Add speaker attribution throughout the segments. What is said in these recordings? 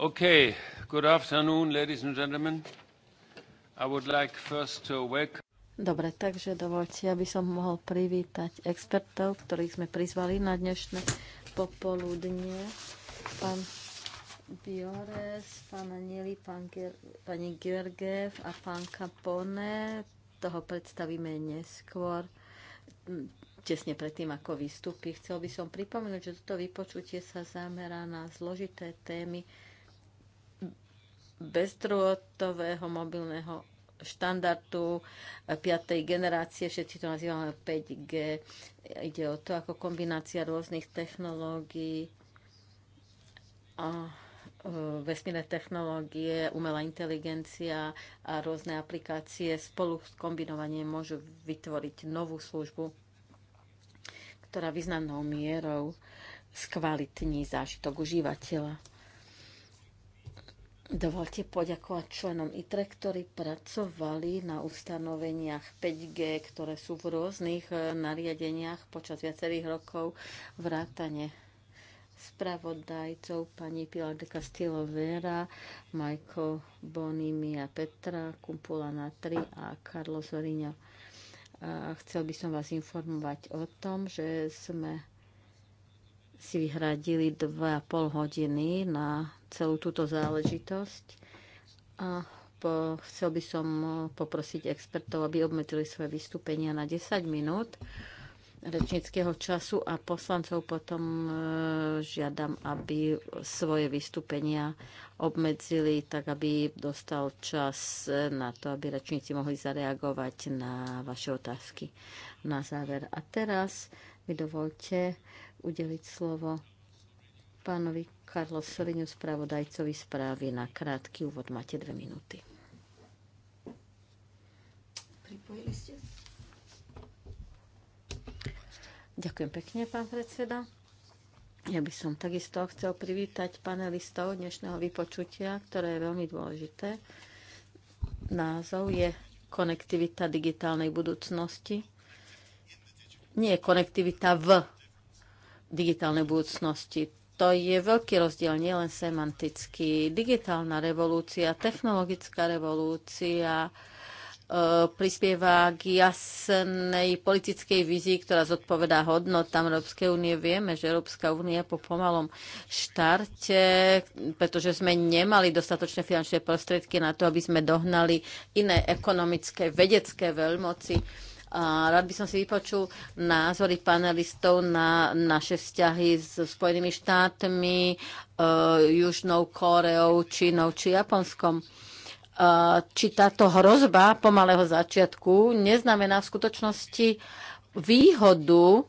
Speaker 1: Okay, good afternoon, ladies and gentlemen. I would like first to welcome...
Speaker 2: Dobre, takže dovolte, aby som mohol privítať expertov, ktorých sme prizvali na dnešné popoludne. Pán Biores, pán Anieli, pán Ger- pani Georgiev a pán Capone. Toho predstavíme neskôr, tesne pred tým, ako vystúpi. Chcel by som pripomenúť, že toto vypočutie sa zamerá na zložité témy bezdrôtového mobilného štandardu 5. E, generácie, všetci to nazývame 5G. Ide o to ako kombinácia rôznych technológií a e, vesmírne technológie, umelá inteligencia a rôzne aplikácie spolu s kombinovaním môžu vytvoriť novú službu, ktorá významnou mierou skvalitní zážitok užívateľa. Dovolte poďakovať členom ITRE, ktorí pracovali na ustanoveniach 5G, ktoré sú v rôznych e, nariadeniach počas viacerých rokov vrátane spravodajcov pani Pilar de Castillo Vera, Michael Bonimia Petra, Kumpula Natri a Karlo Zorino. E, chcel by som vás informovať o tom, že sme si vyhradili 2,5 hodiny na celú túto záležitosť. A po, chcel by som eh, poprosiť expertov, aby obmedzili svoje vystúpenia na 10 minút rečníckého času a poslancov potom eh, žiadam, aby svoje vystúpenia obmedzili, tak aby dostal čas eh, na to, aby rečníci mohli zareagovať na vaše otázky na záver. A teraz mi dovolte udeliť slovo pánovi Karlo Solinu, spravodajcovi správy na krátky úvod. Máte dve minúty.
Speaker 3: Pripojili ste?
Speaker 2: Ďakujem pekne, pán predseda. Ja by som takisto chcel privítať panelistov dnešného vypočutia, ktoré je veľmi dôležité. Názov je Konektivita digitálnej budúcnosti. Nie je konektivita v digitálnej budúcnosti to je veľký rozdiel, nielen semantický. Digitálna revolúcia, technologická revolúcia e, prispieva k jasnej politickej vizii, ktorá zodpovedá hodnotám Európskej únie. Vieme, že Európska únia po pomalom štarte, pretože sme nemali dostatočné finančné prostriedky na to, aby sme dohnali iné ekonomické, vedecké veľmoci, a rád by som si vypočul názory panelistov na naše vzťahy s Spojenými štátmi, e, Južnou Koreou, Čínou či Japonskom. E, či táto hrozba pomalého začiatku neznamená v skutočnosti výhodu e,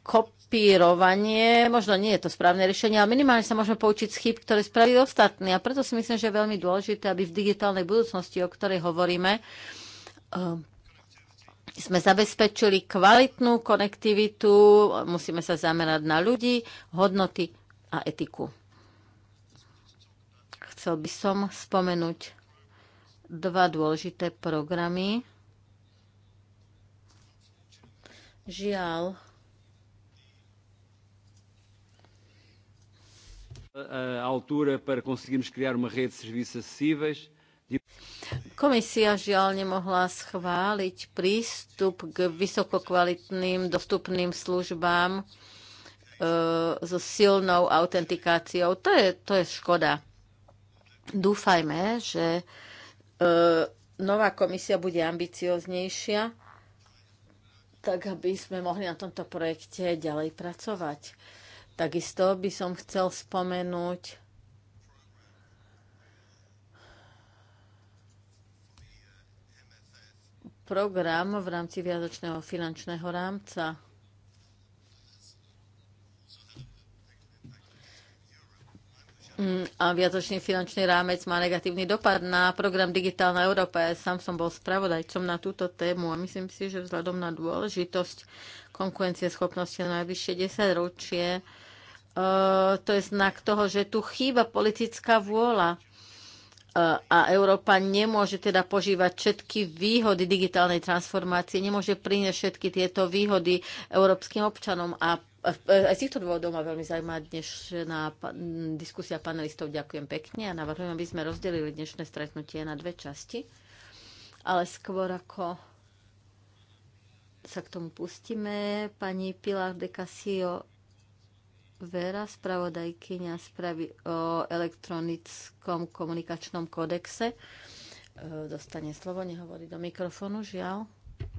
Speaker 2: kopírovanie, možno nie je to správne riešenie, ale minimálne sa môžeme poučiť z chyb, ktoré spravili ostatní. A preto si myslím, že je veľmi dôležité, aby v digitálnej budúcnosti, o ktorej hovoríme, e, sme zabezpečili kvalitnú konektivitu, musíme sa zamerať na ľudí, hodnoty a etiku. Chcel by som spomenúť dva dôležité programy. Žiaľ.
Speaker 1: A altura para conseguirmos criar uma rede de serviços acessíveis
Speaker 2: Komisia žiaľ nemohla schváliť prístup k vysokokvalitným dostupným službám e, so silnou autentikáciou. To je, to je škoda. Dúfajme, že e, nová komisia bude ambicioznejšia, tak aby sme mohli na tomto projekte ďalej pracovať. Takisto by som chcel spomenúť program v rámci viazočného finančného rámca. Mm, a viacočný finančný rámec má negatívny dopad na program Digitálna Európa. Ja sám som bol spravodajcom na túto tému a myslím si, že vzhľadom na dôležitosť konkurencie schopnosti na najvyššie 10 ročie, e, to je znak toho, že tu chýba politická vôľa a Európa nemôže teda požívať všetky výhody digitálnej transformácie, nemôže priniesť všetky tieto výhody európskym občanom a aj z týchto dôvodov ma veľmi zaujíma dnešná diskusia panelistov. Ďakujem pekne a navrhujem, aby sme rozdelili dnešné stretnutie na dve časti. Ale skôr ako sa k tomu pustíme, pani Pilar de Casio Vera, spravodajkyňa spravy o elektronickom komunikačnom kodexe. E, dostane slovo, nehovorí do mikrofónu, žiaľ.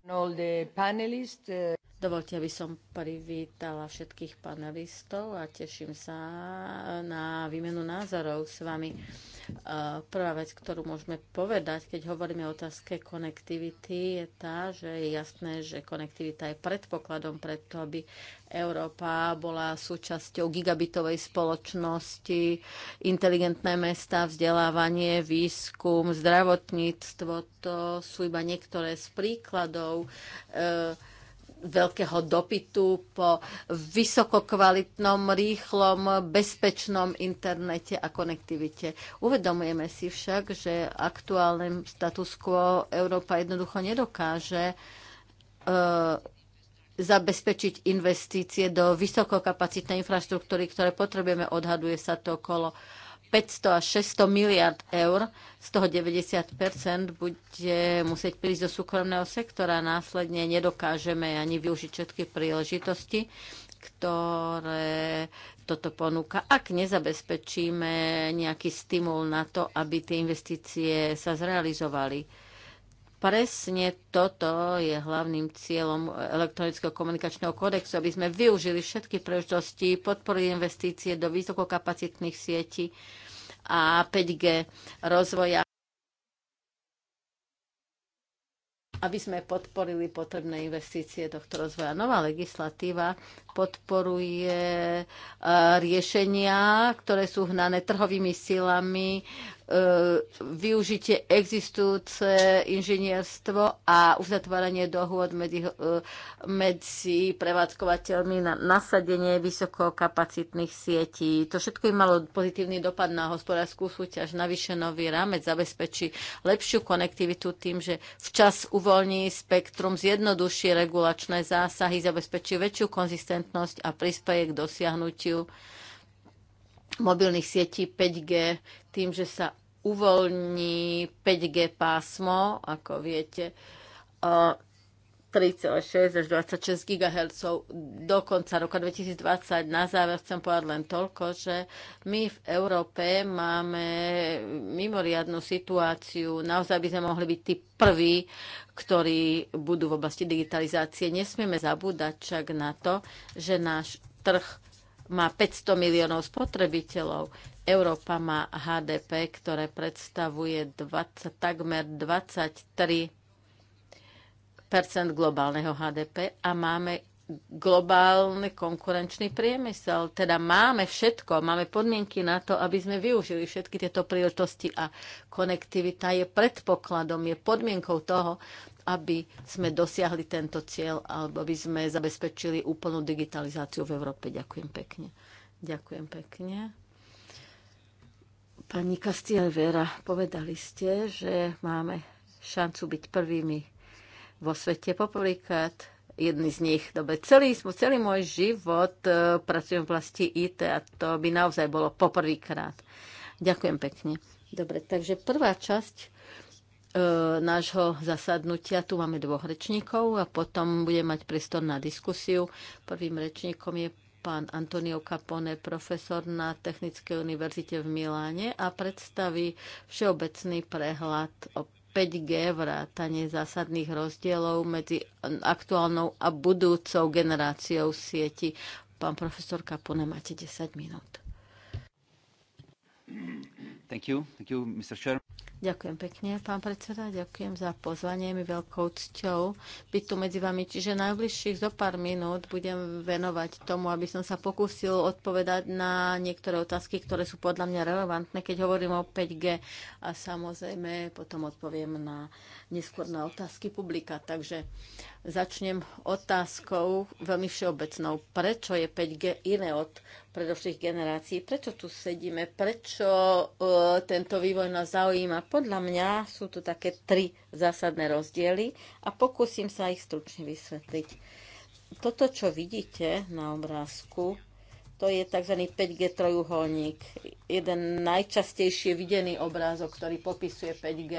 Speaker 2: All the panelists, uh... E, Dovolte, aby som privítala všetkých panelistov a teším sa na výmenu názorov s vami. E, prvá vec, ktorú môžeme povedať, keď hovoríme o otázke konektivity, je tá, že je jasné, že konektivita je predpokladom to, aby Európa bola súčasťou gigabitovej spoločnosti, inteligentné mesta, vzdelávanie, výskum, zdravotníctvo. To sú iba niektoré z príkladov e, veľkého dopytu po vysokokvalitnom, rýchlom, bezpečnom internete a konektivite. Uvedomujeme si však, že aktuálnym status quo Európa jednoducho nedokáže e, zabezpečiť investície do vysokokapacitnej infraštruktúry, ktoré potrebujeme. Odhaduje sa to okolo 500 až 600 miliard eur, z toho 90 bude musieť prísť do súkromného sektora. Následne nedokážeme ani využiť všetky príležitosti, ktoré toto ponúka, ak nezabezpečíme nejaký stimul na to, aby tie investície sa zrealizovali Presne toto je hlavným cieľom elektronického komunikačného kódexu, aby sme využili všetky príležitosti, podporili investície do vysokokapacitných sietí a 5G rozvoja, aby sme podporili potrebné investície tohto rozvoja. Nová legislatíva podporuje eh, riešenia, ktoré sú hnané trhovými silami, E, využitie existujúce inžinierstvo a uzatváranie dohôd medzi, e, medzi prevádzkovateľmi na nasadenie vysokokapacitných sietí. To všetko im malo pozitívny dopad na hospodárskú súťaž. Navyše nový rámec zabezpečí lepšiu konektivitu tým, že včas uvoľní spektrum, zjednoduší regulačné zásahy, zabezpečí väčšiu konzistentnosť a prispieje k dosiahnutiu mobilných sietí 5G, tým, že sa uvoľní 5G pásmo, ako viete, 3,6 až 26 GHz do konca roka 2020. Na záver chcem povedať len toľko, že my v Európe máme mimoriadnú situáciu. Naozaj by sme mohli byť tí prví, ktorí budú v oblasti digitalizácie. Nesmieme zabúdať však na to, že náš trh má 500 miliónov spotrebiteľov. Európa má HDP, ktoré predstavuje 20, takmer 23 globálneho HDP a máme globálny konkurenčný priemysel. Teda máme všetko, máme podmienky na to, aby sme využili všetky tieto príležitosti a konektivita je predpokladom, je podmienkou toho, aby sme dosiahli tento cieľ alebo aby sme zabezpečili úplnú digitalizáciu v Európe. Ďakujem pekne. Ďakujem pekne. Pani Vera, povedali ste, že máme šancu byť prvými vo svete poprvýkrát. Jedný z nich, dobre, celý, celý môj život e, pracujem v vlasti IT a to by naozaj bolo poprvýkrát. Ďakujem pekne. Dobre, takže prvá časť E, nášho zasadnutia. Tu máme dvoch rečníkov a potom bude mať priestor na diskusiu. Prvým rečníkom je pán Antonio Capone, profesor na Technickej univerzite v Miláne a predstaví všeobecný prehľad o 5G vrátanie zásadných rozdielov medzi aktuálnou a budúcou generáciou sieti. Pán profesor Kapone, máte 10 minút.
Speaker 3: Thank you. Thank you, Mr. Chair.
Speaker 2: Ďakujem pekne, pán predseda, ďakujem za pozvanie, mi veľkou cťou byť tu medzi vami. Čiže najbližších zo pár minút budem venovať tomu, aby som sa pokúsil odpovedať na niektoré otázky, ktoré sú podľa mňa relevantné, keď hovorím o 5G a samozrejme potom odpoviem na neskôr na otázky publika. Takže začnem otázkou veľmi všeobecnou. Prečo je 5G iné od predošlých generácií? Prečo tu sedíme? Prečo uh, tento vývoj nás zaujíma? podľa mňa sú tu také tri zásadné rozdiely a pokúsim sa ich stručne vysvetliť. Toto, čo vidíte na obrázku, to je tzv. 5G trojuholník. Jeden najčastejšie videný obrázok, ktorý popisuje 5G.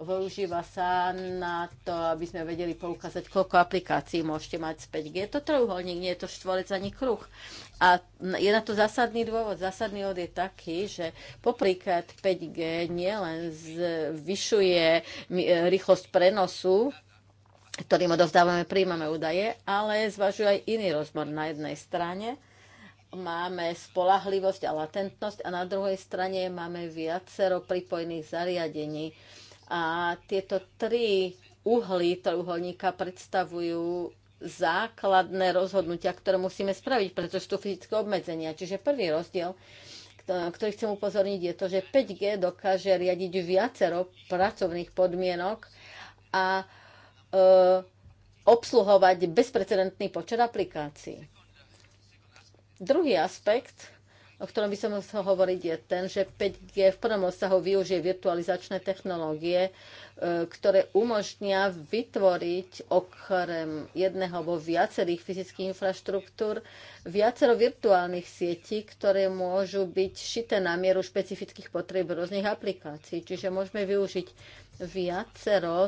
Speaker 2: Využíva sa na to, aby sme vedeli poukázať, koľko aplikácií môžete mať z 5G. Je to trojuholník, nie je to štvorec ani kruh. A je na to zásadný dôvod. Zásadný dôvod je taký, že popríklad 5G nielen zvyšuje rýchlosť prenosu ktorým odovzdávame, príjmame údaje, ale zvažuje aj iný rozmer na jednej strane máme spolahlivosť a latentnosť a na druhej strane máme viacero pripojených zariadení. A tieto tri uhly trojuholníka predstavujú základné rozhodnutia, ktoré musíme spraviť, pretože sú fyzické obmedzenia. Čiže prvý rozdiel, ktorý chcem upozorniť, je to, že 5G dokáže riadiť viacero pracovných podmienok a e, obsluhovať bezprecedentný počet aplikácií. Druhý aspekt, o ktorom by som musel hovoriť, je ten, že 5G v prvom rozsahu využije virtualizačné technológie, e, ktoré umožnia vytvoriť okrem jedného alebo viacerých fyzických infraštruktúr viacero virtuálnych sietí, ktoré môžu byť šité na mieru špecifických potrieb rôznych aplikácií. Čiže môžeme využiť viacero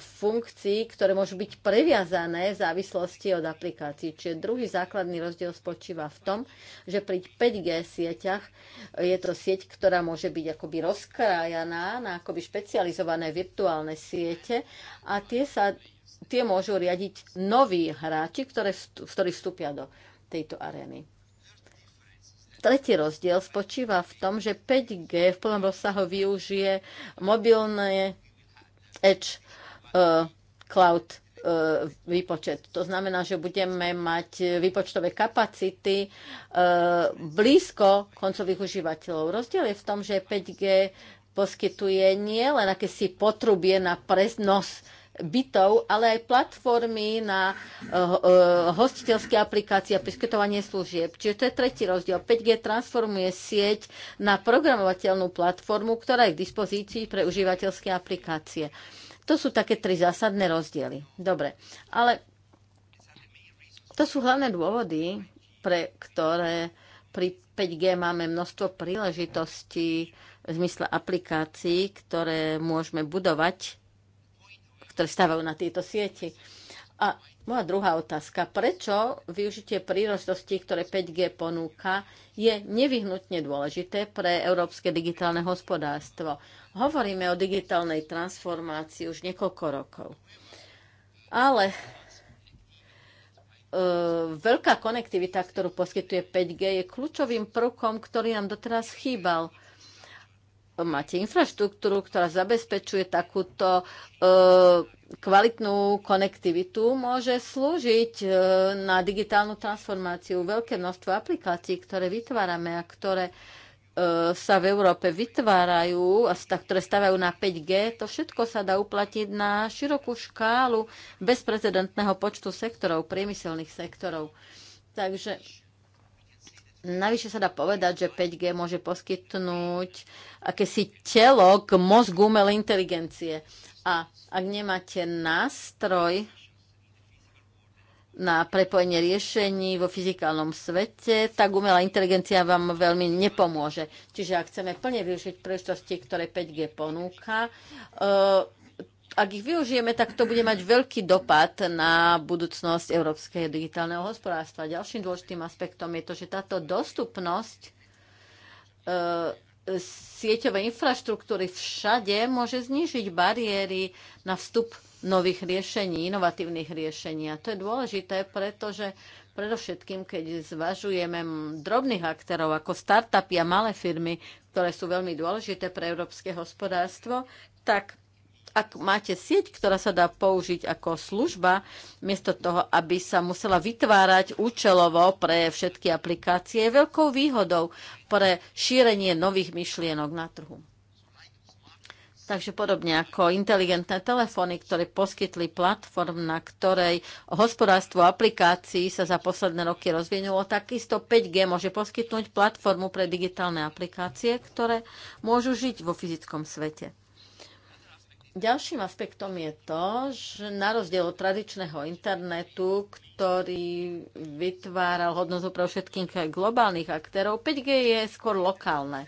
Speaker 2: funkcií, ktoré môžu byť previazané v závislosti od aplikácií. Čiže druhý základný rozdiel spočíva v tom, že pri 5G sieťach je to sieť, ktorá môže byť akoby rozkrájaná na akoby špecializované virtuálne siete a tie sa tie môžu riadiť noví hráči, ktoré, ktorí vstúpia do tejto arény. Tretí rozdiel spočíva v tom, že 5G v plnom rozsahu využije mobilné edge Eh, cloud eh, výpočet. To znamená, že budeme mať výpočtové kapacity eh, blízko koncových užívateľov. Rozdiel je v tom, že 5G poskytuje nie len akési potrubie na preznos bytov, ale aj platformy na hostiteľské aplikácie a poskytovanie služieb. Čiže to je tretí rozdiel. 5G transformuje sieť na programovateľnú platformu, ktorá je k dispozícii pre užívateľské aplikácie. To sú také tri zásadné rozdiely. Dobre, ale to sú hlavné dôvody, pre ktoré pri 5G máme množstvo príležitostí v zmysle aplikácií, ktoré môžeme budovať, ktoré stavajú na tieto sieti. A moja druhá otázka. Prečo využitie príležitostí, ktoré 5G ponúka, je nevyhnutne dôležité pre európske digitálne hospodárstvo? Hovoríme o digitálnej transformácii už niekoľko rokov. Ale e, veľká konektivita, ktorú poskytuje 5G, je kľúčovým prvkom, ktorý nám doteraz chýbal máte infraštruktúru, ktorá zabezpečuje takúto e, kvalitnú konektivitu, môže slúžiť e, na digitálnu transformáciu. Veľké množstvo aplikácií, ktoré vytvárame a ktoré e, E, sa v Európe vytvárajú, a ktoré stavajú na 5G, to všetko sa dá uplatiť na širokú škálu bezprecedentného počtu sektorov, priemyselných sektorov. Takže Navyše sa dá povedať, že 5G môže poskytnúť akési telo k mozgu umelej inteligencie. A ak nemáte nástroj, na prepojenie riešení vo fyzikálnom svete, tak umelá inteligencia vám veľmi nepomôže. Čiže ak chceme plne využiť príležitosti, ktoré 5G ponúka, eh, ak ich využijeme, tak to bude mať veľký dopad na budúcnosť európskeho digitálneho hospodárstva. Ďalším dôležitým aspektom je to, že táto dostupnosť eh, sieťovej infraštruktúry všade môže znížiť bariéry na vstup nových riešení, inovatívnych riešení. A to je dôležité, pretože predovšetkým, keď zvažujeme drobných aktérov ako startupy a malé firmy, ktoré sú veľmi dôležité pre európske hospodárstvo, tak ak máte sieť, ktorá sa dá použiť ako služba, miesto toho, aby sa musela vytvárať účelovo pre všetky aplikácie, je veľkou výhodou pre šírenie nových myšlienok na trhu. Takže podobne ako inteligentné telefóny, ktoré poskytli platform, na ktorej hospodárstvo aplikácií sa za posledné roky rozvinulo, takisto 5G môže poskytnúť platformu pre digitálne aplikácie, ktoré môžu žiť vo fyzickom svete. Ďalším aspektom je to, že na rozdiel od tradičného internetu, ktorý vytváral hodnotu pre všetkých globálnych aktérov, 5G je skôr lokálne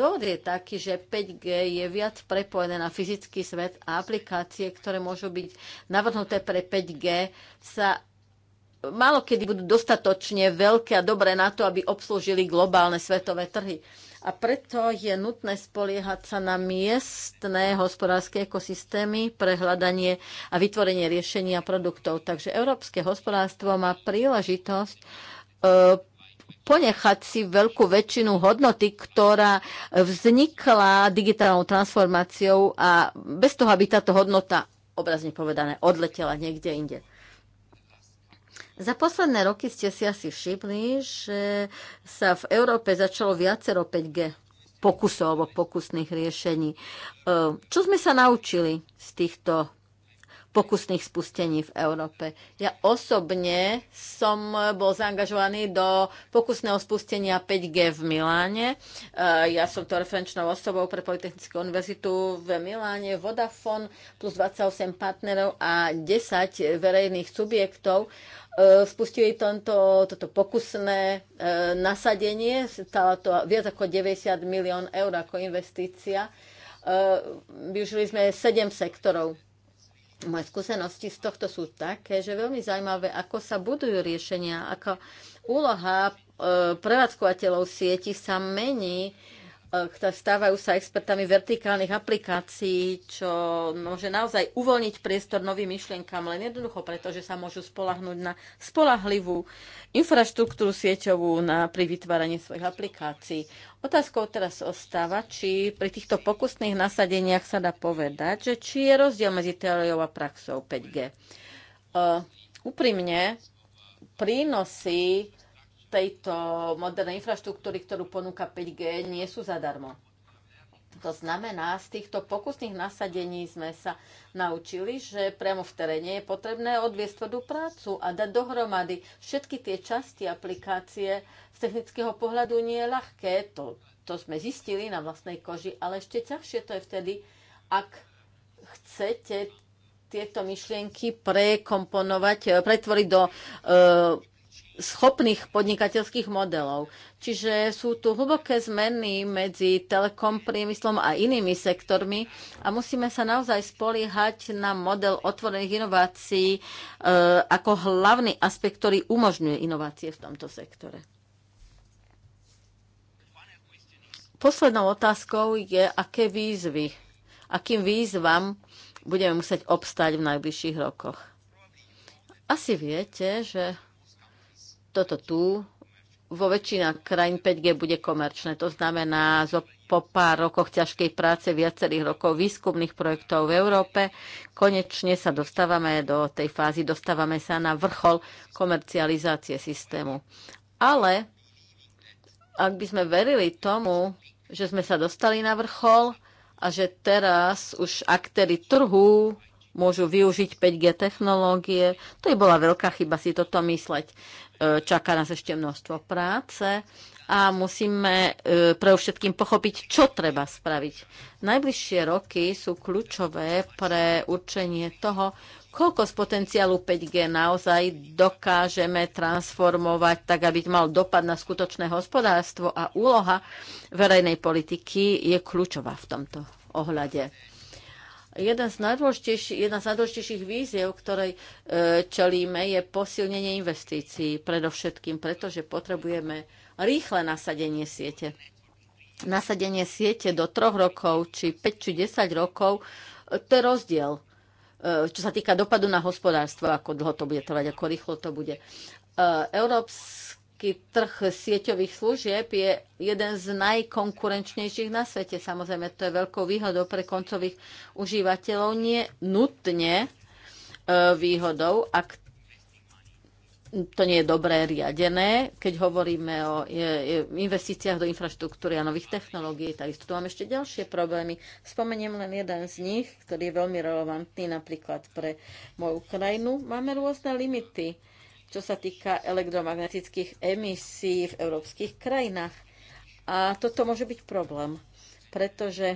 Speaker 2: Dôvod je taký, že 5G je viac prepojené na fyzický svet a aplikácie, ktoré môžu byť navrhnuté pre 5G, sa málo kedy budú dostatočne veľké a dobré na to, aby obslúžili globálne svetové trhy a preto je nutné spoliehať sa na miestne hospodárske ekosystémy pre hľadanie a vytvorenie riešenia produktov. Takže európske hospodárstvo má príležitosť e, ponechať si veľkú väčšinu hodnoty, ktorá vznikla digitálnou transformáciou a bez toho, aby táto hodnota, obrazne povedané, odletela niekde inde. Za posledné roky ste si asi všimli, že sa v Európe začalo viacero 5G pokusov alebo pokusných riešení. E, čo sme sa naučili z týchto pokusných spustení v Európe. Ja osobne som bol zaangažovaný do pokusného spustenia 5G v Miláne. E, ja som to referenčnou osobou pre Politechnickú univerzitu v Miláne, Vodafone plus 28 partnerov a 10 verejných subjektov e, spustili tento, toto pokusné e, nasadenie. Stalo to viac ako 90 milión eur ako investícia. Využili sme 7 sektorov moje skúsenosti z tohto sú také, že veľmi zaujímavé, ako sa budujú riešenia, ako úloha e, prevádzkovateľov sieti sa mení E, stávajú sa expertami vertikálnych aplikácií, čo môže naozaj uvoľniť priestor novým myšlienkam, len jednoducho preto, že sa môžu spolahnúť na spolahlivú infraštruktúru sieťovú na, pri vytváraní svojich aplikácií. Otázkou teraz ostáva, či pri týchto pokusných nasadeniach sa dá povedať, že či je rozdiel medzi teóriou a praxou 5G. Uh, úprimne, prínosy tejto modernej infraštruktúry, ktorú ponúka 5G, nie sú zadarmo. To znamená, z týchto pokusných nasadení sme sa naučili, že priamo v teréne je potrebné odviesť tvrdú prácu a dať dohromady všetky tie časti aplikácie. Z technického pohľadu nie je ľahké, to, to sme zistili na vlastnej koži, ale ešte ťažšie to je vtedy, ak chcete tieto myšlienky prekomponovať, pretvoriť do uh, schopných podnikateľských modelov. Čiže sú tu hlboké zmeny medzi telekom, priemyslom a inými sektormi a musíme sa naozaj spoliehať na model otvorených inovácií e, ako hlavný aspekt, ktorý umožňuje inovácie v tomto sektore. Poslednou otázkou je, aké výzvy, akým výzvam budeme musieť obstať v najbližších rokoch. Asi viete, že toto tu vo väčšina krajín 5G bude komerčné. To znamená, zo, po pár rokoch ťažkej práce, viacerých rokov výskumných projektov v Európe, konečne sa dostávame do tej fázy, dostávame sa na vrchol komercializácie systému. Ale ak by sme verili tomu, že sme sa dostali na vrchol a že teraz už aktéry trhu môžu využiť 5G technológie. To je bola veľká chyba si toto mysleť. E, čaká nás ešte množstvo práce a musíme e, pre všetkým pochopiť, čo treba spraviť. Najbližšie roky sú kľúčové pre určenie toho, koľko z potenciálu 5G naozaj dokážeme transformovať tak, aby mal dopad na skutočné hospodárstvo a úloha verejnej politiky je kľúčová v tomto ohľade. Jeden z jedna z najdôležitejších víziev, ktorej e, čelíme, je posilnenie investícií, predovšetkým pretože potrebujeme rýchle nasadenie siete. Nasadenie siete do troch rokov, či 5, či 10 rokov, e, to je rozdiel, e, čo sa týka dopadu na hospodárstvo, ako dlho to bude trvať, ako rýchlo to bude. Európsky slovenský trh sieťových služieb je jeden z najkonkurenčnejších na svete. Samozrejme, to je veľkou výhodou pre koncových užívateľov, nie nutne e, výhodou, ak to nie je dobré riadené, keď hovoríme o e, e, investíciách do infraštruktúry a nových technológií. Takisto tu máme ešte ďalšie problémy. Spomeniem len jeden z nich, ktorý je veľmi relevantný napríklad pre moju krajinu. Máme rôzne limity čo sa týka elektromagnetických emisí v európskych krajinách. A toto môže byť problém, pretože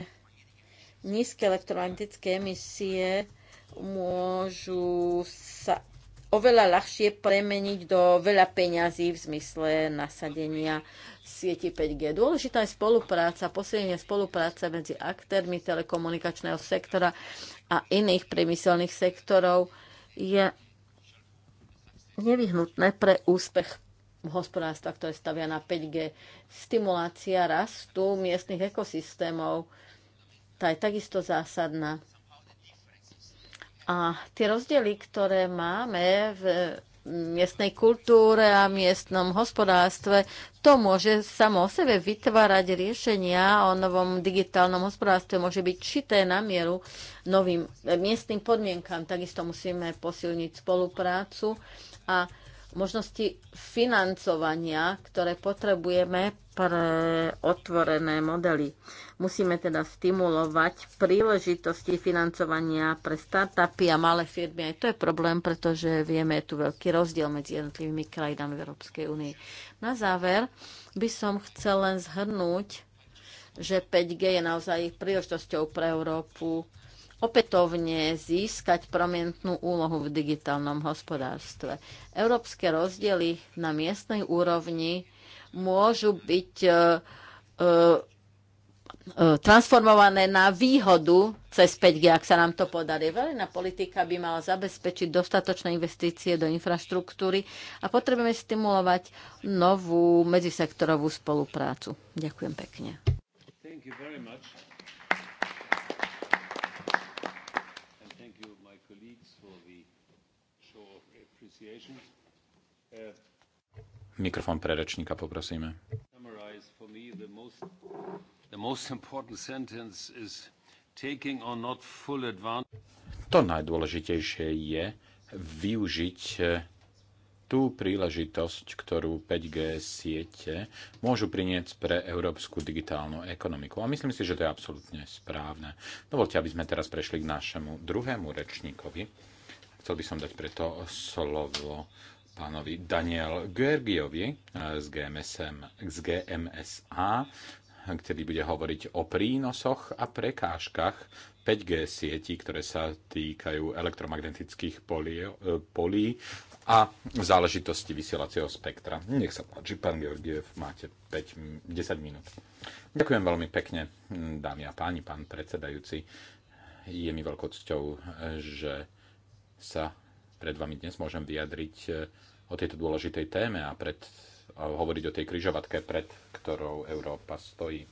Speaker 2: nízke elektromagnetické emisie môžu sa oveľa ľahšie premeniť do veľa peňazí v zmysle nasadenia sieti 5G. Dôležitá je spolupráca, posilnenie spolupráce medzi aktérmi telekomunikačného sektora a iných priemyselných sektorov je nevyhnutné pre úspech hospodárstva, ktoré stavia na 5G. Stimulácia rastu miestnych ekosystémov, tá je takisto zásadná. A tie rozdiely, ktoré máme v miestnej kultúre a miestnom hospodárstve, to môže samo o sebe vytvárať riešenia o novom digitálnom hospodárstve, môže byť čité na mieru novým miestnym podmienkam. Takisto musíme posilniť spoluprácu a možnosti financovania, ktoré potrebujeme pre otvorené modely. Musíme teda stimulovať príležitosti financovania pre startupy a malé firmy. Aj to je problém, pretože vieme, je tu veľký rozdiel medzi jednotlivými krajinami v Európskej únie. Na záver by som chcel len zhrnúť, že 5G je naozaj príležitosťou pre Európu opätovne získať promientnú úlohu v digitálnom hospodárstve. Európske rozdiely na miestnej úrovni môžu byť e, e, transformované na výhodu cez 5G, ak sa nám to podarí. Verejná politika by mala zabezpečiť dostatočné investície do infraštruktúry a potrebujeme stimulovať novú medzisektorovú spoluprácu. Ďakujem pekne.
Speaker 1: Uh,
Speaker 4: mikrofón pre rečníka poprosíme. To najdôležitejšie je využiť eh, tú príležitosť, ktorú 5G siete môžu priniesť pre európsku digitálnu ekonomiku. A myslím si, že to je absolútne správne. Dovolte, aby sme teraz prešli k našemu druhému rečníkovi Chcel by som dať preto slovo pánovi Daniel Gergiovi z, GMSM, z GMSA, ktorý bude hovoriť o prínosoch a prekážkach 5G sietí, ktoré sa týkajú elektromagnetických polí, polí a záležitosti vysielacieho spektra. Nech sa páči, pán Georgiev, máte 5, 10 minút. Ďakujem veľmi pekne, dámy a páni, pán predsedajúci. Je mi veľkou cťou, že sa pred vami dnes môžem vyjadriť e, o tejto dôležitej téme a, pred, a hovoriť o tej kryžovatke, pred ktorou Európa stojí.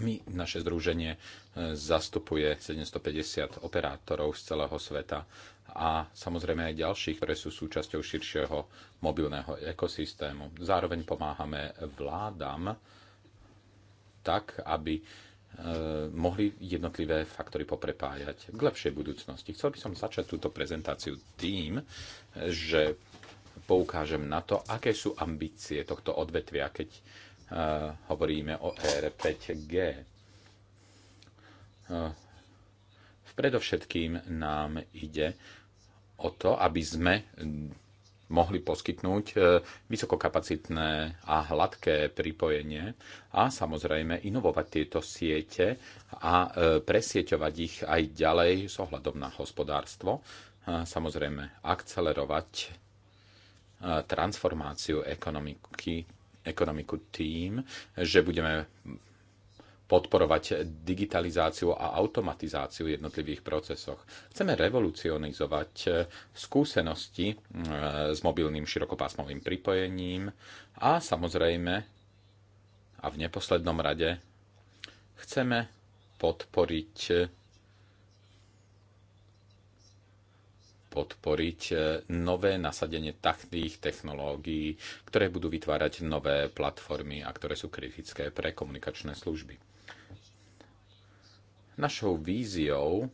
Speaker 4: My, naše združenie, e, zastupuje 750 operátorov z celého sveta a samozrejme aj ďalších, ktoré sú súčasťou širšieho mobilného ekosystému. Zároveň pomáhame vládam tak, aby Eh, mohli jednotlivé faktory poprepájať k lepšej budúcnosti. Chcel by som začať túto prezentáciu tým, že poukážem na to, aké sú ambície tohto odvetvia, keď eh, hovoríme o ére 5G. Eh, predovšetkým nám ide o to, aby sme mohli poskytnúť e, vysokokapacitné a hladké pripojenie a samozrejme inovovať tieto siete a e, presieťovať ich aj ďalej s ohľadom na hospodárstvo, a e, samozrejme akcelerovať transformáciu ekonomiky ekonomiku tým, že budeme podporovať digitalizáciu a automatizáciu jednotlivých procesoch. Chceme revolucionizovať eh, skúsenosti eh, s mobilným širokopásmovým pripojením a samozrejme a v neposlednom rade chceme podporiť podporiť eh, nové nasadenie takých technológií, ktoré budú vytvárať nové platformy a ktoré sú kritické pre komunikačné služby. Našou víziou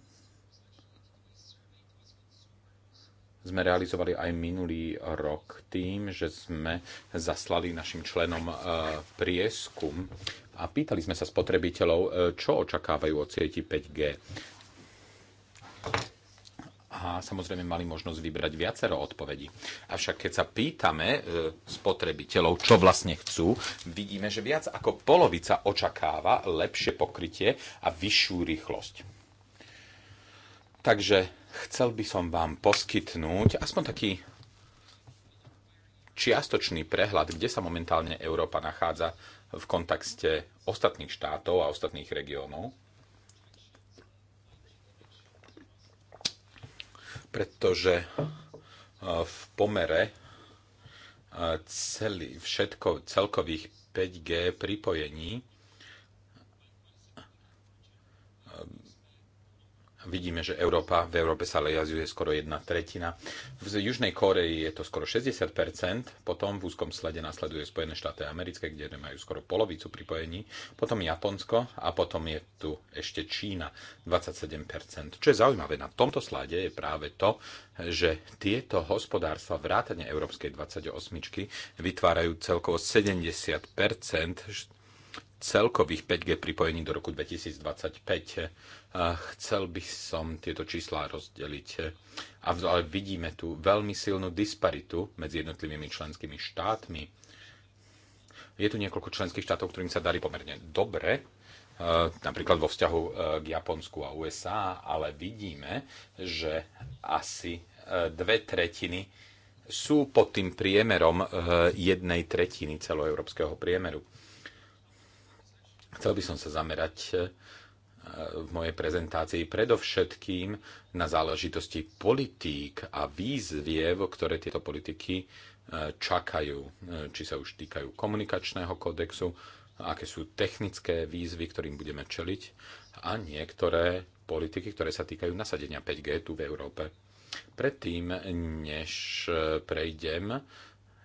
Speaker 4: sme realizovali aj minulý rok tým, že sme zaslali našim členom e, prieskum a pýtali sme sa spotrebiteľov, e, čo očakávajú od sieti 5G a samozrejme mali možnosť vybrať viacero odpovedí. Avšak keď sa pýtame e, spotrebiteľov, čo vlastne chcú, vidíme, že viac ako polovica očakáva lepšie pokrytie a vyššiu rýchlosť. Takže chcel by som vám poskytnúť aspoň taký čiastočný prehľad, kde sa momentálne Európa nachádza v kontexte ostatných štátov a ostatných regiónov pretože v pomere celý, všetko, celkových 5G pripojení vidíme, že Európa, v Európe sa lejazuje skoro jedna tretina. V Južnej Koreji je to skoro 60%, potom v úzkom slede nasleduje Spojené štáty americké, kde majú skoro polovicu pripojení, potom Japonsko a potom je tu ešte Čína 27%. Čo je zaujímavé na tomto slade je práve to, že tieto hospodárstva vrátane Európskej 28 vytvárajú celkovo 70% celkových 5G pripojení do roku 2025. Chcel by som tieto čísla rozdeliť, ale vidíme tu veľmi silnú disparitu medzi jednotlivými členskými štátmi. Je tu niekoľko členských štátov, ktorým sa darí pomerne dobre, e, napríklad vo vzťahu e, k Japonsku a USA, ale vidíme, že asi e, dve tretiny sú pod tým priemerom jednej tretiny celoeurópskeho priemeru Chcel by som sa zamerať e, v mojej prezentácii predovšetkým na záležitosti politík a výzviev, ktoré tieto politiky e, čakajú. E, či sa už týkajú komunikačného kódexu, aké sú technické výzvy, ktorým budeme čeliť a niektoré politiky, ktoré sa týkajú nasadenia 5G tu v Európe. Predtým, než prejdem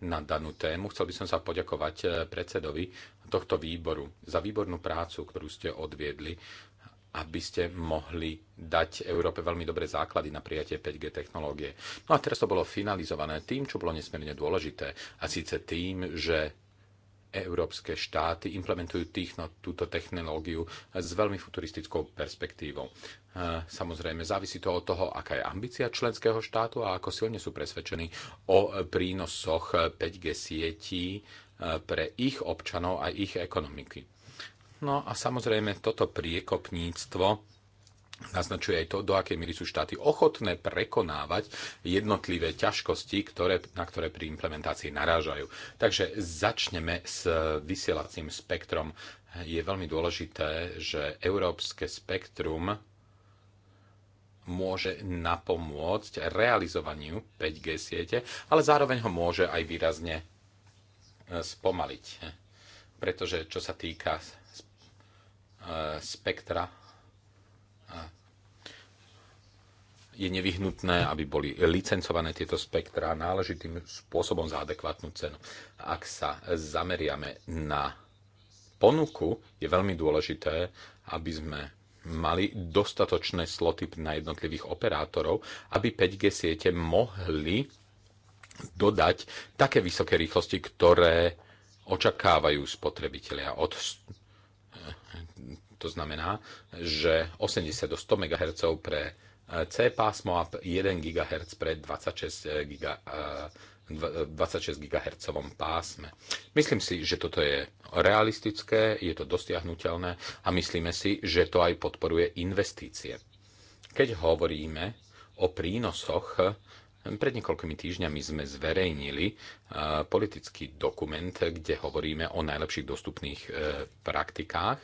Speaker 4: na danú tému, chcel by som sa poďakovať predsedovi tohto výboru za výbornú prácu, ktorú ste odviedli, aby ste mohli dať Európe veľmi dobré základy na prijatie 5G technológie. No a teraz to bolo finalizované tým, čo bolo nesmierne dôležité, a síce tým, že európske štáty implementujú týchno, túto technológiu s veľmi futuristickou perspektívou. Samozrejme, závisí to od toho, aká je ambícia členského štátu a ako silne sú presvedčení o prínosoch 5G sietí pre ich občanov a ich ekonomiky. No a samozrejme toto priekopníctvo naznačuje aj to, do akej miery sú štáty ochotné prekonávať jednotlivé ťažkosti, ktoré, na ktoré pri implementácii narážajú. Takže začneme s vysielacím spektrom. Je veľmi dôležité, že európske spektrum môže napomôcť realizovaniu 5G siete, ale zároveň ho môže aj výrazne spomaliť. Pretože čo sa týka eh, spektra, eh, je nevyhnutné, aby boli licencované tieto spektra náležitým spôsobom za adekvátnu cenu. Ak sa zameriame na ponuku, je veľmi dôležité, aby sme mali dostatočné sloty na jednotlivých operátorov, aby 5G siete mohli dodať také vysoké rýchlosti, ktoré očakávajú spotrebitelia. Od, eh, to znamená, že 80 do 100 MHz pre eh, C pásmo a 1 GHz pre 26 GHz 26 GHz pásme. Myslím si, že toto je realistické, je to dosiahnutelné a myslíme si, že to aj podporuje investície. Keď hovoríme o prínosoch pred niekoľkými týždňami sme zverejnili e, politický dokument, kde hovoríme o najlepších dostupných e, praktikách.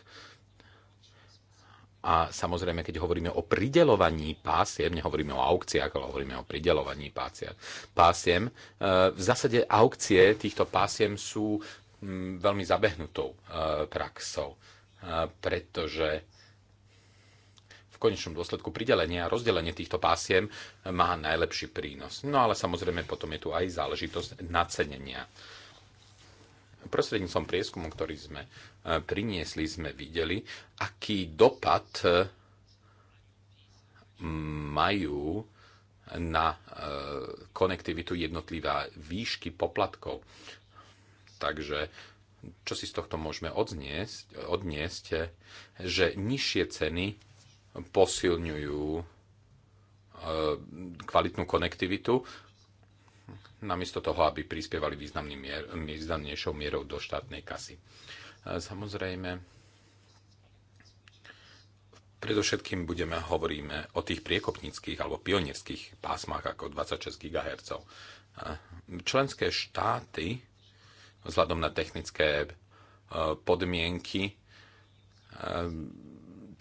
Speaker 4: A samozrejme, keď hovoríme o pridelovaní pásiem, nehovoríme o aukciách, ale hovoríme o pridelovaní pásiem, e, v zásade aukcie týchto pásiem sú mm, veľmi zabehnutou praxou, pretože konečnom dôsledku pridelenie a rozdelenie týchto pásiem má najlepší prínos. No ale samozrejme potom je tu aj záležitosť nacenenia. Prostredníctvom prieskumu, ktorý sme e, priniesli, sme videli, aký dopad e, majú na e, konektivitu jednotlivá výšky poplatkov. Takže čo si z tohto môžeme odniesť, odniesť že nižšie ceny posilňujú e, kvalitnú konektivitu, namiesto toho, aby prispievali mier, významnejšou mierou do štátnej kasy. Samozrejme, predovšetkým budeme hovoríme o tých priekopníckých alebo pionierských pásmach ako 26 GHz. Členské štáty vzhľadom na technické e, podmienky e,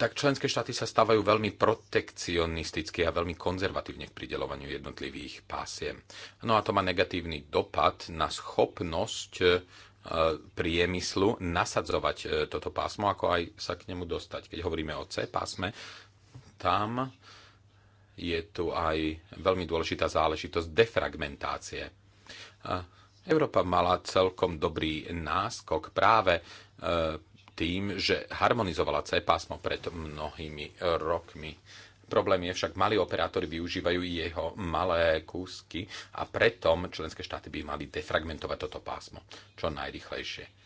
Speaker 4: tak členské štáty sa stávajú veľmi protekcionisticky a veľmi konzervatívne v prideľovaniu jednotlivých pásiem. No a to má negatívny dopad na schopnosť e, priemyslu nasadzovať e, toto pásmo, ako aj sa k nemu dostať. Keď hovoríme o C pásme, tam je tu aj veľmi dôležitá záležitosť defragmentácie. Európa mala celkom dobrý náskok práve e, tým, že harmonizovala C pásmo pred mnohými rokmi. Problém je však, malí operátori využívajú jeho malé kúsky a preto členské štáty by mali defragmentovať toto pásmo čo najrychlejšie.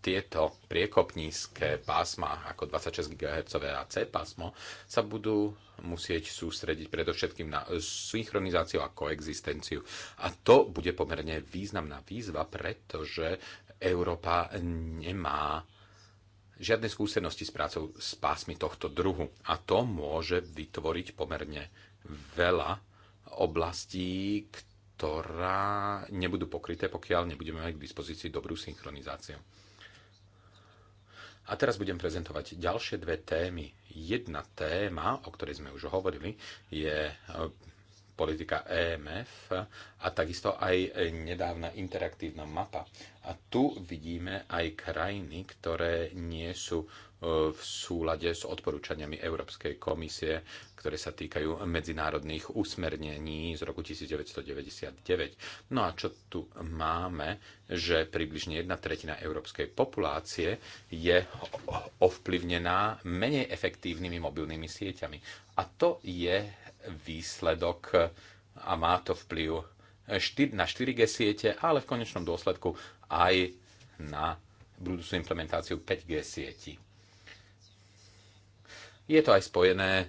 Speaker 4: Tieto priekopnícke pásma ako 26 GHz a C pásmo sa budú musieť sústrediť predovšetkým na synchronizáciu a koexistenciu. A to bude pomerne významná výzva, pretože Európa nemá žiadne skúsenosti s prácou s pásmi tohto druhu. A to môže vytvoriť pomerne veľa oblastí, ktorá nebudú pokryté, pokiaľ nebudeme mať k dispozícii dobrú synchronizáciu. A teraz budem prezentovať ďalšie dve témy. Jedna téma, o ktorej sme už hovorili, je politika EMF a takisto aj nedávna interaktívna mapa. A tu vidíme aj krajiny, ktoré nie sú e, v súlade s odporúčaniami Európskej komisie, ktoré sa týkajú medzinárodných usmernení z roku 1999. No a čo tu máme, že približne jedna tretina európskej populácie je ovplyvnená menej efektívnymi mobilnými sieťami. A to je výsledok eh, a má to vplyv eh, na 4G siete, ale v konečnom dôsledku aj na budúcu implementáciu 5G sieti. Je to aj spojené eh,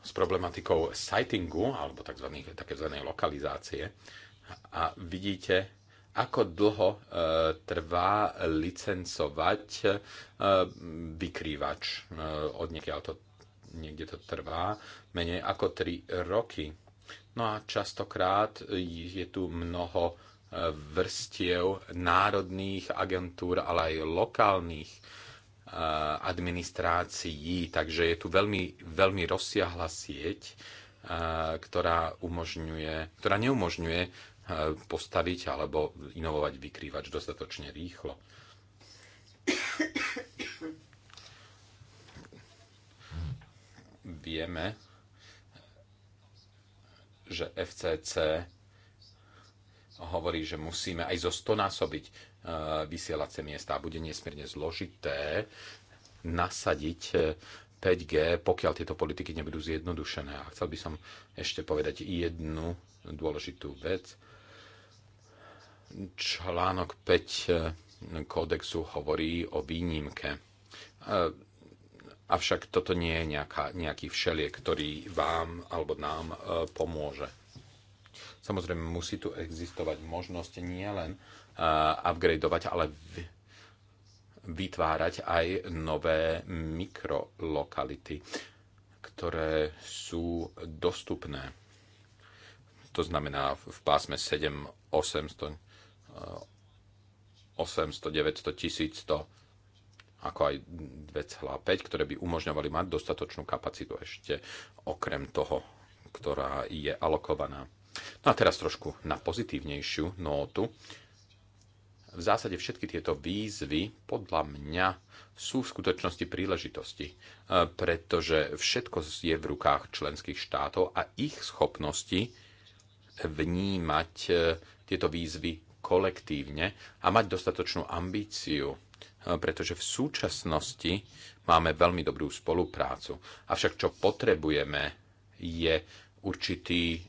Speaker 4: s problematikou sightingu, alebo tzv. tzv. lokalizácie. A vidíte, ako dlho trvá licencovať vykrývač. Od niekiaľ to niekde to trvá menej ako 3 roky. No a častokrát je tu mnoho e, vrstiev národných agentúr, ale aj lokálnych e, administrácií. Takže je tu veľmi, veľmi rozsiahla sieť, e, ktorá, umožňuje, ktorá neumožňuje postaviť alebo inovovať vykrývač dostatočne rýchlo. Vieme, že FCC hovorí, že musíme aj zo 100 násobiť e, vysielacie miesta a bude nesmierne zložité nasadiť 5G, e, pokiaľ tieto politiky nebudú zjednodušené. A chcel by som ešte povedať jednu dôležitú vec. Článok 5 e, kódexu hovorí o výnimke. Avšak toto nie je nejaká, nejaký všeliek, ktorý vám alebo nám e, pomôže. Samozrejme, musí tu existovať možnosť nielen e, upgradeovať, ale v, vytvárať aj nové mikrolokality, ktoré sú dostupné. To znamená v pásme 7, 800, 800 900, 1100 ako aj 2,5, ktoré by umožňovali mať dostatočnú kapacitu ešte okrem toho, ktorá je alokovaná. No a teraz trošku na pozitívnejšiu nótu. V zásade všetky tieto výzvy podľa mňa sú v skutočnosti príležitosti, e, pretože všetko je v rukách členských štátov a ich schopnosti vnímať e, tieto výzvy kolektívne a mať dostatočnú ambíciu pretože v súčasnosti máme veľmi dobrú spoluprácu. Avšak čo potrebujeme je určitý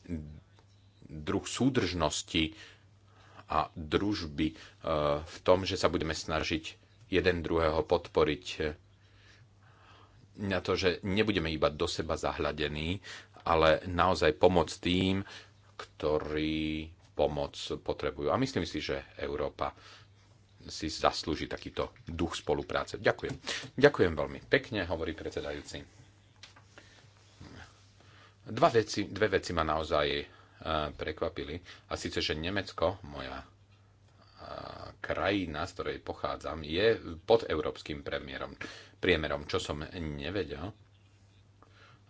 Speaker 4: druh súdržnosti a družby e, v tom, že sa budeme snažiť jeden druhého podporiť na to, že nebudeme iba do seba zahľadení, ale naozaj pomoc tým, ktorí pomoc potrebujú. A myslím si, že Európa si zaslúži takýto duch spolupráce. Ďakujem. Ďakujem veľmi pekne, hovorí predsedajúci. Dva veci, dve veci ma naozaj e, prekvapili. A síce, že Nemecko, moja e, krajina, z ktorej pochádzam, je pod európskym premiérom, priemerom, čo som nevedel,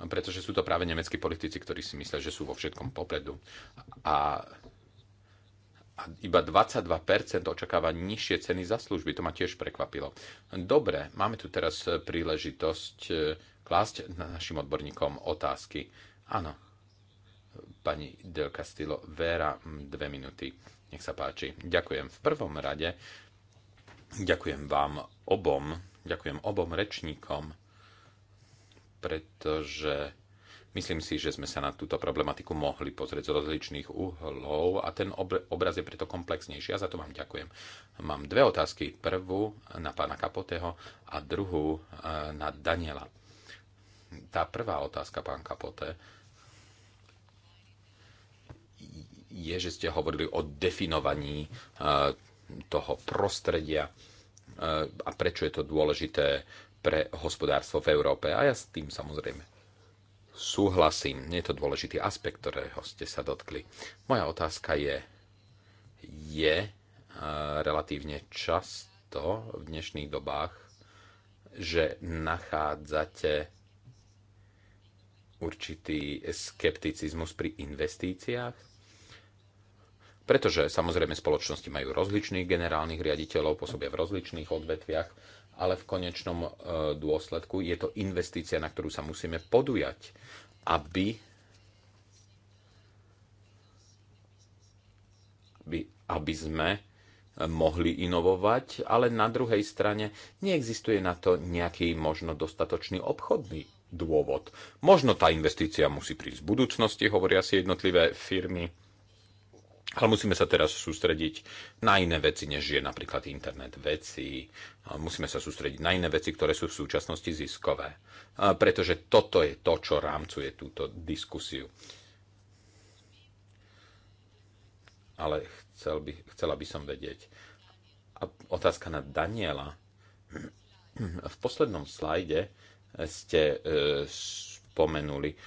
Speaker 4: pretože sú to práve nemeckí politici, ktorí si myslia, že sú vo všetkom popredu. A a iba 22% očakáva nižšie ceny za služby. To ma tiež prekvapilo. Dobre, máme tu teraz príležitosť e, klásť našim odborníkom otázky. Áno, pani Del Castillo Vera, dve minúty. Nech sa páči. Ďakujem v prvom rade. Ďakujem vám obom. Ďakujem obom rečníkom, pretože Myslím si, že sme sa na túto problematiku mohli pozrieť z rozličných uhlov a ten obraz je preto komplexnejší a za to vám ďakujem. Mám dve otázky. Prvú na pána Kapoteho a druhú e, na Daniela. Tá prvá otázka, pán Kapote, je, že ste hovorili o definovaní e, toho prostredia e, a prečo je to dôležité pre hospodárstvo v Európe. A ja s tým samozrejme Súhlasím, je to dôležitý aspekt, ktorého ste sa dotkli. Moja otázka je, je e, relatívne často v dnešných dobách, že nachádzate určitý skepticizmus pri investíciách? Pretože samozrejme spoločnosti majú rozličných generálnych riaditeľov, pôsobia v rozličných odvetviach ale v konečnom e, dôsledku je to investícia, na ktorú sa musíme podujať, aby, aby, aby sme e, mohli inovovať, ale na druhej strane neexistuje na to nejaký možno dostatočný obchodný dôvod. Možno tá investícia musí prísť v budúcnosti, hovoria si jednotlivé firmy ale musíme sa teraz sústrediť na iné veci, než je napríklad internet veci. Musíme sa sústrediť na iné veci, ktoré sú v súčasnosti ziskové. Pretože toto je to, čo rámcuje túto diskusiu. Ale chcel by, chcela by som vedieť. A otázka na Daniela. V poslednom slajde ste e, spomenuli e,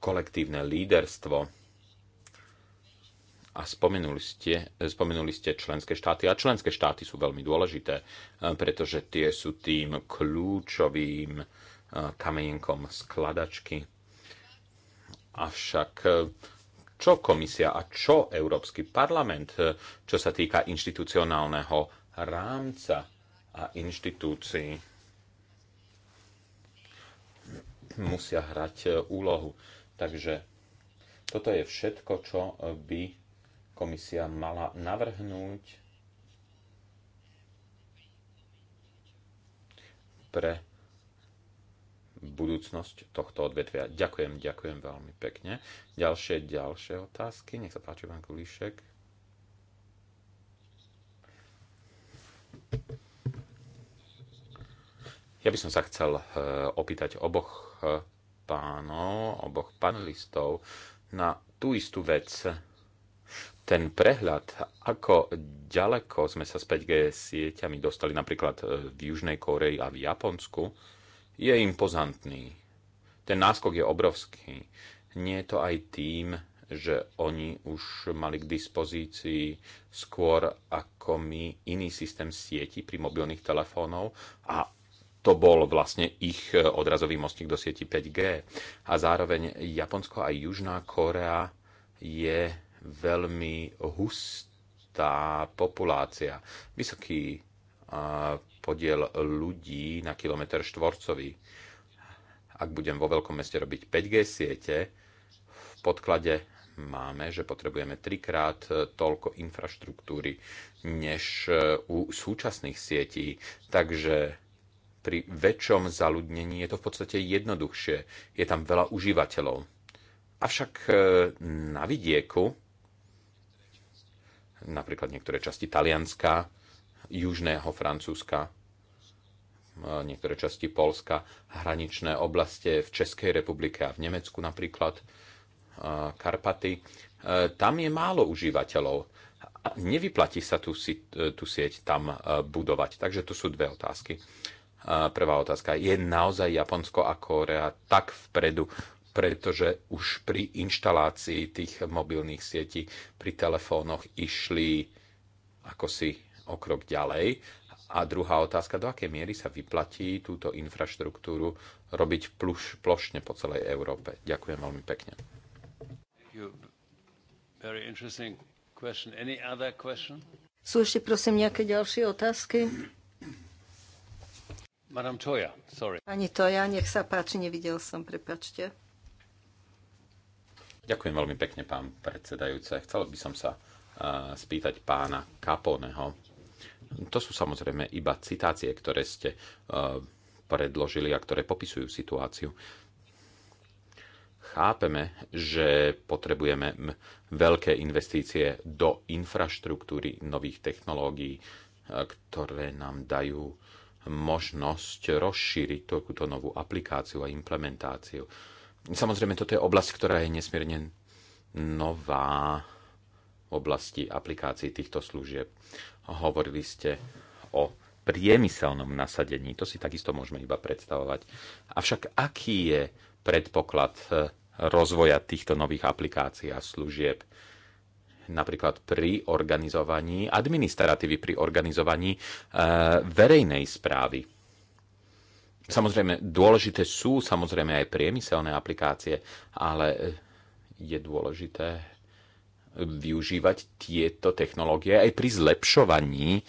Speaker 4: kolektívne líderstvo a spomenuli ste, spomenuli ste členské štáty. A členské štáty sú veľmi dôležité, e, pretože tie sú tým kľúčovým e, kamienkom skladačky. Avšak e, čo komisia a čo Európsky parlament, čo sa týka inštitucionálneho rámca a inštitúcií, musia hrať úlohu. Takže toto je všetko, čo by komisia mala navrhnúť pre budúcnosť tohto odvetvia. Ďakujem, ďakujem veľmi pekne. Ďalšie, ďalšie otázky. Nech sa páči, pán Kulíšek. Ja by som sa chcel eh, opýtať oboch eh, pánov, oboch panelistov na tú istú vec ten prehľad, ako ďaleko sme sa späť g sieťami dostali napríklad e, v Južnej Koreji a v Japonsku, je impozantný. Ten náskok je obrovský. Nie je to aj tým, že oni už mali k dispozícii skôr ako my iný systém sieti pri mobilných telefónov a to bol vlastne ich e, odrazový mostník do sieti 5G. A zároveň Japonsko a Južná Korea je veľmi hustá populácia. Vysoký podiel ľudí na kilometr štvorcový. Ak budem vo veľkom meste robiť 5G siete, v podklade máme, že potrebujeme trikrát toľko infraštruktúry než e, u súčasných sietí. Takže pri väčšom zaludnení je to v podstate jednoduchšie. Je tam veľa užívateľov. Avšak e, na vidieku napríklad niektoré časti Talianska, južného Francúzska, e, niektoré časti Polska, hraničné oblasti v Českej republike a v Nemecku napríklad, e, Karpaty. E, tam je málo užívateľov. Nevyplatí sa tú, tú sieť tam budovať. Takže tu sú dve otázky. Prvá otázka. Je naozaj Japonsko a Korea tak vpredu pretože už pri inštalácii tých mobilných sietí pri telefónoch išli ako si o krok ďalej. A druhá otázka, do akej miery sa vyplatí túto infraštruktúru robiť pluš, plošne po celej Európe? Ďakujem veľmi pekne.
Speaker 3: Sú ešte prosím nejaké ďalšie otázky?
Speaker 1: Madame Toja, sorry.
Speaker 3: Pani Toja, nech sa páči, nevidel som, prepačte.
Speaker 4: Ďakujem veľmi pekne, pán predsedajúce. Chcel by som sa spýtať pána Kaponeho. To sú samozrejme iba citácie, ktoré ste predložili a ktoré popisujú situáciu. Chápeme, že potrebujeme veľké investície do infraštruktúry nových technológií, ktoré nám dajú možnosť rozšíriť túto novú aplikáciu a implementáciu Samozrejme, toto je oblasť, ktorá je nesmierne nová v oblasti aplikácií týchto služieb. Hovorili ste o priemyselnom nasadení, to si takisto môžeme iba predstavovať. Avšak aký je predpoklad e, rozvoja týchto nových aplikácií a služieb? napríklad pri organizovaní administratívy, pri organizovaní e, verejnej správy Samozrejme, dôležité sú samozrejme aj priemyselné aplikácie, ale e, je dôležité využívať tieto technológie aj pri zlepšovaní e,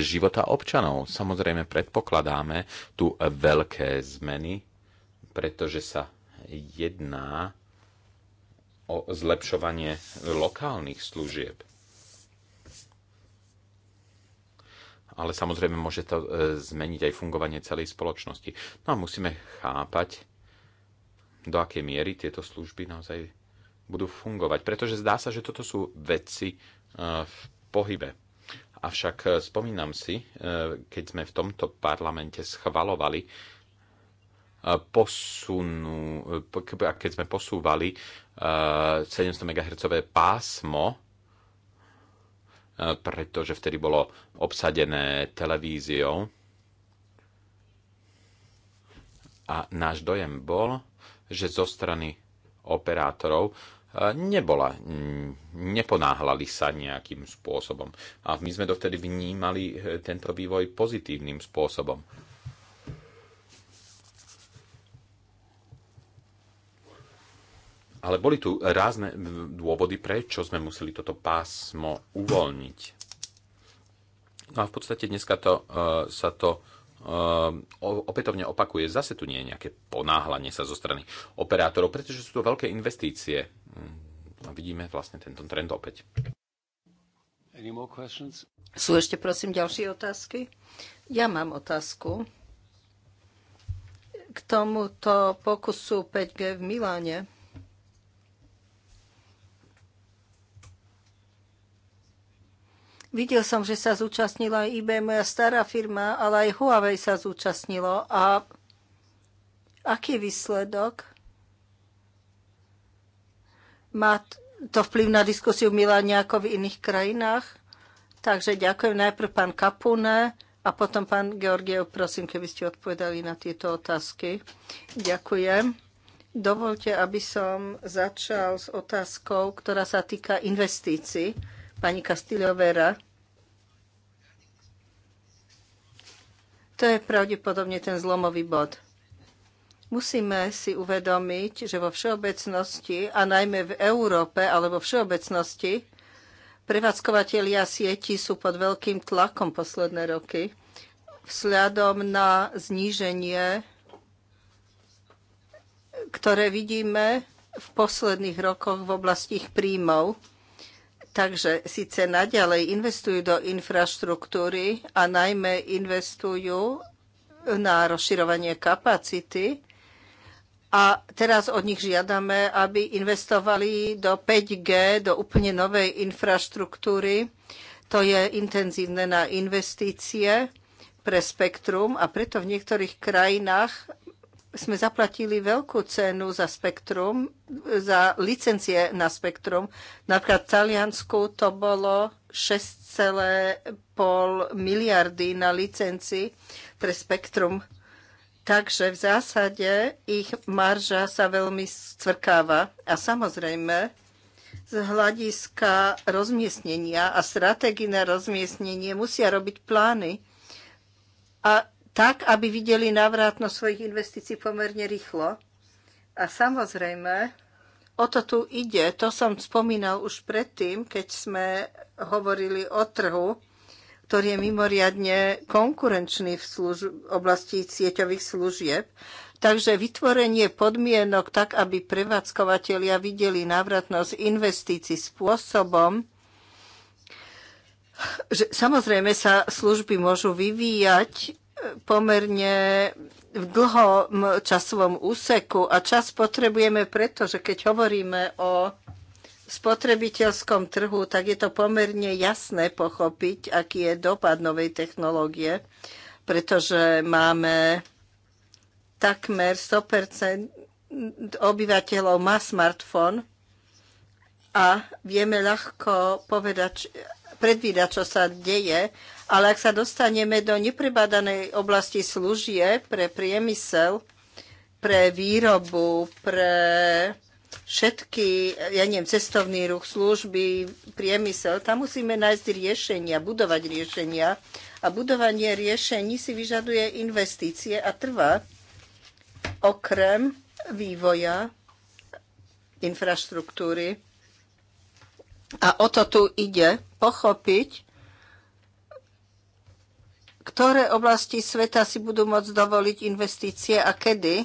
Speaker 4: života občanov. Samozrejme, predpokladáme tu veľké zmeny, pretože sa jedná o zlepšovanie lokálnych služieb. ale samozrejme môže to e, zmeniť aj fungovanie celej spoločnosti. No a musíme chápať, do akej miery tieto služby naozaj budú fungovať, pretože zdá sa, že toto sú veci e, v pohybe. Avšak e, spomínam si, keď sme v tomto parlamente schvalovali posunú, keď sme posúvali 700 MHz pásmo E, pretože vtedy bolo obsadené televíziou. A náš dojem bol, že zo strany operátorov e, nebola, neponáhlali sa nejakým spôsobom. A my sme dovtedy vnímali e, tento vývoj pozitívnym spôsobom Ale boli tu rázne dôvody, prečo sme museli toto pásmo uvoľniť. No a v podstate dneska to, uh, sa to uh, opätovne opakuje. Zase tu nie je nejaké ponáhlanie sa zo strany operátorov, pretože sú to veľké investície. Mm, a vidíme vlastne tento trend opäť.
Speaker 3: Sú ešte prosím ďalšie otázky? Ja mám otázku k tomuto pokusu 5G v Miláne. Videl som, že sa zúčastnila aj IBM, moja stará firma, ale aj Huawei sa zúčastnilo. A aký výsledok? Má to vplyv na diskusiu mila nejako v iných krajinách? Takže ďakujem najprv pán Kapune a potom pán Georgiev, prosím, keby ste odpovedali na tieto otázky. Ďakujem. Dovolte, aby som začal s otázkou, ktorá sa týka investícií Pani Castillovera. To je pravdepodobne ten zlomový bod. Musíme si uvedomiť, že vo všeobecnosti, a najmä v Európe, alebo všeobecnosti, prevádzkovateľia sieti sú pod veľkým tlakom posledné roky vzhľadom na zníženie, ktoré vidíme v posledných rokoch v oblasti ich príjmov. Takže síce naďalej investujú do infraštruktúry a najmä investujú na rozširovanie kapacity. A teraz od nich žiadame, aby investovali do 5G, do úplne novej infraštruktúry. To je intenzívne na investície pre spektrum a preto v niektorých krajinách sme zaplatili veľkú cenu za spektrum, za licencie na spektrum. Napríklad v Taliansku to bolo 6,5 miliardy na licencii pre spektrum. Takže v zásade ich marža sa veľmi stvrkáva. A samozrejme, z hľadiska rozmiestnenia a stratégie na rozmiestnenie musia robiť plány. A tak, aby videli návratnosť svojich investícií pomerne rýchlo. A samozrejme, o to tu ide, to som spomínal už predtým, keď sme hovorili o trhu, ktorý je mimoriadne konkurenčný v služ- oblasti sieťových služieb. Takže vytvorenie podmienok tak, aby prevádzkovateľia videli návratnosť investícií spôsobom, že samozrejme sa služby môžu vyvíjať pomerne v dlhom časovom úseku a čas potrebujeme preto, že keď hovoríme o spotrebiteľskom trhu, tak je to pomerne jasné pochopiť, aký je dopad novej technológie, pretože máme takmer 100% obyvateľov má smartfón a vieme ľahko povedať, predvídať, čo sa deje ale ak sa dostaneme do neprebádanej oblasti služie pre priemysel, pre výrobu, pre všetky, ja neviem, cestovný ruch, služby, priemysel, tam musíme nájsť riešenia, budovať riešenia. A budovanie riešení si vyžaduje investície a trvá okrem vývoja infraštruktúry. A o to tu ide pochopiť, ktoré oblasti sveta si budú môcť dovoliť investície a kedy,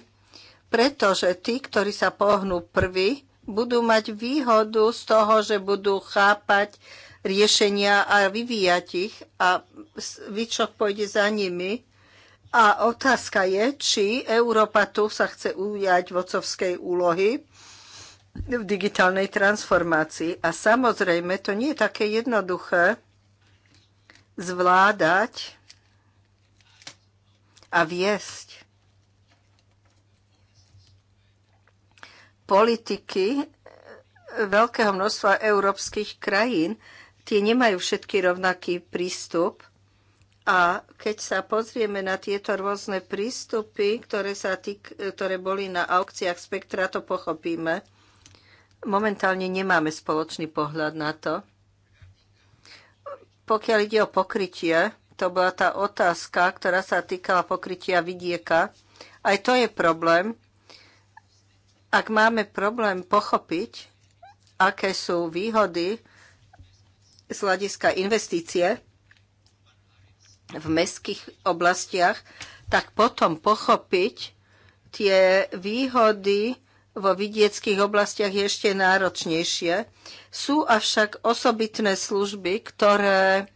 Speaker 3: pretože tí, ktorí sa pohnú prvý, budú mať výhodu z toho, že budú chápať riešenia a vyvíjať ich a výčok pôjde za nimi. A otázka je, či Európa tu sa chce ujať vocovskej úlohy v digitálnej transformácii. A samozrejme, to nie je také jednoduché zvládať a viesť politiky veľkého množstva európskych krajín. Tie nemajú všetky rovnaký prístup. A keď sa pozrieme na tieto rôzne prístupy, ktoré, sa týk, ktoré boli na aukciách spektra, to pochopíme. Momentálne nemáme spoločný pohľad na to. Pokiaľ ide o pokrytie, to bola tá otázka, ktorá sa týkala pokrytia vidieka. Aj to je problém. Ak máme problém pochopiť, aké sú výhody z hľadiska investície v mestských oblastiach, tak potom pochopiť tie výhody vo vidieckých oblastiach ešte náročnejšie. Sú avšak osobitné služby, ktoré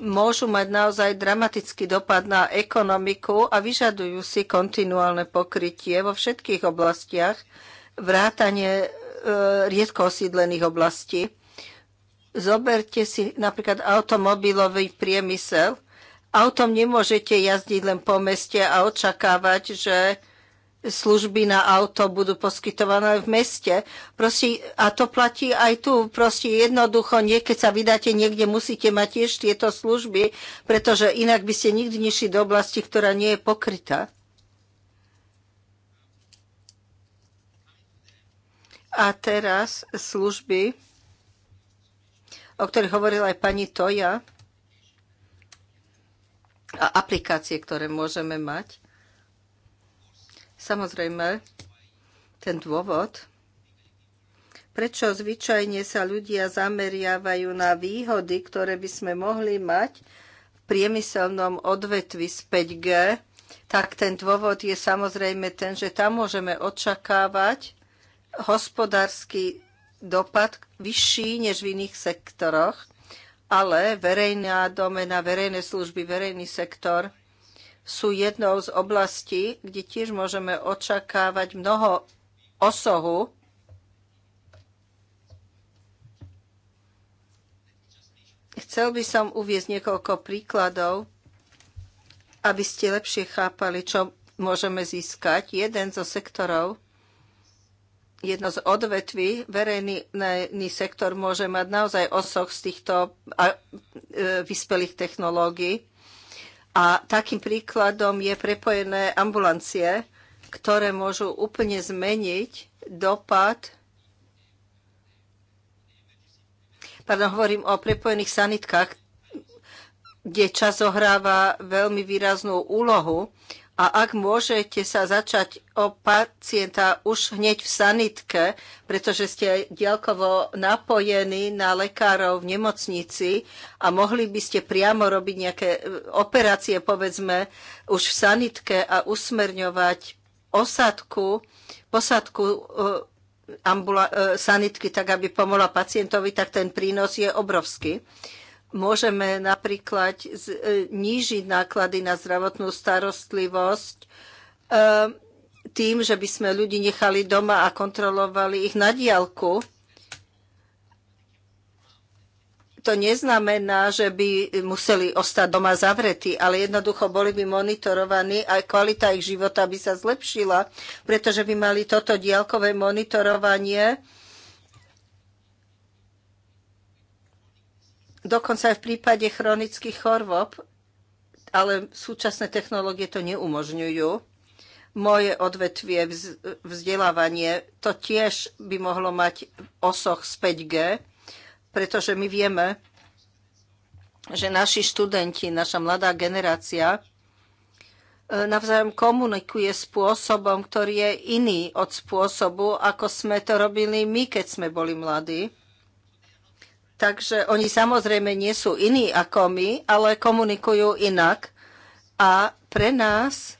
Speaker 3: môžu mať naozaj dramatický dopad na ekonomiku a vyžadujú si kontinuálne pokrytie vo všetkých oblastiach, vrátanie e, riedko osídlených oblastí. Zoberte si napríklad automobilový priemysel. Autom nemôžete jazdiť len po meste a očakávať, že služby na auto budú poskytované v meste. Proste, a to platí aj tu. Proste jednoducho, nie, keď sa vydáte niekde, musíte mať tiež tieto služby, pretože inak by ste nikdy nešli do oblasti, ktorá nie je pokrytá. A teraz služby, o ktorých hovorila aj pani Toja, a aplikácie, ktoré môžeme mať Samozrejme, ten dôvod, prečo zvyčajne sa ľudia zameriavajú na výhody, ktoré by sme mohli mať v priemyselnom odvetvi z 5G, tak ten dôvod je samozrejme ten, že tam môžeme očakávať hospodársky dopad vyšší než v iných sektoroch, ale verejná domena, verejné služby, verejný sektor sú jednou z oblastí, kde tiež môžeme očakávať mnoho osohu. Chcel by som uviezť niekoľko príkladov, aby ste lepšie chápali, čo môžeme získať. Jeden zo sektorov, jedno z odvetví, verejný sektor môže mať naozaj osoch z týchto e, vyspelých technológií. A takým príkladom je prepojené ambulancie, ktoré môžu úplne zmeniť dopad. Pardon, hovorím o prepojených sanitkách, kde čas zohráva veľmi výraznú úlohu a ak môžete sa začať o pacienta už hneď v sanitke, pretože ste diaľkovo napojení na lekárov v nemocnici a mohli by ste priamo robiť nejaké e, operácie, povedzme, už v sanitke a usmerňovať osadku, posadku e, ambula- e, sanitky tak, aby pomohla pacientovi, tak ten prínos je obrovský. Môžeme napríklad znížiť e, náklady na zdravotnú starostlivosť e, tým, že by sme ľudí nechali doma a kontrolovali ich na diálku. To neznamená, že by museli ostať doma zavretí, ale jednoducho boli by monitorovaní a kvalita ich života by sa zlepšila, pretože by mali toto diálkové monitorovanie dokonca aj v prípade chronických chorôb, ale súčasné technológie to neumožňujú. Moje odvetvie vzdelávanie to tiež by mohlo mať osoch z 5G, pretože my vieme, že naši študenti, naša mladá generácia e, navzájom komunikuje spôsobom, ktorý je iný od spôsobu, ako sme to robili my, keď sme boli mladí. Takže oni samozrejme nie sú iní ako my, ale komunikujú inak. A pre nás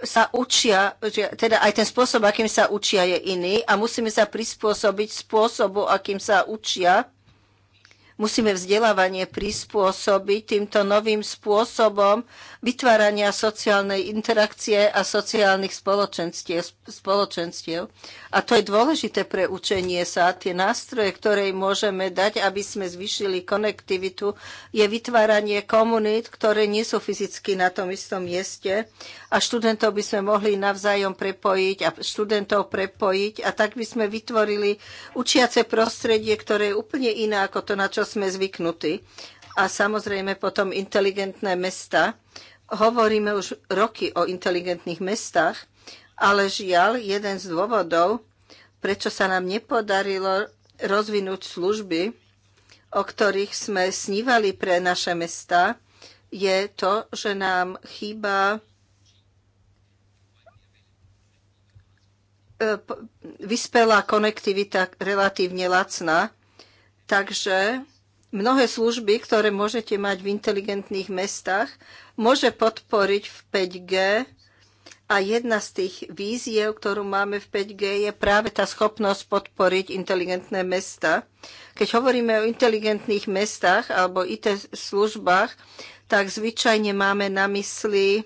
Speaker 3: sa učia, teda aj ten spôsob, akým sa učia, je iný a musíme sa prispôsobiť spôsobu, akým sa učia Musíme vzdelávanie prispôsobiť týmto novým spôsobom vytvárania sociálnej interakcie a sociálnych spoločenstiev, spoločenstiev. A to je dôležité pre učenie sa. Tie nástroje, ktoré môžeme dať, aby sme zvýšili konektivitu, je vytváranie komunít, ktoré nie sú fyzicky na tom istom mieste a študentov by sme mohli navzájom prepojiť a študentov prepojiť a tak by sme vytvorili učiace prostredie, ktoré je úplne iné ako to, na čo sme zvyknutí. A samozrejme potom inteligentné mesta. Hovoríme už roky o inteligentných mestách, ale žiaľ, jeden z dôvodov, prečo sa nám nepodarilo rozvinúť služby, o ktorých sme snívali pre naše mesta, je to, že nám chýba e, vyspelá konektivita relatívne lacná, takže mnohé služby, ktoré môžete mať v inteligentných mestách, môže podporiť v 5G a jedna z tých víziev, ktorú máme v 5G, je práve tá schopnosť podporiť inteligentné mesta. Keď hovoríme o inteligentných mestách alebo IT službách, tak zvyčajne máme na mysli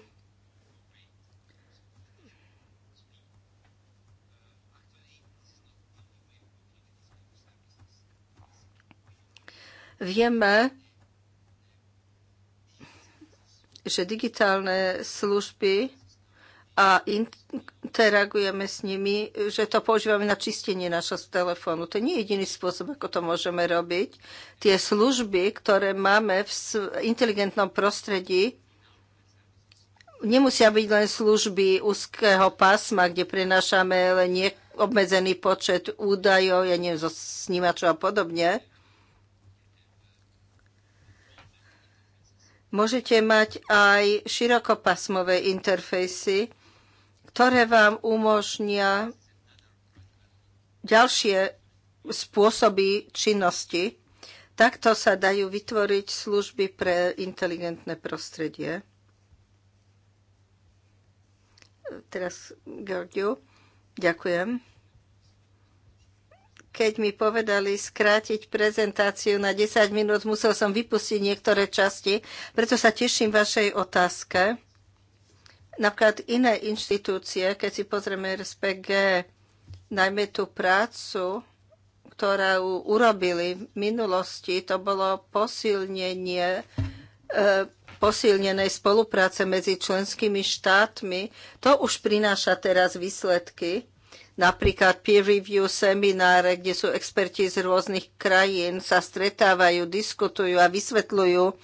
Speaker 3: Vieme, že digitálne služby a interagujeme s nimi, že to používame na čistenie našho telefónu. To nie je jediný spôsob, ako to môžeme robiť. Tie služby, ktoré máme v inteligentnom prostredí, nemusia byť len služby úzkého pásma, kde prenášame len obmedzený počet údajov, ja neviem, zo snímačov a podobne Môžete mať aj širokopasmové interfejsy, ktoré vám umožnia ďalšie spôsoby činnosti. Takto sa dajú vytvoriť služby pre inteligentné prostredie. Teraz Georgiu. Ďakujem keď mi povedali skrátiť prezentáciu na 10 minút, musel som vypustiť niektoré časti, preto sa teším vašej otázke. Napríklad iné inštitúcie, keď si pozrieme RSPG, najmä tú prácu, ktorú urobili v minulosti, to bolo posilnenie e, posilnenej spolupráce medzi členskými štátmi. To už prináša teraz výsledky Napríklad peer review semináre, kde sú experti z rôznych krajín, sa stretávajú, diskutujú a vysvetľujú,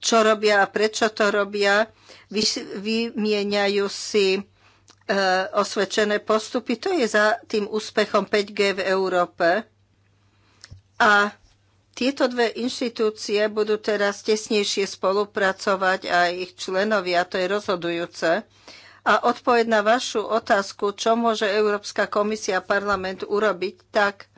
Speaker 3: čo robia a prečo to robia. Vymieňajú si e, osvedčené postupy. To je za tým úspechom 5G v Európe. A tieto dve inštitúcie budú teraz tesnejšie spolupracovať a ich členovia, to je rozhodujúce. A odpoveď na vašu otázku, čo môže Európska komisia a parlament urobiť, tak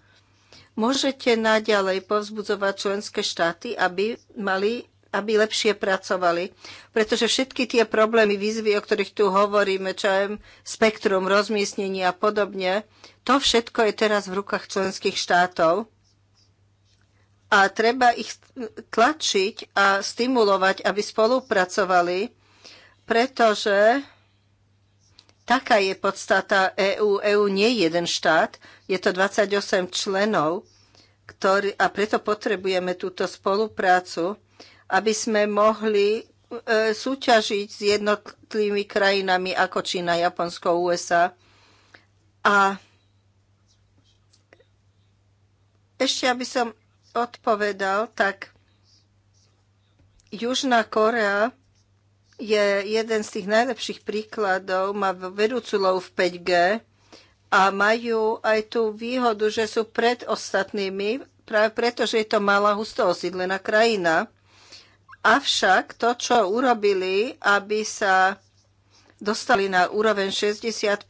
Speaker 3: môžete naďalej povzbudzovať členské štáty, aby mali aby lepšie pracovali. Pretože všetky tie problémy, výzvy, o ktorých tu hovoríme, čo je spektrum, rozmiestnenia a podobne, to všetko je teraz v rukách členských štátov a treba ich tlačiť a stimulovať, aby spolupracovali, pretože Taká je podstata EÚ. EÚ nie je jeden štát, je to 28 členov ktorý, a preto potrebujeme túto spoluprácu, aby sme mohli e, súťažiť s jednotlivými krajinami ako Čína, Japonsko, USA. A ešte, aby som odpovedal, tak Južná Korea je jeden z tých najlepších príkladov, má vedúcu lov v 5G a majú aj tú výhodu, že sú pred ostatnými, práve preto, že je to malá husto osídlená krajina. Avšak to, čo urobili, aby sa dostali na úroveň 60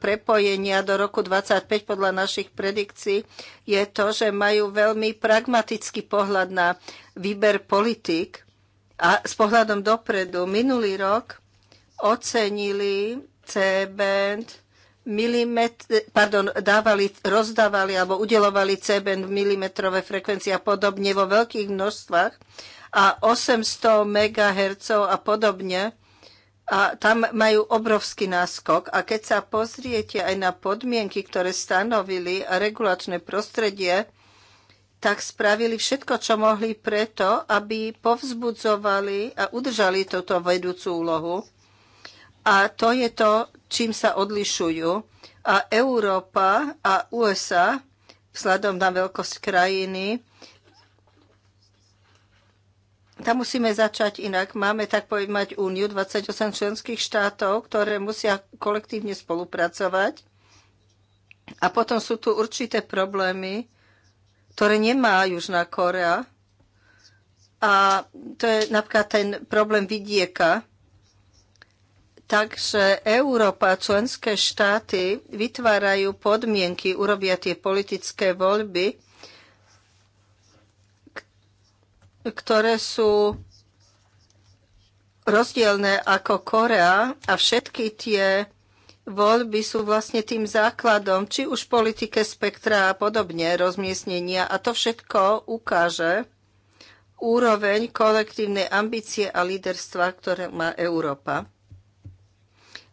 Speaker 3: prepojenia do roku 2025 podľa našich predikcií, je to, že majú veľmi pragmatický pohľad na výber politik a s pohľadom dopredu. Minulý rok ocenili C-band milimetr, pardon, dávali, rozdávali alebo udelovali C-band v milimetrové frekvencii a podobne vo veľkých množstvách a 800 MHz a podobne. A tam majú obrovský náskok. A keď sa pozriete aj na podmienky, ktoré stanovili a regulačné prostredie, tak spravili všetko, čo mohli preto, aby povzbudzovali a udržali túto vedúcu úlohu. A to je to, čím sa odlišujú. A Európa a USA, vzhľadom na veľkosť krajiny, tam musíme začať inak. Máme, tak povedať, úniu 28 členských štátov, ktoré musia kolektívne spolupracovať. A potom sú tu určité problémy, ktoré nemá Južná Korea. A to je napríklad ten problém vidieka. Takže Európa, členské štáty vytvárajú podmienky, urobia tie politické voľby, ktoré sú rozdielne ako Korea a všetky tie voľby sú vlastne tým základom, či už politike spektra a podobne, rozmiestnenia. A to všetko ukáže úroveň kolektívnej ambície a líderstva, ktoré má Európa.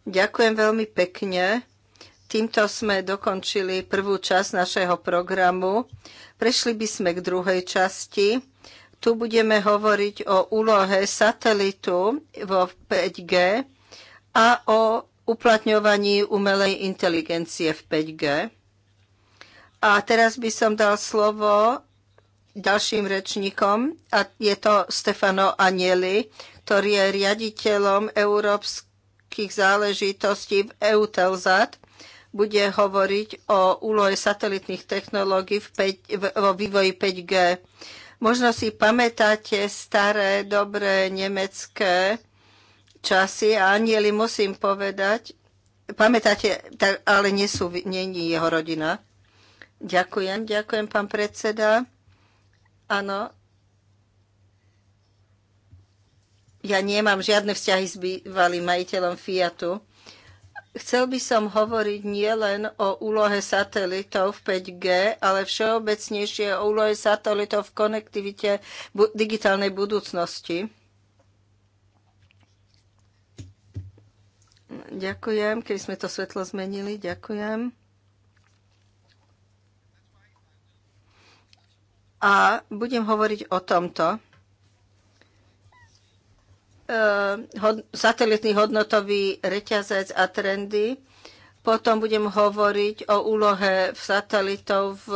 Speaker 3: Ďakujem veľmi pekne. Týmto sme dokončili prvú časť našeho programu. Prešli by sme k druhej časti. Tu budeme hovoriť o úlohe satelitu vo 5G a o uplatňovaní umelej inteligencie v 5G. A teraz by som dal slovo ďalším rečníkom a je to Stefano Anieli, ktorý je riaditeľom európskych záležitostí v EUTELZAT. Bude hovoriť o úlohe satelitných technológií v 5, vo vývoji 5G. Možno si pamätáte staré, dobré nemecké časy a anieli musím povedať, pamätáte, tak, ale nie sú, nie, nie jeho rodina. Ďakujem, ďakujem, pán predseda. Áno. Ja nemám žiadne vzťahy s bývalým majiteľom Fiatu. Chcel by som hovoriť nielen o úlohe satelitov v 5G, ale všeobecnejšie o úlohe satelitov v konektivite digitálnej budúcnosti. Ďakujem, keď sme to svetlo zmenili, ďakujem. A budem hovoriť o tomto. E, satelitný hodnotový reťazec a trendy. Potom budem hovoriť o úlohe satelitov v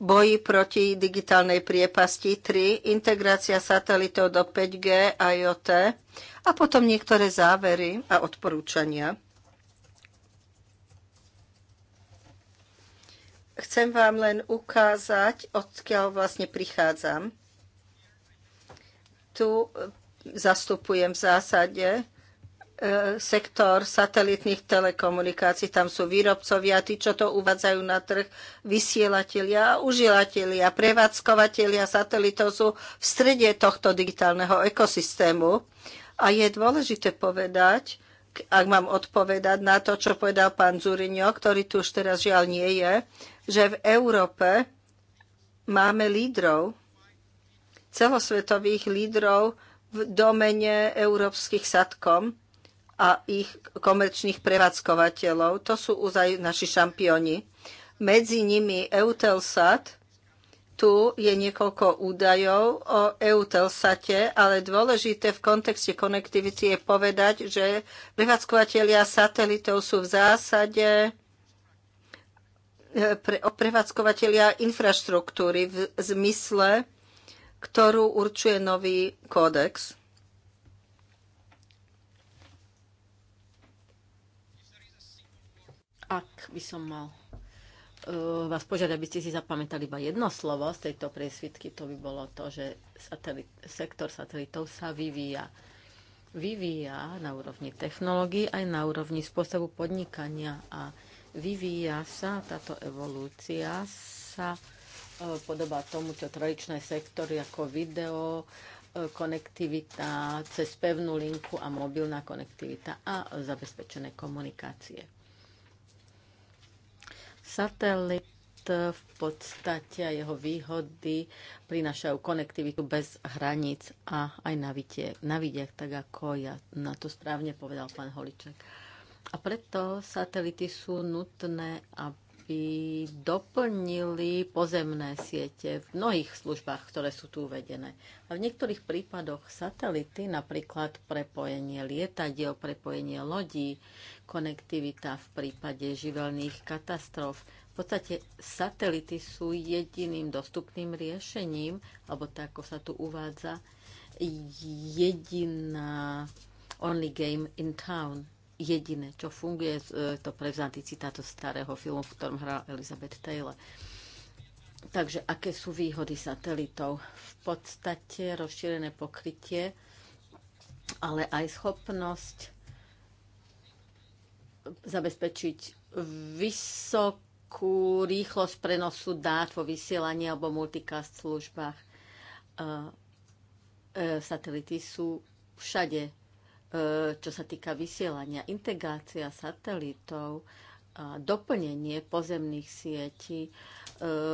Speaker 3: boji proti digitálnej priepasti 3, integrácia satelitov do 5G a IoT a potom niektoré závery a odporúčania. Chcem vám len ukázať, odkiaľ vlastne prichádzam. Tu eh, zastupujem v zásade eh, sektor satelitných telekomunikácií. Tam sú výrobcovia, tí, čo to uvádzajú na trh, vysielatelia, užívateľia, prevádzkovateľia satelitov sú v strede tohto digitálneho ekosystému. A je dôležité povedať, ak mám odpovedať na to, čo povedal pán Zuriňo, ktorý tu už teraz žiaľ nie je, že v Európe máme lídrov, celosvetových lídrov v domene európskych sadkom a ich komerčných prevádzkovateľov. To sú aj naši šampióni. Medzi nimi Eutelsat, tu je niekoľko údajov o EUTELSATE, ale dôležité v kontexte konektivity je povedať, že prevádzkovateľia satelitov sú v zásade e, pre, prevádzkovateľia infraštruktúry v zmysle, ktorú určuje nový kódex. Ak by som mal E,
Speaker 2: vás požiadať, aby ste si zapamätali iba jedno slovo z tejto presvitky, to by bolo to, že satelit, sektor satelitov sa vyvíja. Vyvíja na úrovni technológií aj na úrovni spôsobu podnikania a vyvíja sa táto evolúcia sa e, podobá tomu, čo tradičné sektory ako video, e, konektivita cez pevnú linku a mobilná konektivita a zabezpečené komunikácie. Satelit eh, v podstate a jeho výhody prinášajú konektivitu bez hraníc a aj na, vidie, na vidiach, tak ako ja na to správne povedal pán Holiček. A preto satelity sú nutné, aby aby doplnili pozemné siete v mnohých službách, ktoré sú tu uvedené. A v niektorých prípadoch satelity, napríklad prepojenie lietadiel, prepojenie lodí, konektivita v prípade živelných katastrof. V podstate satelity sú jediným dostupným riešením, alebo tak, ako sa tu uvádza, jediná only game in town jediné, čo funguje, e, to prevzatý citát starého filmu, v ktorom hrala Elizabeth Taylor. Takže aké sú výhody satelitov? V podstate rozšírené pokrytie, ale aj schopnosť zabezpečiť vysokú rýchlosť prenosu dát vo vysielaní alebo multicast službách. E, e, satelity sú všade E, čo sa týka vysielania, integrácia satelitov, a doplnenie pozemných sietí e,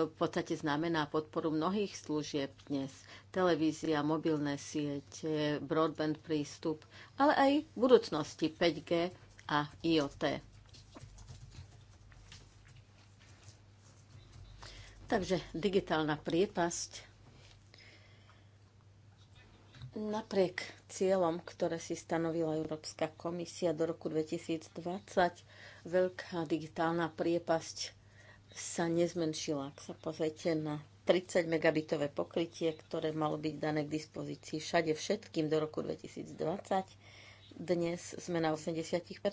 Speaker 2: v podstate znamená podporu mnohých služieb dnes. Televízia, mobilné siete, broadband prístup, ale aj v budúcnosti 5G a IoT. Takže digitálna priepasť Napriek cieľom, ktoré si stanovila Európska komisia do roku 2020, veľká digitálna priepasť sa nezmenšila. Ak sa pozrite na 30 megabitové pokrytie, ktoré malo byť dané k dispozícii všade všetkým do roku 2020, dnes sme na 80 80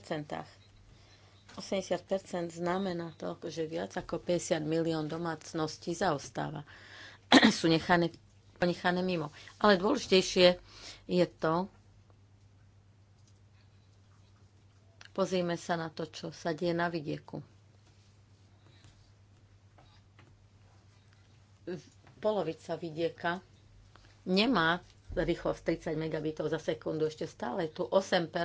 Speaker 2: znamená to, že viac ako 50 milión domácností zaostáva. Sú nechané ponechané mimo. Ale dôležitejšie je to, pozrime sa na to, čo sa deje na vidieku. Polovica vidieka nemá rýchlosť 30 megabitov za sekundu, ešte stále je tu 8 e,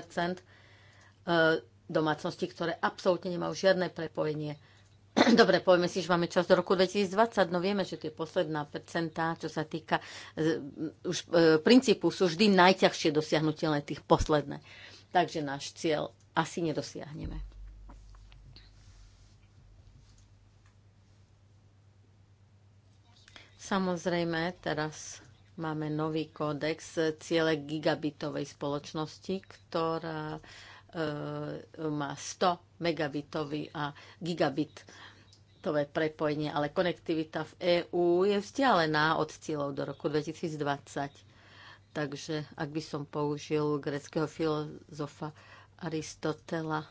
Speaker 2: domácnosti, ktoré absolútne nemajú žiadne prepojenie Dobre, povieme si, že máme čas do roku 2020, no vieme, že tie posledná percentá, čo sa týka e, už, e, princípu, sú vždy najťažšie dosiahnutelné tých posledné. Takže náš cieľ asi nedosiahneme. Samozrejme, teraz máme nový kódex e, ciele gigabitovej spoločnosti, ktorá E, má 100 megabitový a gigabit tové prepojenie, ale konektivita v EÚ je vzdialená od cieľov do roku 2020. Takže ak by som použil greckého filozofa Aristotela,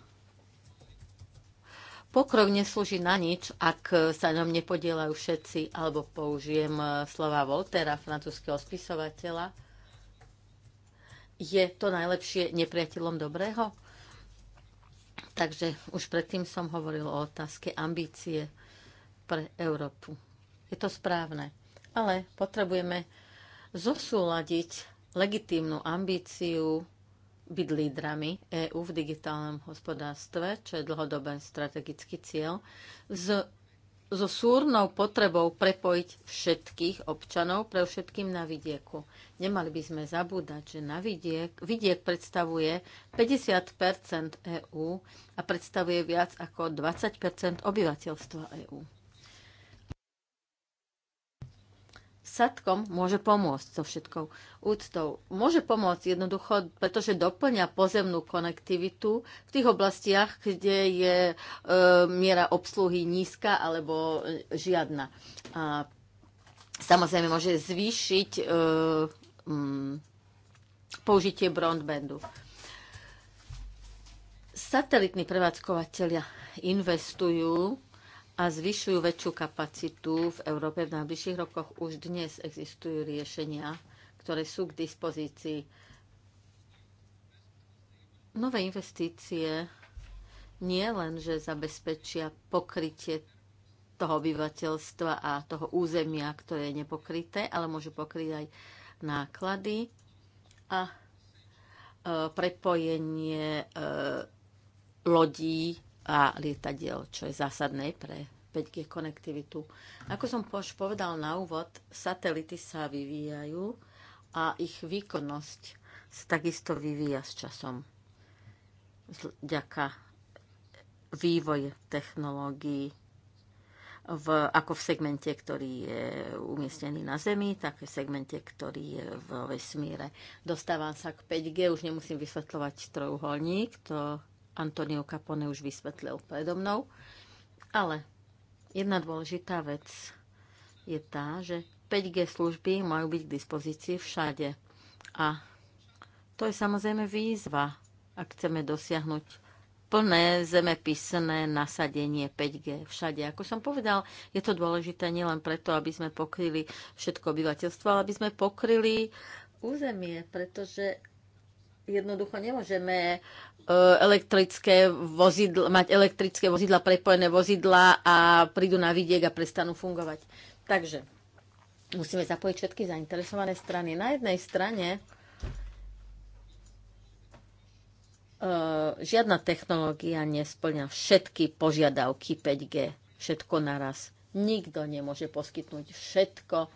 Speaker 2: pokrok neslúži na nič, ak sa ňom nepodielajú všetci, alebo použijem e, slova Voltera, francúzského spisovateľa. Je to najlepšie nepriateľom dobrého? Takže už predtým som hovoril o otázke ambície pre Európu. Je to správne, ale potrebujeme zosúľadiť legitímnu ambíciu byť lídrami EÚ v digitálnom hospodárstve, čo je dlhodobý strategický cieľ, s so súrnou potrebou prepojiť všetkých občanov, pre všetkým na vidieku. Nemali by sme zabúdať, že na vidiek, vidiek predstavuje 50 EÚ a predstavuje viac ako 20 obyvateľstva EÚ. sadkom môže pomôcť so všetkou úctou. Môže pomôcť jednoducho, pretože doplňa pozemnú konektivitu v tých oblastiach, kde je e, miera obsluhy nízka alebo žiadna. A samozrejme môže zvýšiť e, m, mm, použitie broadbandu. Satelitní prevádzkovateľia investujú a zvyšujú väčšiu kapacitu v Európe. V najbližších rokoch už dnes existujú riešenia, ktoré sú k dispozícii. Nové investície nie len, že zabezpečia pokrytie toho obyvateľstva a toho územia, ktoré je nepokryté, ale môžu pokryť aj náklady a e, prepojenie e, lodí a lietadiel, čo je zásadné pre 5G konektivitu. Ako som už povedal na úvod, satelity sa vyvíjajú a ich výkonnosť sa takisto vyvíja s časom. Ďaká vývoj technológií v, ako v segmente, ktorý je umiestnený na Zemi, tak v segmente, ktorý je v vesmíre. Dostávam sa k 5G, už nemusím vysvetľovať trojuholník, to Antonio Capone už vysvetlil predo mnou. Ale jedna dôležitá vec je tá, že 5G služby majú byť k dispozícii všade. A to je samozrejme výzva, ak chceme dosiahnuť plné zemepisné nasadenie 5G všade. Ako som povedal, je to dôležité nielen preto, aby sme pokryli všetko obyvateľstvo, ale aby sme pokryli územie, pretože jednoducho nemôžeme e, elektrické vozidla, mať elektrické vozidla, prepojené vozidla a prídu na vidiek a prestanú fungovať. Takže musíme zapojiť všetky zainteresované strany. Na jednej strane e, žiadna technológia nesplňa všetky požiadavky 5G, všetko naraz. Nikto nemôže poskytnúť všetko,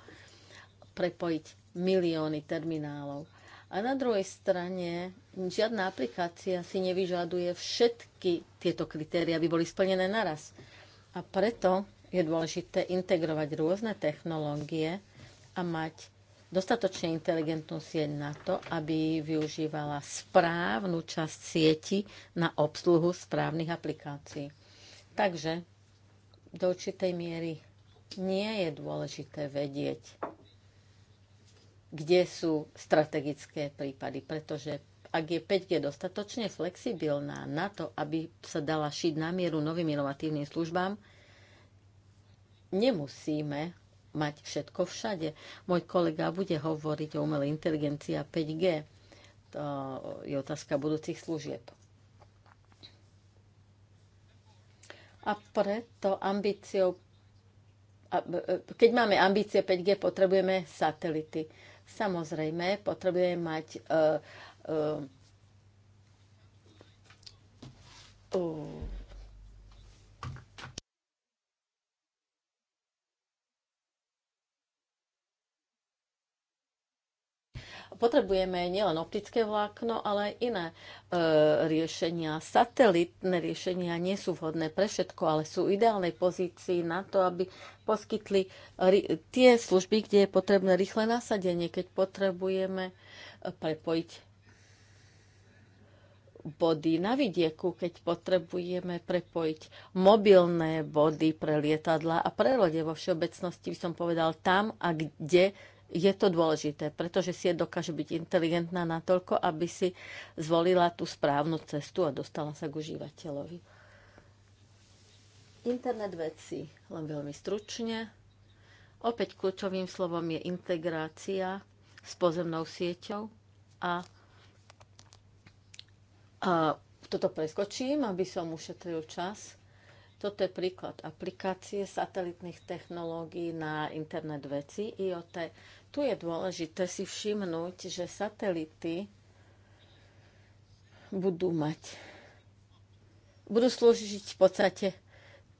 Speaker 2: prepojiť milióny terminálov a na druhej strane žiadna aplikácia si nevyžaduje všetky tieto kritéria, aby boli splnené naraz. A preto je dôležité integrovať rôzne technológie a mať dostatočne inteligentnú sieť na to, aby využívala správnu časť sieti na obsluhu správnych aplikácií. Takže do určitej miery nie je dôležité vedieť kde sú strategické prípady, pretože ak je 5G dostatočne flexibilná na to, aby sa dala šiť na mieru novým inovatívnym službám, nemusíme mať všetko všade. Môj kolega bude hovoriť o umelej inteligencii a 5G. To je otázka budúcich služieb. A preto ambíciou, e, e, keď máme ambície 5G, potrebujeme satelity Samozrejme, potrebujeme mať uh, uh, uh, potrebujeme nielen optické vlákno, ale aj iné e, riešenia. Satelitné riešenia nie sú vhodné pre všetko, ale sú v ideálnej pozícii na to, aby poskytli tie služby, kde je potrebné rýchle nasadenie, keď potrebujeme e, prepojiť body na vidieku, keď potrebujeme prepojiť mobilné body pre lietadla a pre lode vo všeobecnosti by som povedal tam a kde je to dôležité, pretože si je dokáže byť inteligentná natoľko, aby si zvolila tú správnu cestu a dostala sa k užívateľovi. Internet veci, len veľmi stručne. Opäť kľúčovým slovom je integrácia s pozemnou sieťou a, a toto preskočím, aby som ušetril čas. Toto je príklad aplikácie satelitných technológií na internet veci IoT. Tu je dôležité si všimnúť, že satelity budú mať, budú slúžiť v podstate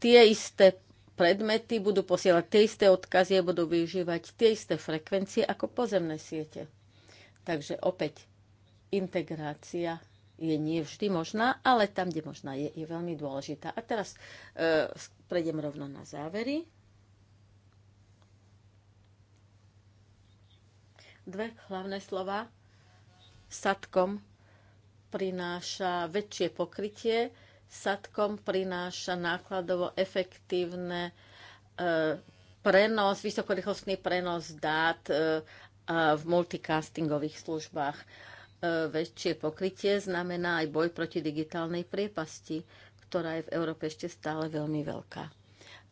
Speaker 2: tie isté predmety, budú posielať tie isté odkazy a budú využívať tie isté frekvencie ako pozemné siete. Takže opäť integrácia je nie vždy možná, ale tam, kde možná je, je veľmi dôležitá. A teraz e, prejdem rovno na závery. Dve hlavné slova. Satkom prináša väčšie pokrytie, Satkom prináša nákladovo efektívne e, prenos, vysokorýchlostný prenos dát e, v multicastingových službách. E, väčšie pokrytie znamená aj boj proti digitálnej priepasti, ktorá je v Európe ešte stále veľmi veľká.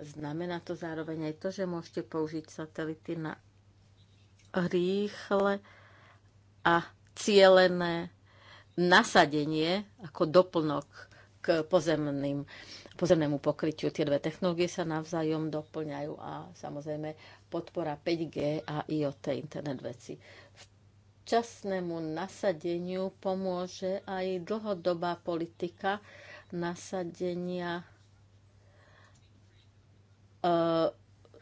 Speaker 2: Znamená to zároveň aj to, že môžete použiť satelity na rýchle a cielené nasadenie ako doplnok k pozemným, pozemnému pokryťu. Tie dve technológie sa navzájom doplňajú a samozrejme podpora 5G a IoT, internet veci. Včasnému nasadeniu pomôže aj dlhodobá politika nasadenia e,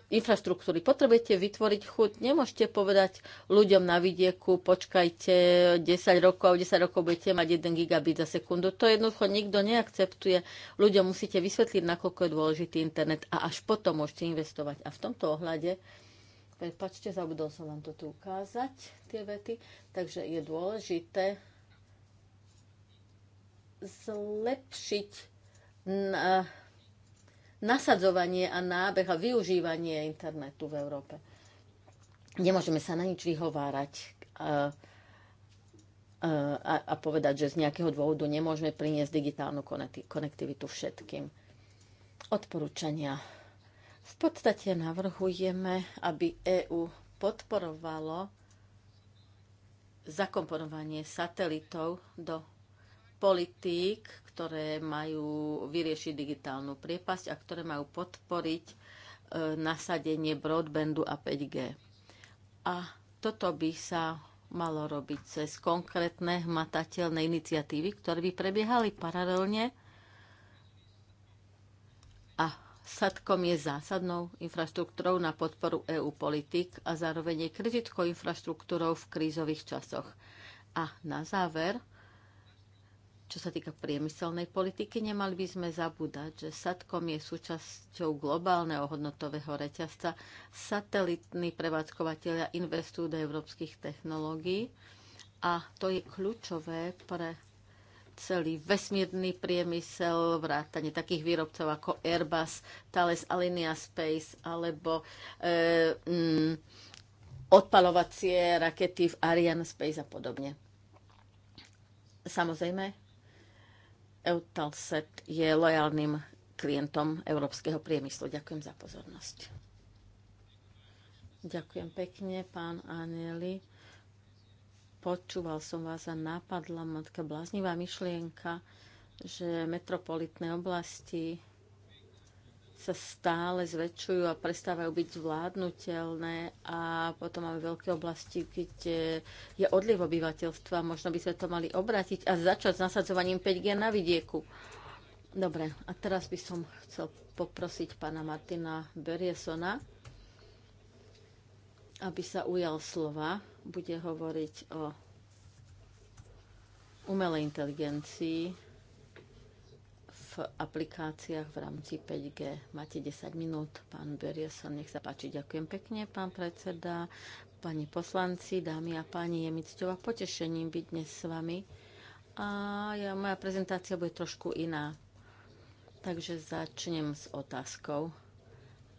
Speaker 2: infraštruktúry. Potrebujete vytvoriť chuť. Nemôžete povedať ľuďom na vidieku, počkajte 10 rokov, 10 rokov budete mať 1 gigabit za sekundu. To jednoducho nikto neakceptuje. Ľuďom musíte vysvetliť, nakoľko je dôležitý internet a až potom môžete investovať. A v tomto ohľade Prepačte, zabudol som vám to tu ukázať, tie vety. Takže je dôležité zlepšiť na nasadzovanie a nábeh a využívanie internetu v Európe. Nemôžeme sa na nič vyhovárať a, a, a povedať, že z nejakého dôvodu nemôžeme priniesť digitálnu konektivitu všetkým. Odporúčania. V podstate navrhujeme, aby EÚ podporovalo zakomponovanie satelitov do politík, ktoré majú vyriešiť digitálnu priepasť a ktoré majú podporiť e, nasadenie broadbandu a 5G. A toto by sa malo robiť cez konkrétne hmatateľné iniciatívy, ktoré by prebiehali paralelne a SATKOM je zásadnou infraštruktúrou na podporu EU politik a zároveň je kritickou infraštruktúrou v krízových časoch. A na záver, čo sa týka priemyselnej politiky, nemali by sme zabúdať, že SATCOM je súčasťou globálneho hodnotového reťazca. Satelitní prevádzkovateľia investujú do európskych technológií a to je kľúčové pre celý vesmírny priemysel, vrátanie takých výrobcov ako Airbus, Thales Alinea Space alebo e, mm, odpalovacie rakety v Ariane Space a podobne. Samozrejme, Eutalset je lojálnym klientom európskeho priemyslu. Ďakujem za pozornosť. Ďakujem pekne, pán Aneli. Počúval som vás a napadla ma taká bláznivá myšlienka, že metropolitné oblasti sa stále zväčšujú a prestávajú byť zvládnutelné a potom máme veľké oblasti, keď je odliv obyvateľstva. Možno by sme to mali obrátiť a začať s nasadzovaním 5G na vidieku. Dobre, a teraz by som chcel poprosiť pána Martina Beriesona, aby sa ujal slova. Bude hovoriť o umelej inteligencii v aplikáciách v rámci 5G. Máte 10 minút. Pán Berieson, nech sa páči. Ďakujem pekne, pán predseda, pani poslanci, dámy a páni. Je mi cťová potešením byť dnes s vami. A ja, moja prezentácia bude trošku iná. Takže začnem s otázkou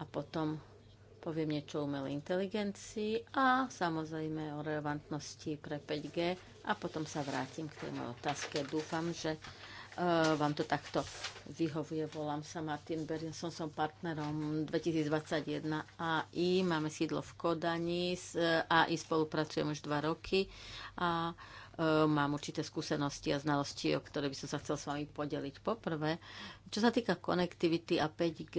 Speaker 2: a potom poviem niečo o umelej inteligencii a samozrejme o relevantnosti pre 5G a potom sa vrátim k tej mojej otázke. Dúfam, že Eh, vám to takto vyhovuje. Volám sa Martin Berin, som, som partnerom 2021 AI, máme sídlo v Kodani, s eh, AI spolupracujem už dva roky a eh, mám určité skúsenosti a znalosti, o ktoré by som sa chcel s vami podeliť. Poprvé, čo sa týka konektivity a 5G,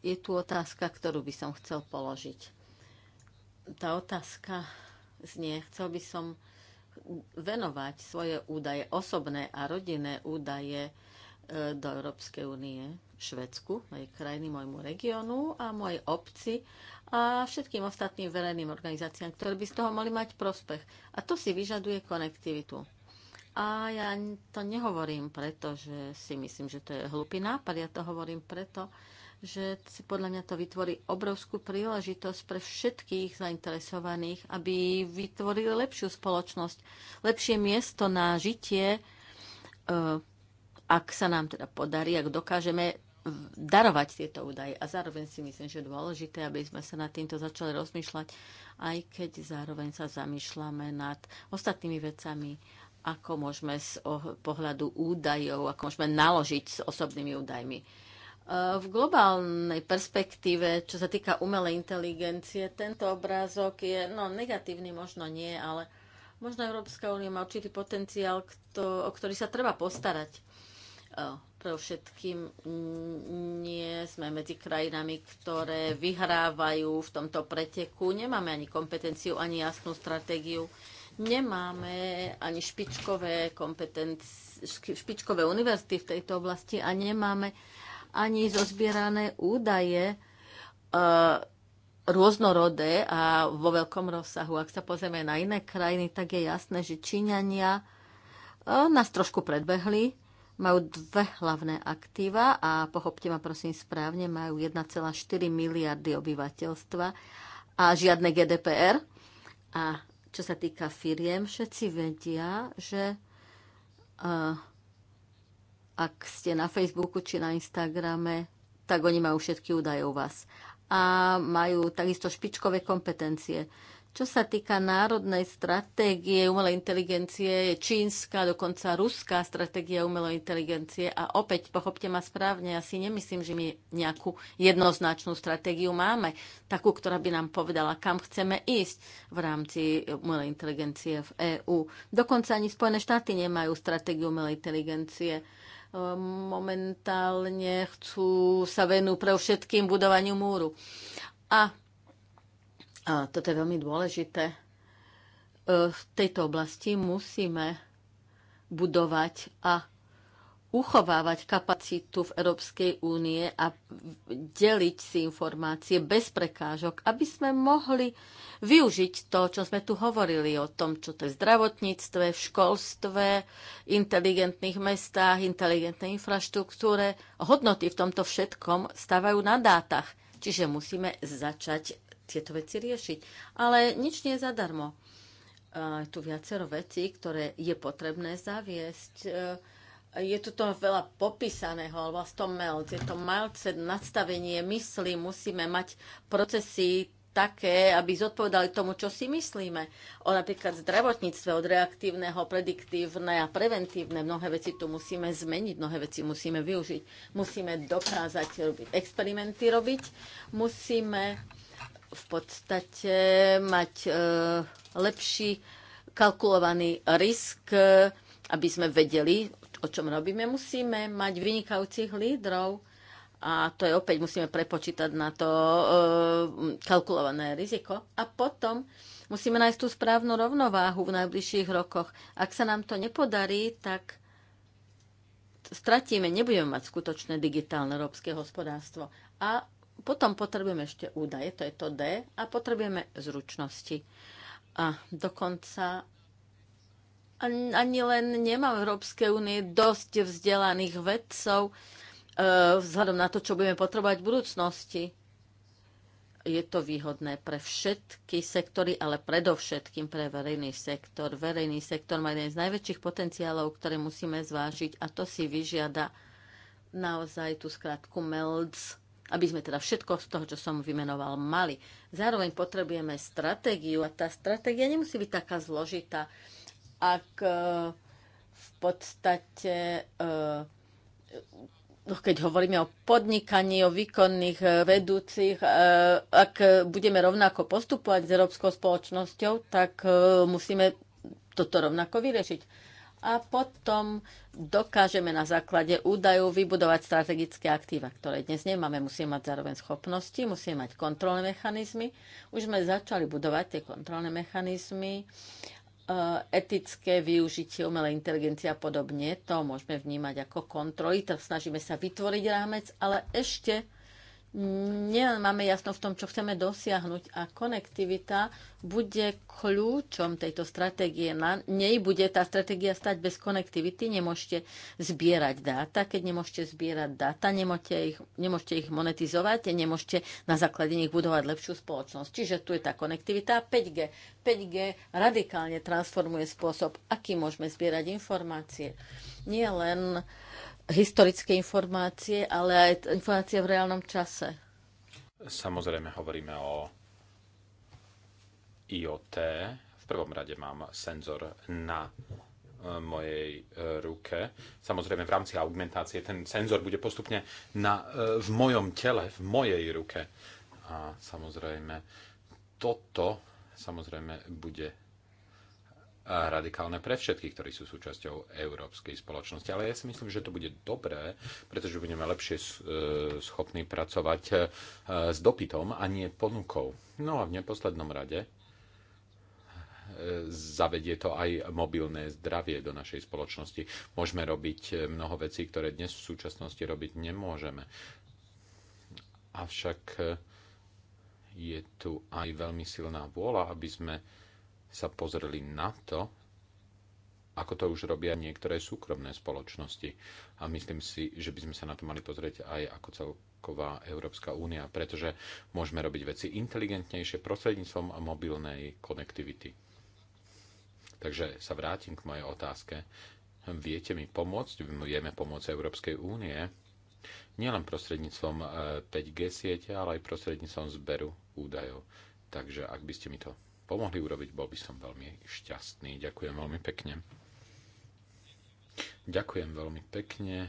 Speaker 2: je tu otázka, ktorú by som chcel položiť. Tá otázka znie, chcel by som venovať svoje údaje, osobné a rodinné údaje e, do Európskej únie, Švedsku, mojej krajiny, môjmu regiónu a mojej obci a všetkým ostatným verejným organizáciám, ktoré by z toho mohli mať prospech. A to si vyžaduje konektivitu. A ja to nehovorím preto, že si myslím, že to je hlupý nápad. Ja to hovorím preto, že si podľa mňa to vytvorí obrovskú príležitosť pre všetkých zainteresovaných, aby vytvorili lepšiu spoločnosť, lepšie miesto na žitie, e, ak sa nám teda podarí, ak dokážeme darovať tieto údaje. A zároveň si myslím, že je dôležité, aby sme sa nad týmto začali rozmýšľať, aj keď zároveň sa zamýšľame nad ostatnými vecami, ako môžeme z pohľadu údajov, ako môžeme naložiť s osobnými údajmi Eh, v globálnej perspektíve, čo sa týka umelej inteligencie, tento obrázok je no, negatívny, možno nie, ale možno Európska únia má určitý potenciál, kto, o ktorý sa treba postarať. Eh, pre všetkým nie sme medzi krajinami, ktoré vyhrávajú v tomto preteku. Nemáme ani kompetenciu, ani jasnú stratégiu. Nemáme ani špičkové kompetencie špičkové univerzity v tejto oblasti a nemáme ani zozbierané údaje e, rôznorodé a vo veľkom rozsahu. Ak sa pozrieme na iné krajiny, tak je jasné, že Číňania e, nás trošku predbehli, majú dve hlavné aktíva a pochopte ma prosím správne, majú 1,4 miliardy obyvateľstva a žiadne GDPR. A čo sa týka firiem, všetci vedia, že uh, ak ste na Facebooku či na Instagrame, tak oni majú všetky údaje u vás. A majú takisto špičkové kompetencie. Čo sa týka národnej stratégie umelej inteligencie, je čínska, dokonca ruská stratégia umelej inteligencie. A opäť, pochopte ma správne, ja si nemyslím, že my nejakú jednoznačnú stratégiu máme, takú, ktorá by nám povedala, kam chceme ísť v rámci umelej inteligencie v EÚ. Dokonca ani Spojené štáty nemajú stratégiu umelej inteligencie momentálne chcú sa venú pre všetkým budovaniu múru. A, a toto je veľmi dôležité. E, v tejto oblasti musíme budovať a uchovávať kapacitu v Európskej únie a deliť si informácie bez prekážok, aby sme mohli využiť to, čo sme tu hovorili o tom, čo to je v zdravotníctve, v školstve, inteligentných mestách, inteligentnej infraštruktúre. Hodnoty v tomto všetkom stávajú na dátach, čiže musíme začať tieto veci riešiť. Ale nič nie je zadarmo. Je tu viacero vecí, ktoré je potrebné zaviesť e, je tu to veľa popísaného, alebo to melc, je to mindset, nastavenie mysli, musíme mať procesy také, aby zodpovedali tomu, čo si myslíme. O napríklad zdravotníctve, od reaktívneho, prediktívne a preventívne. Mnohé veci tu musíme zmeniť, mnohé veci musíme využiť. Musíme dokázať robiť experimenty robiť, musíme v podstate mať e, lepší kalkulovaný risk, e, aby sme vedeli o čom robíme, musíme mať vynikajúcich lídrov a to je opäť, musíme prepočítať na to e, kalkulované riziko a potom musíme nájsť tú správnu rovnováhu v najbližších rokoch. Ak sa nám to nepodarí, tak stratíme, nebudeme mať skutočné digitálne európske hospodárstvo. A potom potrebujeme ešte údaje, to je to D, a potrebujeme zručnosti. A dokonca ani len nemá v Európskej únie dosť vzdelaných vedcov e, vzhľadom na to, čo budeme potrebovať v budúcnosti. Je to výhodné pre všetky sektory, ale predovšetkým pre verejný sektor. Verejný sektor má jeden z najväčších potenciálov, ktoré musíme zvážiť a to si vyžiada naozaj tú skratku MELDS, aby sme teda všetko z toho, čo som vymenoval, mali. Zároveň potrebujeme stratégiu a tá stratégia nemusí byť taká zložitá ak e, v podstate e, no, keď hovoríme o podnikaní, o výkonných e, vedúcich, ak budeme rovnako postupovať s Európskou spoločnosťou, tak musíme toto rovnako vyriešiť. A potom dokážeme na základe údajov vybudovať strategické aktíva, ktoré dnes nemáme. Musíme mať zároveň schopnosti, musíme mať kontrolné mechanizmy. Už sme začali budovať tie kontrolné mechanizmy Eh, etické využitie umelej inteligencie a podobne. To môžeme vnímať ako kontroly, tak snažíme sa vytvoriť rámec, ale ešte nielen máme jasno v tom, čo chceme dosiahnuť a konektivita bude kľúčom tejto stratégie. Na nej bude tá stratégia stať bez konektivity. Nemôžete zbierať dáta. Keď nemôžete zbierať dáta, nemôžete ich, nemôžete ich monetizovať, nemôžete na základe nich budovať lepšiu spoločnosť. Čiže tu je tá konektivita 5G. 5G radikálne transformuje spôsob, aký môžeme zbierať informácie. Nie len uh, historické informácie, ale aj informácie v reálnom čase.
Speaker 4: Samozrejme hovoríme o IoT. V prvom rade mám senzor na e, mojej e, ruke. Samozrejme, v rámci augmentácie ten senzor bude postupne na, e, v mojom tele, v mojej ruke. A samozrejme, toto samozrejme bude radikálne pre všetkých, ktorí sú súčasťou európskej spoločnosti. Ale ja si myslím, že to bude dobré, pretože budeme lepšie e, schopní pracovať e, s dopytom a nie ponukou. No a v neposlednom rade e, zavedie to aj mobilné zdravie do našej spoločnosti. Môžeme robiť mnoho vecí, ktoré dnes v súčasnosti robiť nemôžeme. Avšak je tu aj veľmi silná vôľa, aby sme sa pozreli na to, ako to už robia niektoré súkromné spoločnosti. A myslím si, že by sme sa na to mali pozrieť aj ako celková Európska únia, pretože môžeme robiť veci inteligentnejšie prostredníctvom mobilnej konektivity. Takže sa vrátim k mojej otázke. Viete mi pomôcť? Vieme pomôcť Európskej únie? Nielen prostredníctvom 5G eh, siete, ale aj prostredníctvom zberu údajov. Takže ak by ste mi to pomohli urobiť, bol by som veľmi šťastný. Ďakujem veľmi pekne. Ďakujem veľmi pekne,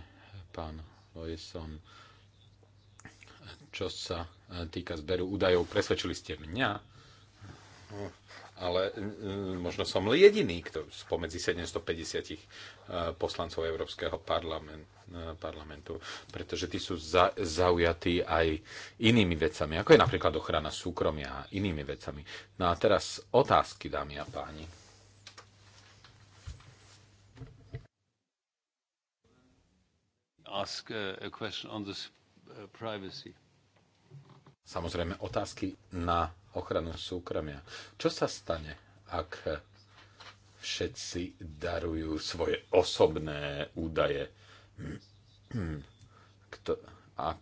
Speaker 4: pán Lojeson. Čo sa týka zberu údajov, presvedčili ste mňa ale e, možno som jediný kto, spomedzi 750 e, poslancov Európskeho e, parlamentu, pretože tí sú zaujatí aj inými vecami, ako je napríklad ochrana súkromia a inými vecami. No a teraz otázky, dámy a páni.
Speaker 1: Ask a question on this privacy. Samozrejme, otázky
Speaker 4: na ochranu súkromia. Čo sa stane, ak všetci darujú svoje osobné údaje? Kto, a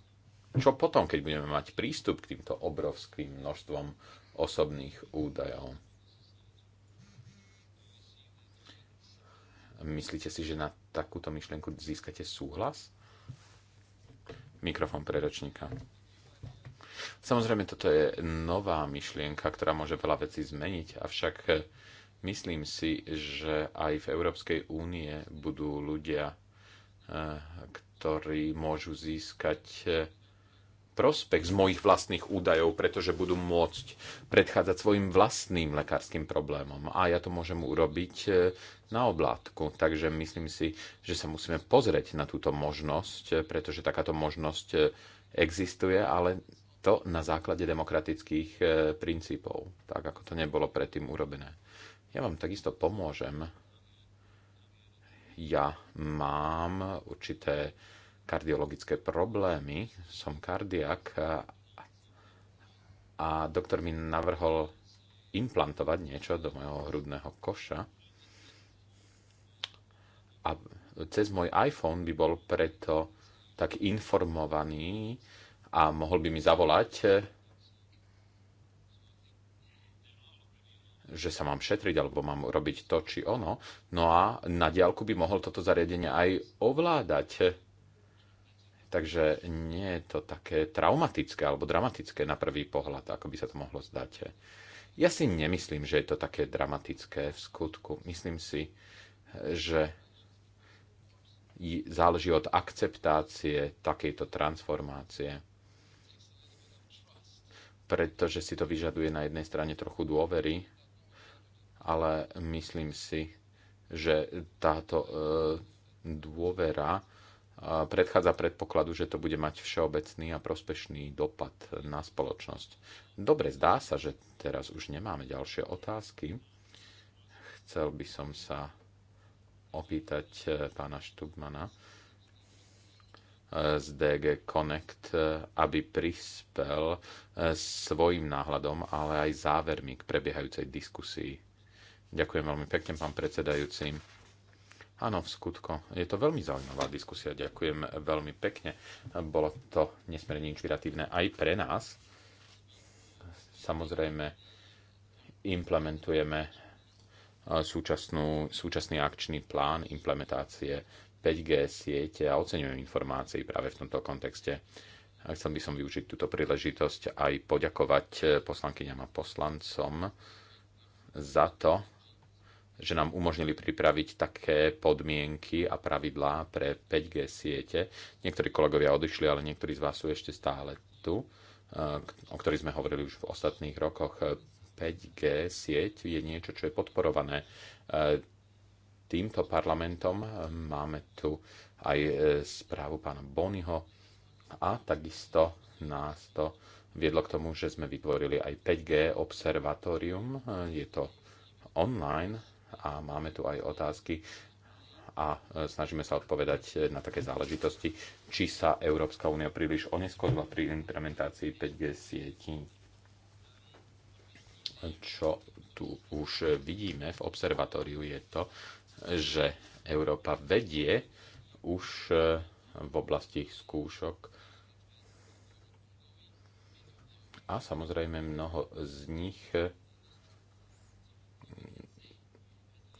Speaker 4: čo potom, keď budeme mať prístup k týmto obrovským množstvom osobných údajov? Myslíte si, že na takúto myšlienku získate súhlas? Mikrofón pre ročníka. Samozrejme, toto je nová myšlienka, ktorá môže veľa vecí zmeniť, avšak eh, myslím si, že aj v Európskej únie budú ľudia, eh, ktorí môžu získať eh, prospech z mojich vlastných údajov, pretože budú môcť predchádzať svojim vlastným lekárskym problémom. A ja to môžem urobiť na oblátku. Takže myslím si, že sa musíme pozrieť na túto možnosť, pretože takáto možnosť existuje, ale to na základe demokratických e, princípov, tak ako to nebolo predtým urobené. Ja vám takisto pomôžem. Ja mám určité kardiologické problémy, som kardiak a doktor mi navrhol implantovať niečo do mojho hrudného koša a cez môj iPhone by bol preto tak informovaný, a mohol by mi zavolať, e, že sa mám šetriť alebo mám robiť to či ono. No a na diálku by mohol toto zariadenie aj ovládať. Takže nie je to také traumatické alebo dramatické na prvý pohľad, ako by sa to mohlo zdať. Ja si nemyslím, že je to také dramatické v skutku. Myslím si, že záleží od akceptácie takejto transformácie pretože si to vyžaduje na jednej strane trochu dôvery, ale myslím si, že táto e, dôvera e, predchádza predpokladu, že to bude mať všeobecný a prospešný dopad na spoločnosť. Dobre, zdá sa, že teraz už nemáme ďalšie otázky. Chcel by som sa opýtať e, pána Štubmana z DG Connect, e, aby prispel e, svojim náhľadom, ale aj závermi k prebiehajúcej diskusii. Ďakujem veľmi pekne, pán predsedajúci. Áno, v skutko. Je to veľmi zaujímavá diskusia. Ďakujem veľmi pekne. Bolo to nesmierne inšpiratívne aj pre nás. Samozrejme, implementujeme e, súčasnú, súčasný akčný plán implementácie 5G siete a oceňujem informácie práve v tomto kontexte. A chcel by som využiť túto príležitosť aj poďakovať eh, poslankyňam a poslancom za to, že nám umožnili pripraviť také podmienky a pravidlá pre 5G siete. Niektorí kolegovia odišli, ale niektorí z vás sú ešte stále tu, eh, o ktorých sme hovorili už v ostatných rokoch. 5G eh, sieť je niečo, čo je podporované týmto parlamentom. Máme tu aj e, správu pána Bonyho a takisto nás to viedlo k tomu, že sme vytvorili aj 5G observatórium. Je to online a máme tu aj otázky a e, snažíme sa odpovedať e, na také záležitosti, či sa Európska únia príliš oneskodila pri implementácii 5G sietí. Čo tu už vidíme v observatóriu je to, že Európa vedie už e, v oblasti skúšok a samozrejme mnoho z nich e,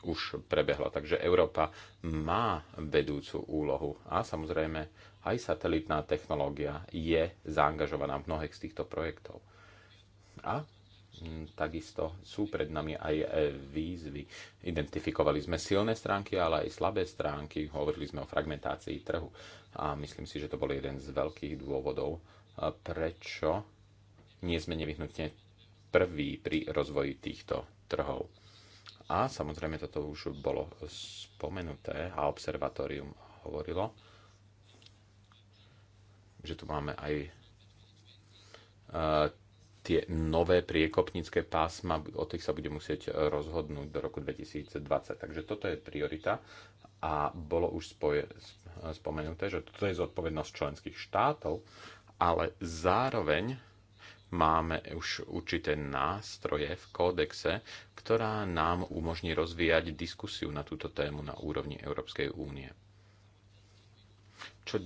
Speaker 4: už prebehla. Takže Európa má vedúcu úlohu a samozrejme aj satelitná technológia je zaangažovaná v mnohých z týchto projektov. A Mm, takisto sú pred nami aj e, výzvy. Identifikovali sme silné stránky, ale aj slabé stránky. Hovorili sme o fragmentácii trhu a myslím si, že to bol jeden z veľkých dôvodov, e, prečo nie sme nevyhnutne prví pri rozvoji týchto trhov. A samozrejme toto už bolo spomenuté a observatórium hovorilo, že tu máme aj e, tie nové priekopnícke pásma, o tých sa bude musieť rozhodnúť do roku 2020. Takže toto je priorita a bolo už spoje, spomenuté, že toto je zodpovednosť členských štátov, ale zároveň máme už určité nástroje v kódexe, ktorá nám umožní rozvíjať diskusiu na túto tému na úrovni Európskej únie. Čo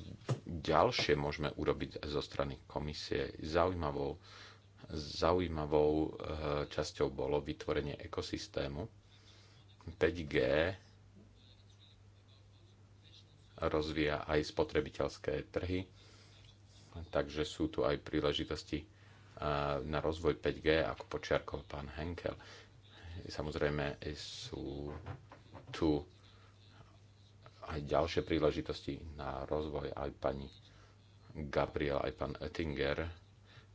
Speaker 4: ďalšie môžeme urobiť zo strany komisie? Zaujímavou Zaujímavou eh, časťou bolo vytvorenie ekosystému 5G rozvíja aj spotrebiteľské trhy, takže sú tu aj príležitosti eh, na rozvoj 5G, ako počiarkol pán Henkel. Samozrejme sú tu aj ďalšie príležitosti na rozvoj, aj pani Gabriel, aj pán Oettinger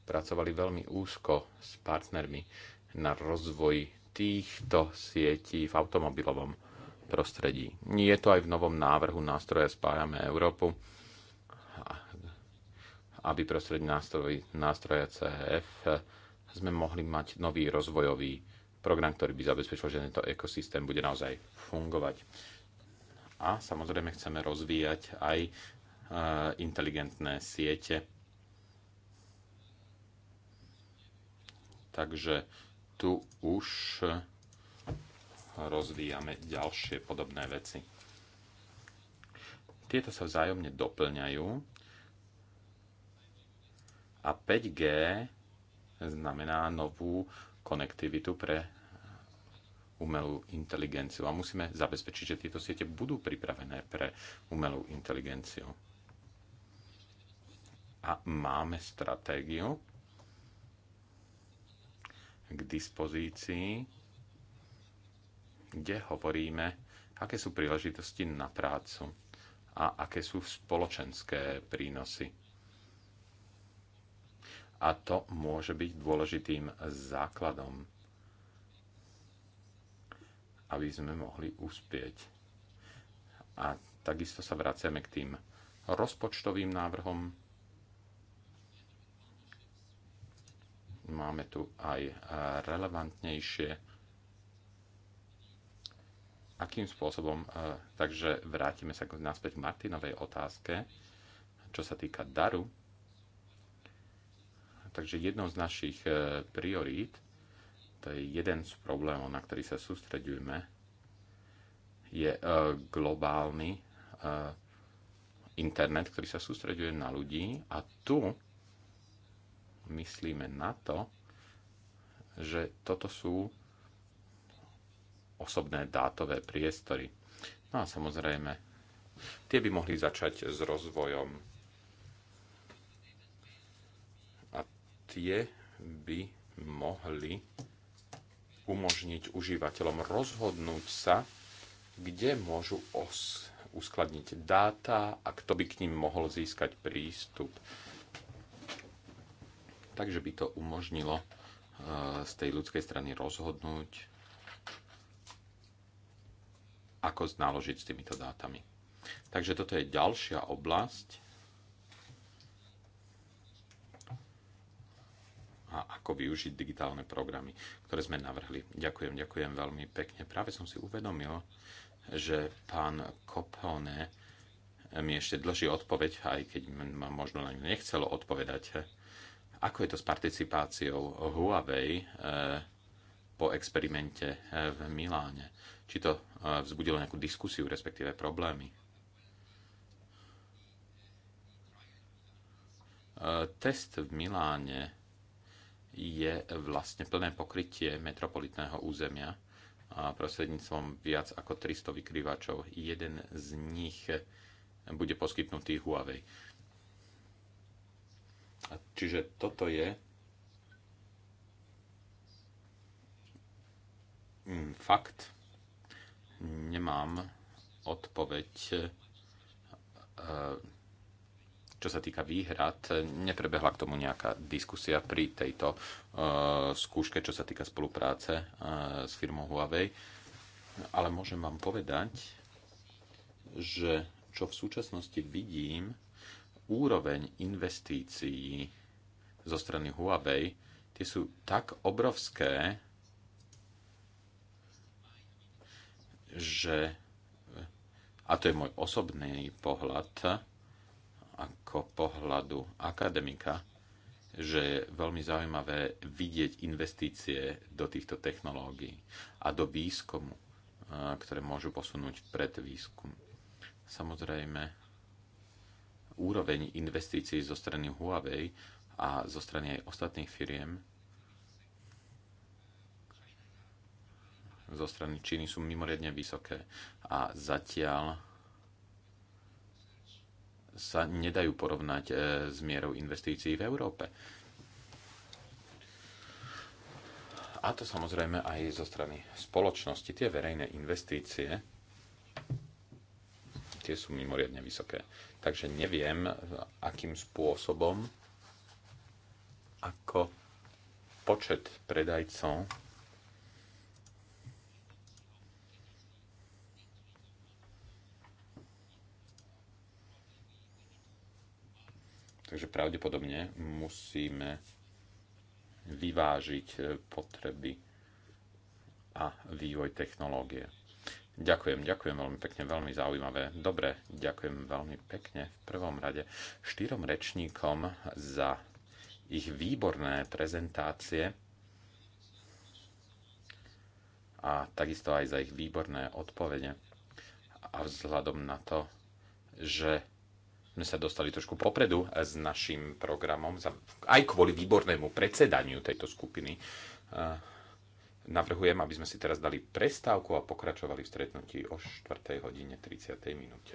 Speaker 4: pracovali veľmi úzko s partnermi na rozvoji týchto sietí v automobilovom prostredí. Je to aj v novom návrhu nástroja Spájame Európu, aby prostredí nástroj, nástroja CEF sme mohli mať nový rozvojový program, ktorý by zabezpečil, že tento ekosystém bude naozaj fungovať. A samozrejme chceme rozvíjať aj eh, inteligentné siete Takže tu už rozvíjame ďalšie podobné veci. Tieto sa vzájomne doplňajú a 5G znamená novú konektivitu pre umelú inteligenciu. A musíme zabezpečiť, že tieto siete budú pripravené pre umelú inteligenciu. A máme stratégiu, k dispozícii, kde hovoríme, aké sú príležitosti na prácu a aké sú spoločenské prínosy. A to môže byť dôležitým základom, aby sme mohli uspieť. A takisto sa vraciame k tým rozpočtovým návrhom, Máme tu aj relevantnejšie akým spôsobom, e, takže vrátime sa naspäť k Martinovej otázke, čo sa týka daru. Takže jednou z našich e, priorít, to je jeden z problémov, na ktorý sa sústreďujeme, je e, globálny internet, ktorý sa sústreduje na ľudí a tu myslíme na to, že toto sú osobné dátové priestory. No a samozrejme, tie by mohli začať s rozvojom. A tie by mohli umožniť užívateľom rozhodnúť sa, kde môžu os- uskladniť dáta a kto by k ním mohol získať prístup takže by to umožnilo eh, z tej ľudskej strany rozhodnúť, ako znaložiť s týmito dátami. Takže toto je ďalšia oblasť. A ako využiť digitálne programy, ktoré sme navrhli. Ďakujem, ďakujem veľmi pekne. Práve som si uvedomil, že pán Kopone mi ešte dlží odpoveď, aj keď ma možno na ňu nechcelo odpovedať ako je to s participáciou Huawei eh, po experimente eh, v Miláne? Či to eh, vzbudilo nejakú diskusiu, respektíve problémy? Test v Miláne je vlastne plné pokrytie metropolitného územia prostredníctvom viac ako 300 vykrývačov. Jeden z nich bude poskytnutý Huawei Čiže toto je mm, fakt. Nemám odpoveď, e, čo sa týka výhrad. Neprebehla k tomu nejaká diskusia pri tejto e, skúške, čo sa týka spolupráce e, s firmou Huawei. Ale môžem vám povedať, že čo v súčasnosti vidím, úroveň investícií zo strany Huawei, tie sú tak obrovské, že, a to je môj osobný pohľad, ako pohľadu akademika, že je veľmi zaujímavé vidieť investície do týchto technológií a do výskumu, ktoré môžu posunúť pred výskum. Samozrejme, úroveň investícií zo strany Huawei a zo strany aj ostatných firiem zo strany Číny sú mimoriadne vysoké a zatiaľ sa nedajú porovnať e, s mierou investícií v Európe. A to samozrejme aj zo strany spoločnosti. Tie verejné investície tie sú mimoriadne vysoké. Takže neviem, akým spôsobom, ako počet predajcov Takže pravdepodobne musíme vyvážiť potreby a vývoj technológie. Ďakujem, ďakujem veľmi pekne, veľmi zaujímavé. Dobre, ďakujem veľmi pekne v prvom rade štyrom rečníkom za ich výborné prezentácie a takisto aj za ich výborné odpovede. A vzhľadom na to, že sme sa dostali trošku popredu s našim programom, aj kvôli výbornému predsedaniu tejto skupiny, eh, Navrhujem, aby sme si teraz dali prestávku a pokračovali v stretnutí o 4.30 hodine minúte.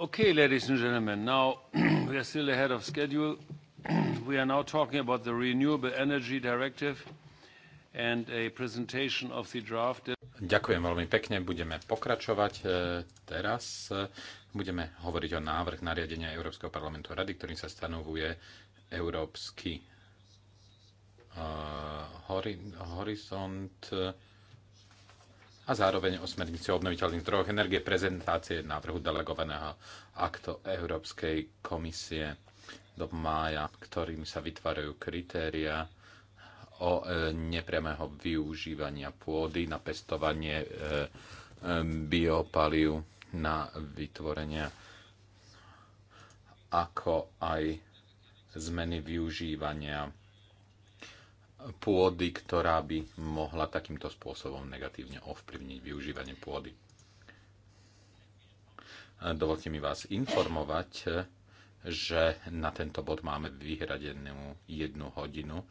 Speaker 1: Okay, ladies and gentlemen, now we are still ahead of schedule. we are now talking about the Renewable Energy Directive and a presentation of the draft.
Speaker 4: Ďakujem veľmi pekne, budeme pokračovať eh, teraz. Eh, budeme hovoriť o návrh nariadenia Európskeho parlamentu a rady, ktorým sa stanovuje Európsky uh, horizont uh, a zároveň o smernici o obnoviteľných zdrojoch energie prezentácie návrhu delegovaného aktu Európskej komisie do mája, ktorým sa vytvárajú kritéria o e, nepriamého využívania pôdy na pestovanie e, e, biopaliu na vytvorenie ako aj zmeny využívania pôdy, ktorá by mohla takýmto spôsobom negatívne ovplyvniť využívanie pôdy. Dovolte mi vás informovať, že na tento bod máme vyhradenú jednu hodinu, e,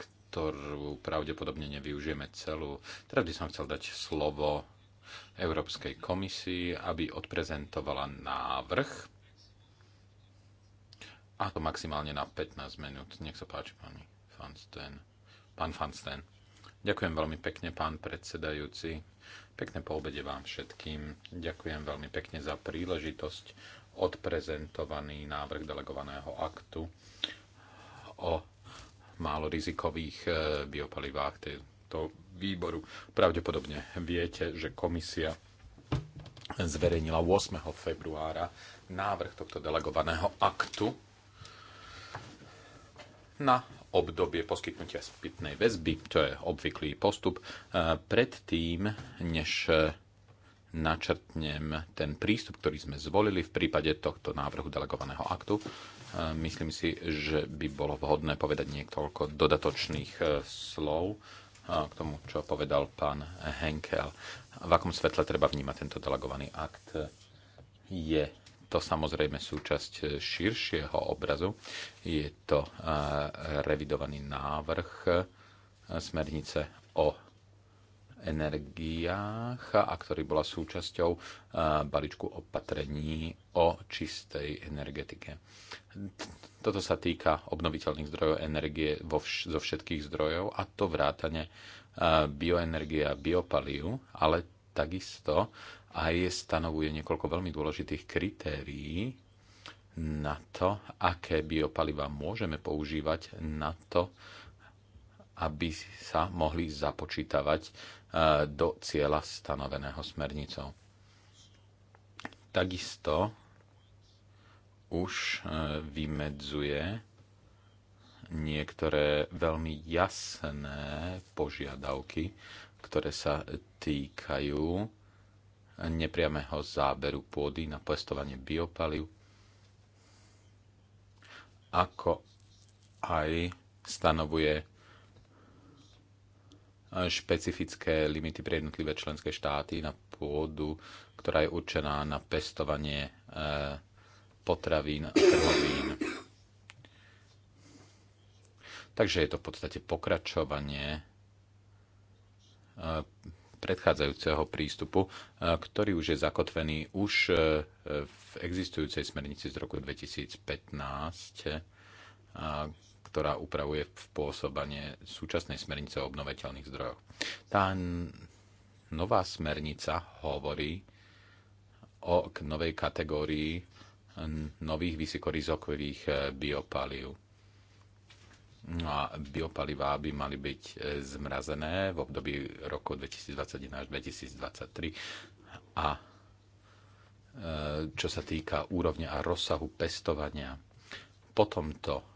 Speaker 4: ktorú pravdepodobne nevyužijeme celú. Teraz by som chcel dať slovo Európskej komisii, aby odprezentovala návrh a to maximálne na 15 minút. Nech sa páči, pani. Van Steen. Pán Van Steen. Ďakujem veľmi pekne, pán predsedajúci. Pekné poobede vám všetkým. Ďakujem veľmi pekne za príležitosť odprezentovaný návrh delegovaného aktu o málo rizikových e, biopalivách tohto výboru. Pravdepodobne viete, že komisia zverejnila 8. februára návrh tohto delegovaného aktu na obdobie poskytnutia spätnej väzby, čo je obvyklý postup, e, predtým, než e, načrtnem ten prístup, ktorý sme zvolili v prípade tohto návrhu delegovaného aktu. E, myslím si, že by bolo vhodné povedať niekoľko dodatočných slov k tomu, čo povedal pán Henkel. V akom svetle treba vnímať tento delegovaný akt? Je to samozrejme súčasť eh, širšieho obrazu. Je to eh, revidovaný návrh eh, smernice o energiách a ktorý bola súčasťou balíčku opatrení o čistej energetike. Toto sa týka obnoviteľných zdrojov energie vo vš- zo všetkých zdrojov a to vrátane bioenergie a biopaliu, ale takisto aj stanovuje niekoľko veľmi dôležitých kritérií na to, aké biopaliva môžeme používať na to, aby sa mohli započítavať e, do cieľa stanoveného smernicou. Takisto už e, vymedzuje niektoré veľmi jasné požiadavky, ktoré sa týkajú nepriamého záberu pôdy na pestovanie biopaliv, ako aj stanovuje špecifické limity pre jednotlivé členské štáty na pôdu, ktorá je určená na pestovanie e, potravín a trhovín. Takže je to v podstate pokračovanie e, predchádzajúceho prístupu, e, ktorý už je zakotvený už e, v existujúcej smernici z roku 2015, e, ktorá upravuje v pôsobanie súčasnej smernice o obnoviteľných zdrojoch. Tá nová smernica hovorí o novej kategórii nových vysokorizokových biopalív. No a biopalivá by mali byť e, zmrazené v období roku 2021 až 2023 a e, čo sa týka úrovne a rozsahu pestovania po tomto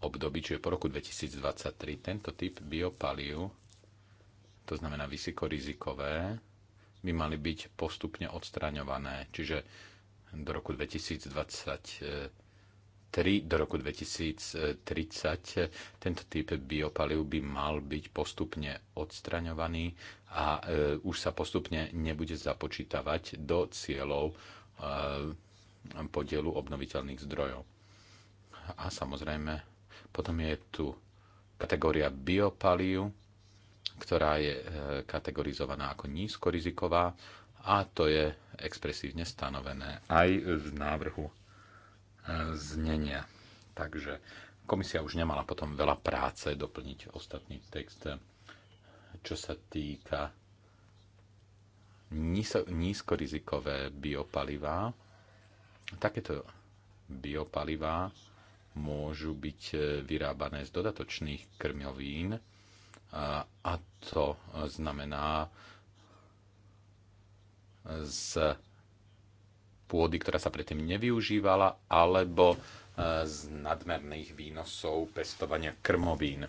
Speaker 4: období, čiže po roku 2023, tento typ biopaliv, to znamená vysokorizikové, by mali byť postupne odstraňované. Čiže do roku 2020 3 do roku 2030 tento typ biopaliv by mal byť postupne odstraňovaný a e, už sa postupne nebude započítavať do cieľov e, podielu obnoviteľných zdrojov. A samozrejme, potom je tu kategória biopaliv, ktorá je e, kategorizovaná ako nízkoriziková a to je expresívne stanovené aj v návrhu E, znenia. Takže komisia už nemala potom veľa práce doplniť ostatný text, čo sa týka nízkorizikové biopalivá. Takéto biopalivá môžu byť e, vyrábané z dodatočných krmiovín e, a to znamená z pôdy, ktorá sa predtým nevyužívala, alebo e, z nadmerných výnosov pestovania krmovín.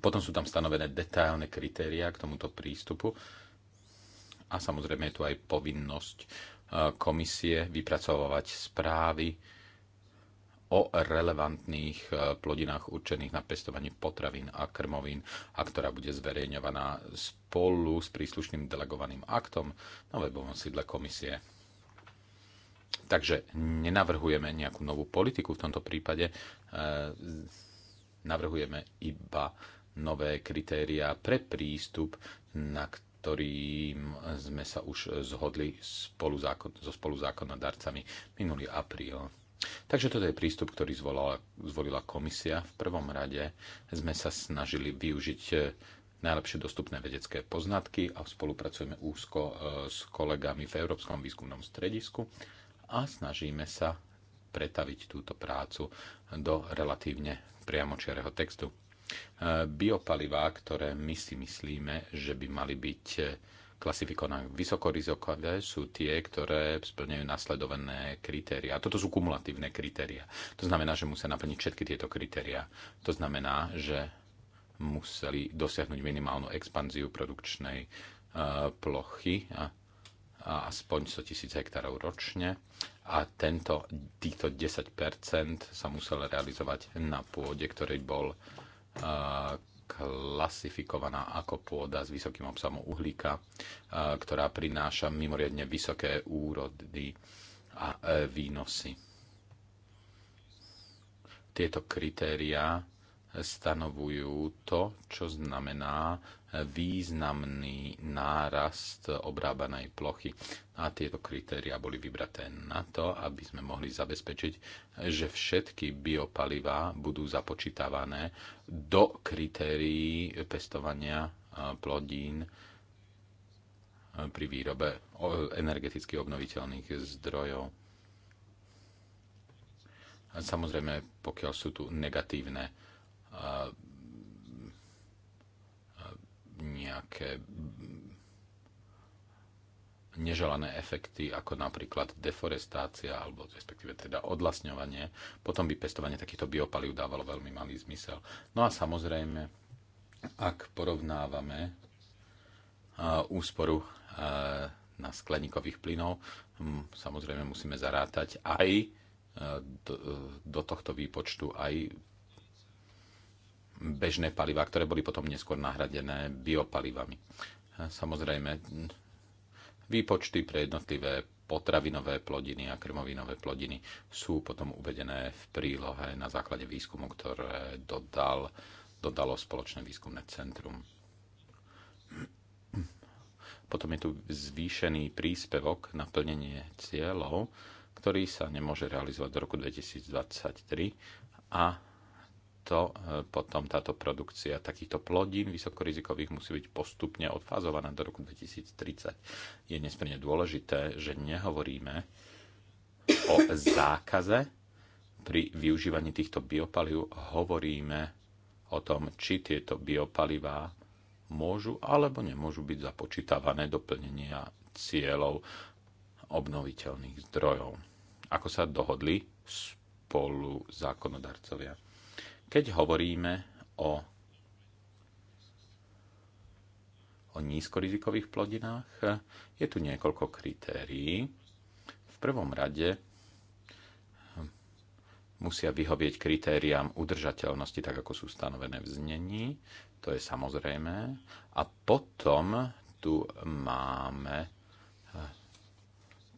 Speaker 4: Potom sú tam stanovené detailné kritéria k tomuto prístupu a samozrejme je tu aj povinnosť e, komisie vypracovávať správy o relevantných e, plodinách určených na pestovanie potravín a krmovín a ktorá bude zverejňovaná spolu s príslušným delegovaným aktom na webovom sídle komisie. Takže nenavrhujeme nejakú novú politiku v tomto prípade, e, navrhujeme iba nové kritéria pre prístup, na ktorým sme sa už zhodli spolu so spoluzákonodarcami minulý apríl Takže toto je prístup, ktorý zvolala, zvolila komisia. V prvom rade sme sa snažili využiť e, najlepšie dostupné vedecké poznatky a spolupracujeme úzko e, s kolegami v Európskom výskumnom stredisku a snažíme sa pretaviť túto prácu do relatívne priamočiarého textu. E, biopalivá, ktoré my si myslíme, že by mali byť klasifikované vysokorizikové, sú tie, ktoré splňujú nasledované kritéria. A toto sú kumulatívne kritéria. To znamená, že musia naplniť všetky tieto kritéria. To znamená, že museli dosiahnuť minimálnu expanziu produkčnej e, plochy a, a aspoň 100 tisíc hektárov ročne a tento, týchto 10% sa musel realizovať na pôde, ktorý bol e, klasifikovaná ako pôda s vysokým obsahom uhlíka, ktorá prináša mimoriadne vysoké úrody a e, výnosy. Tieto kritériá stanovujú to, čo znamená významný nárast obrábanej plochy a tieto kritéria boli vybraté na to, aby sme mohli zabezpečiť, že všetky biopalivá budú započítavané do kritérií pestovania e, plodín e, pri výrobe energeticky obnoviteľných zdrojov. Samozrejme, pokiaľ sú tu negatívne e, nejaké mm, neželané efekty, ako napríklad deforestácia, alebo respektíve teda odlasňovanie, potom by pestovanie takýchto biopalív dávalo veľmi malý zmysel. No a samozrejme, ak porovnávame e, úsporu e, na skleníkových plynov, hm, samozrejme musíme zarátať aj e, do tohto výpočtu aj bežné paliva, ktoré boli potom neskôr nahradené biopalivami. Samozrejme, výpočty pre jednotlivé potravinové plodiny a krmovinové plodiny sú potom uvedené v prílohe na základe výskumu, ktoré dodal, dodalo spoločné výskumné centrum. Potom je tu zvýšený príspevok na plnenie cieľov, ktorý sa nemôže realizovať do roku 2023 a preto e, potom táto produkcia takýchto plodín vysokorizikových musí byť postupne odfázovaná do roku 2030. Je nesmierne dôležité, že nehovoríme o zákaze pri využívaní týchto biopalív, hovoríme o tom, či tieto biopalivá môžu alebo nemôžu byť započítavané do plnenia cieľov obnoviteľných zdrojov. Ako sa dohodli spolu zákonodarcovia keď hovoríme o, o nízkorizikových plodinách, je tu niekoľko kritérií. V prvom rade hm, musia vyhovieť kritériám udržateľnosti, tak ako sú stanovené v znení, to je samozrejme. A potom tu máme hm,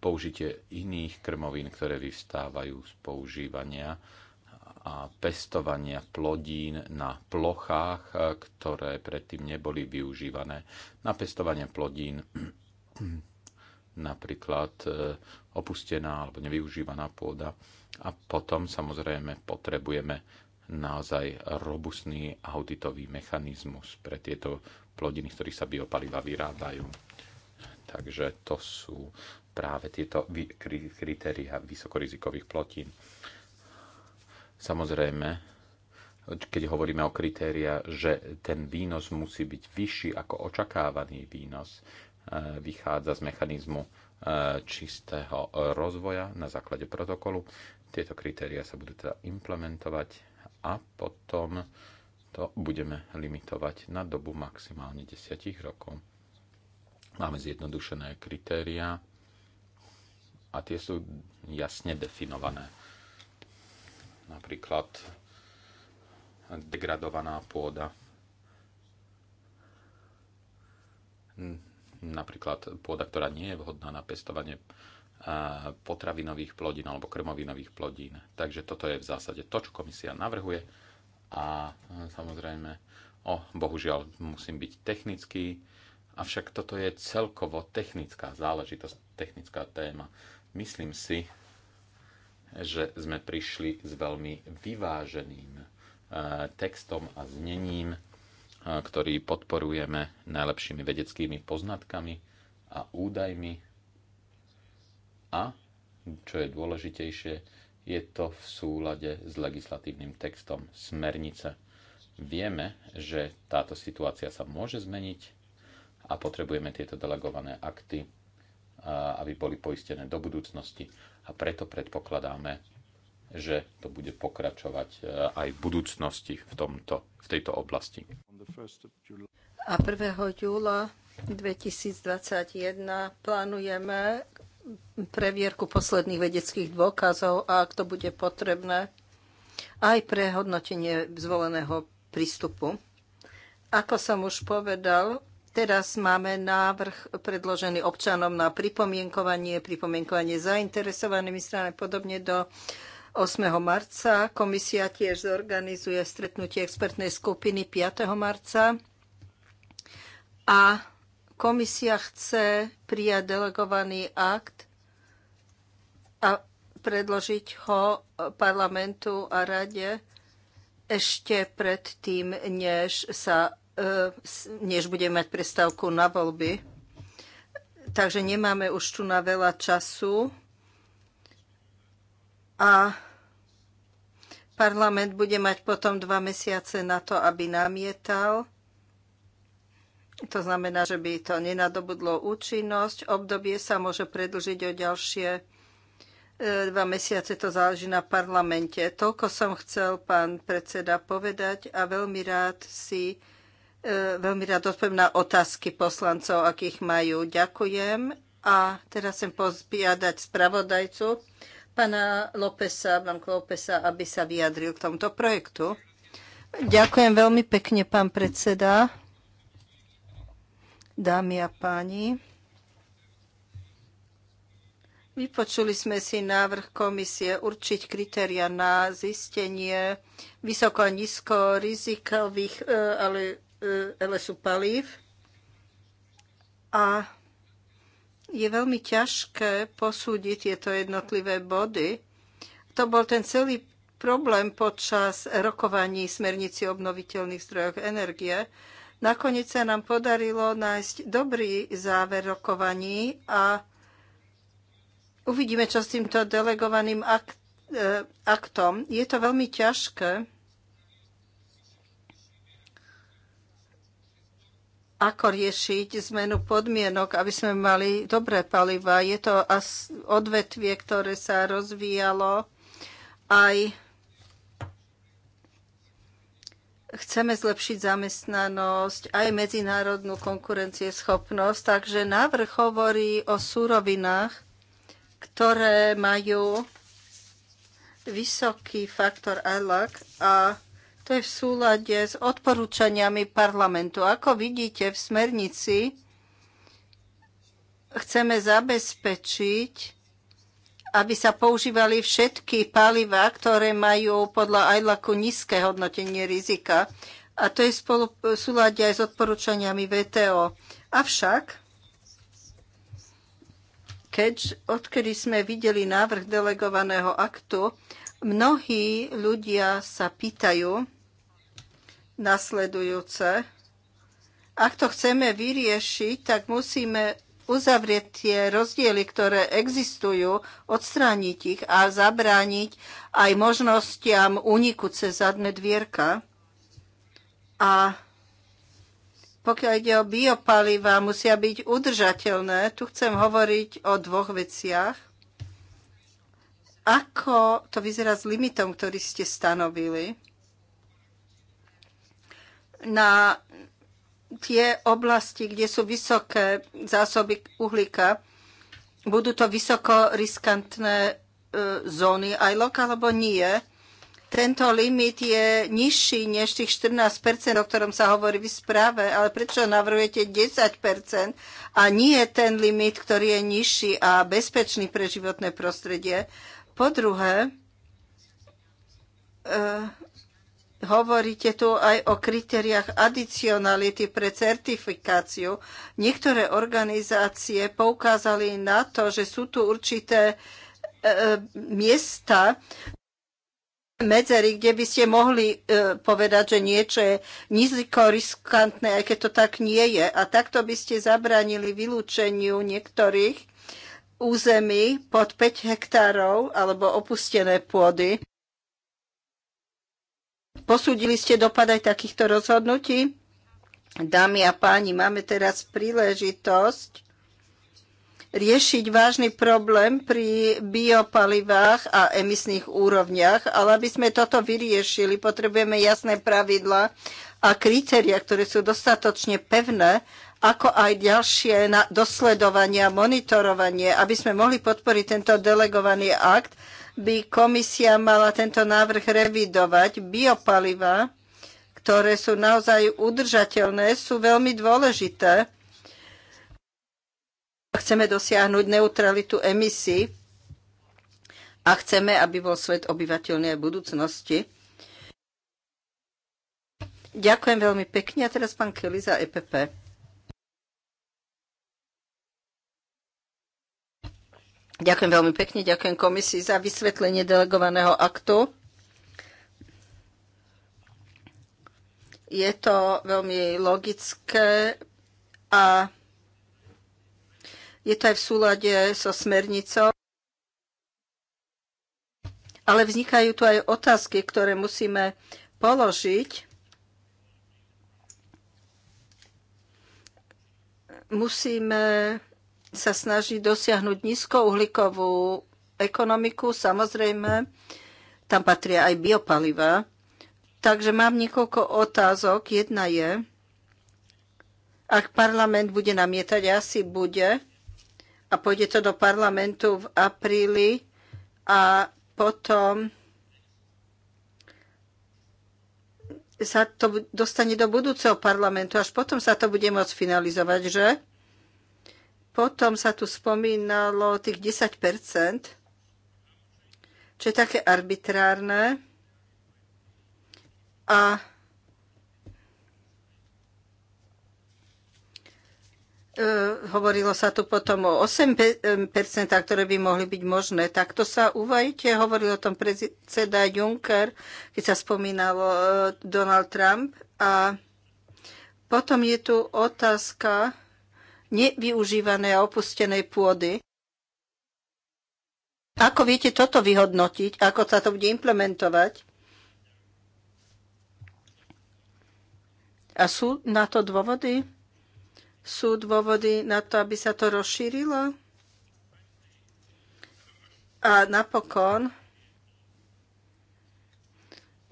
Speaker 4: použitie iných krmovín, ktoré vyvstávajú z používania a pestovania plodín na plochách, e, ktoré predtým neboli využívané. Na pestovanie plodín napríklad e, opustená alebo nevyužívaná pôda. A potom samozrejme potrebujeme naozaj robustný auditový mechanizmus pre tieto plodiny, z ktorých sa biopaliva vyrábajú. Takže to sú práve tieto kritéria vysokorizikových plotín. Samozrejme, keď hovoríme o kritéria, že ten výnos musí byť vyšší ako očakávaný výnos, e, vychádza z mechanizmu e, čistého rozvoja na základe protokolu. Tieto kritéria sa budú teda implementovať a potom to budeme limitovať na dobu maximálne 10 rokov. Máme zjednodušené kritéria a tie sú jasne definované napríklad degradovaná pôda. Napríklad pôda, ktorá nie je vhodná na pestovanie potravinových plodín alebo krmovinových plodín. Takže toto je v zásade to, čo komisia navrhuje a samozrejme, o, bohužiaľ musím byť technický, avšak toto je celkovo technická záležitosť, technická téma. Myslím si, že sme prišli s veľmi vyváženým e, textom a znením, e, ktorý podporujeme najlepšími vedeckými poznatkami a údajmi. A, čo je dôležitejšie, je to v súlade s legislatívnym textom smernice. Vieme, že táto situácia sa môže zmeniť a potrebujeme tieto delegované akty, e, aby boli poistené do budúcnosti a preto predpokladáme, že to bude pokračovať e, aj v budúcnosti v, tomto, v tejto oblasti.
Speaker 3: A 1. júla 2021 plánujeme previerku posledných vedeckých dôkazov a ak to bude potrebné, aj pre hodnotenie zvoleného prístupu. Ako som už povedal, Teraz máme návrh predložený občanom na pripomienkovanie, pripomienkovanie zainteresovanými stranami podobne do 8. marca. Komisia tiež zorganizuje stretnutie expertnej skupiny 5. marca. A komisia chce prijať delegovaný akt a predložiť ho parlamentu a rade ešte pred tým, než sa E, než budeme mať prestávku na voľby. Takže nemáme už tu na veľa času. A parlament bude mať potom dva mesiace na to, aby namietal. To znamená, že by to nenadobudlo účinnosť. Obdobie sa môže predlžiť o ďalšie e, dva mesiace. To záleží na parlamente. Toľko som chcel, pán predseda, povedať a veľmi rád si E, veľmi rád odpoviem na otázky poslancov, akých majú. Ďakujem. A teraz chcem pozbiadať spravodajcu, pána Lópeza, Blanko Lópeza, aby sa vyjadril k tomuto projektu. Ďakujem veľmi pekne, pán predseda. Dámy a páni, vypočuli sme si návrh komisie určiť kritéria na zistenie vysoko- a nízko rizikových, e, ale E, LSU palív a je veľmi ťažké posúdiť tieto jednotlivé body. To bol ten celý problém počas rokovaní smernici obnoviteľných zdrojov energie. Nakoniec sa nám podarilo nájsť dobrý záver rokovaní a uvidíme, čo s týmto delegovaným e, aktom. Je to veľmi ťažké ako riešiť zmenu podmienok, aby sme mali dobré paliva. Je to odvetvie, ktoré sa rozvíjalo aj chceme zlepšiť zamestnanosť, aj medzinárodnú konkurencieschopnosť. Takže návrh hovorí o súrovinách, ktoré majú vysoký faktor ALAC a to je v súlade s odporúčaniami parlamentu. Ako vidíte v smernici, chceme zabezpečiť, aby sa používali všetky paliva, ktoré majú podľa ILACu nízke hodnotenie rizika. A to je spolu, v súlade aj s odporúčaniami VTO. Avšak, keď, odkedy sme videli návrh delegovaného aktu, mnohí ľudia sa pýtajú, nasledujúce. Ak to chceme vyriešiť, tak musíme uzavrieť tie rozdiely, ktoré existujú, odstrániť ich a zabrániť aj možnostiam úniku cez zadné dvierka. A pokiaľ ide o biopaliva, musia byť udržateľné. Tu chcem hovoriť o dvoch veciach. Ako to vyzerá s limitom, ktorý ste stanovili? na tie oblasti, kde sú vysoké zásoby uhlíka. Budú to vysoko riskantné e, zóny, aj lok alebo nie. Tento limit je nižší než tých 14%, o ktorom sa hovorí v správe, ale prečo navrhujete 10% a nie ten limit, ktorý je nižší a bezpečný pre životné prostredie? Po druhé, e, Hovoríte tu aj o kritériách adicionality pre certifikáciu. Niektoré organizácie poukázali na to, že sú tu určité e, miesta, medzery, kde by ste mohli e, povedať, že niečo je nízko riskantné, aj keď to tak nie je. A takto by ste zabránili vylúčeniu niektorých území pod 5 hektárov alebo opustené pôdy. Posúdili ste dopad aj takýchto rozhodnutí? Dámy a páni, máme teraz príležitosť riešiť vážny problém pri biopalivách a emisných úrovniach, ale aby sme toto vyriešili, potrebujeme jasné pravidla a kritéria, ktoré sú dostatočne pevné, ako aj ďalšie dosledovanie a monitorovanie, aby sme mohli podporiť tento delegovaný akt by komisia mala tento návrh revidovať. Biopaliva, ktoré sú naozaj udržateľné, sú veľmi dôležité. Chceme dosiahnuť neutralitu emisí a chceme, aby bol svet obyvateľný aj v budúcnosti. Ďakujem veľmi pekne a teraz pán Kelly za EPP. Ďakujem veľmi pekne, ďakujem komisii za vysvetlenie delegovaného aktu. Je to veľmi logické a je to aj v súlade so smernicou. Ale vznikajú tu aj otázky, ktoré musíme položiť. Musíme sa snaží dosiahnuť nízkouhlíkovú ekonomiku, samozrejme, tam patria aj biopaliva. Takže mám niekoľko otázok. Jedna je, ak parlament bude namietať, asi bude, a pôjde to do parlamentu v apríli a potom sa to dostane do budúceho parlamentu, až potom sa to bude môcť finalizovať, že? Potom sa tu spomínalo tých 10 čo je také arbitrárne. A e, hovorilo sa tu potom o 8%, ktoré by mohli byť možné. Tak to sa uvajíte, hovoril o tom predseda Juncker, keď sa spomínal e, Donald Trump. A potom je tu otázka, nevyužívanej a opustenej pôdy. Ako viete toto vyhodnotiť? Ako sa to bude implementovať? A sú na to dôvody? Sú dôvody na to, aby sa to rozšírilo? A napokon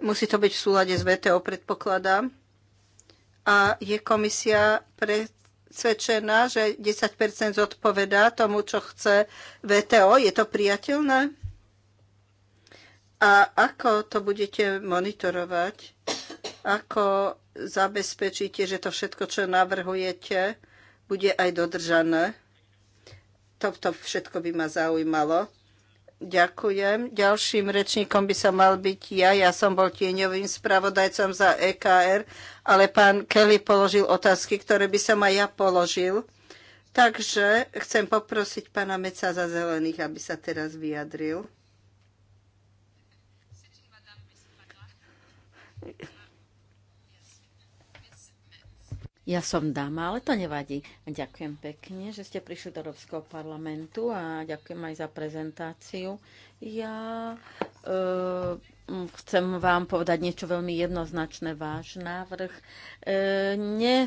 Speaker 3: musí to byť v súlade s VTO, predpokladám. A je komisia pre presvedčená, že 10 zodpovedá tomu, čo chce VTO. Je to priateľné? A ako to budete monitorovať? Ako zabezpečíte, že to všetko, čo navrhujete, bude aj dodržané? To, to všetko by ma zaujímalo. Ďakujem. Ďalším rečníkom by sa mal byť ja. Ja som bol tieňovým spravodajcom za EKR, ale pán Kelly položil otázky, ktoré by som aj ja položil. Takže chcem poprosiť pána Meca za zelených, aby sa teraz vyjadril. Ja
Speaker 2: som dáma, ale to nevadí. Ďakujem pekne, že ste prišli do Európskeho parlamentu a ďakujem aj za prezentáciu. Ja e, chcem vám povedať niečo veľmi jednoznačné. Váš návrh e, ne,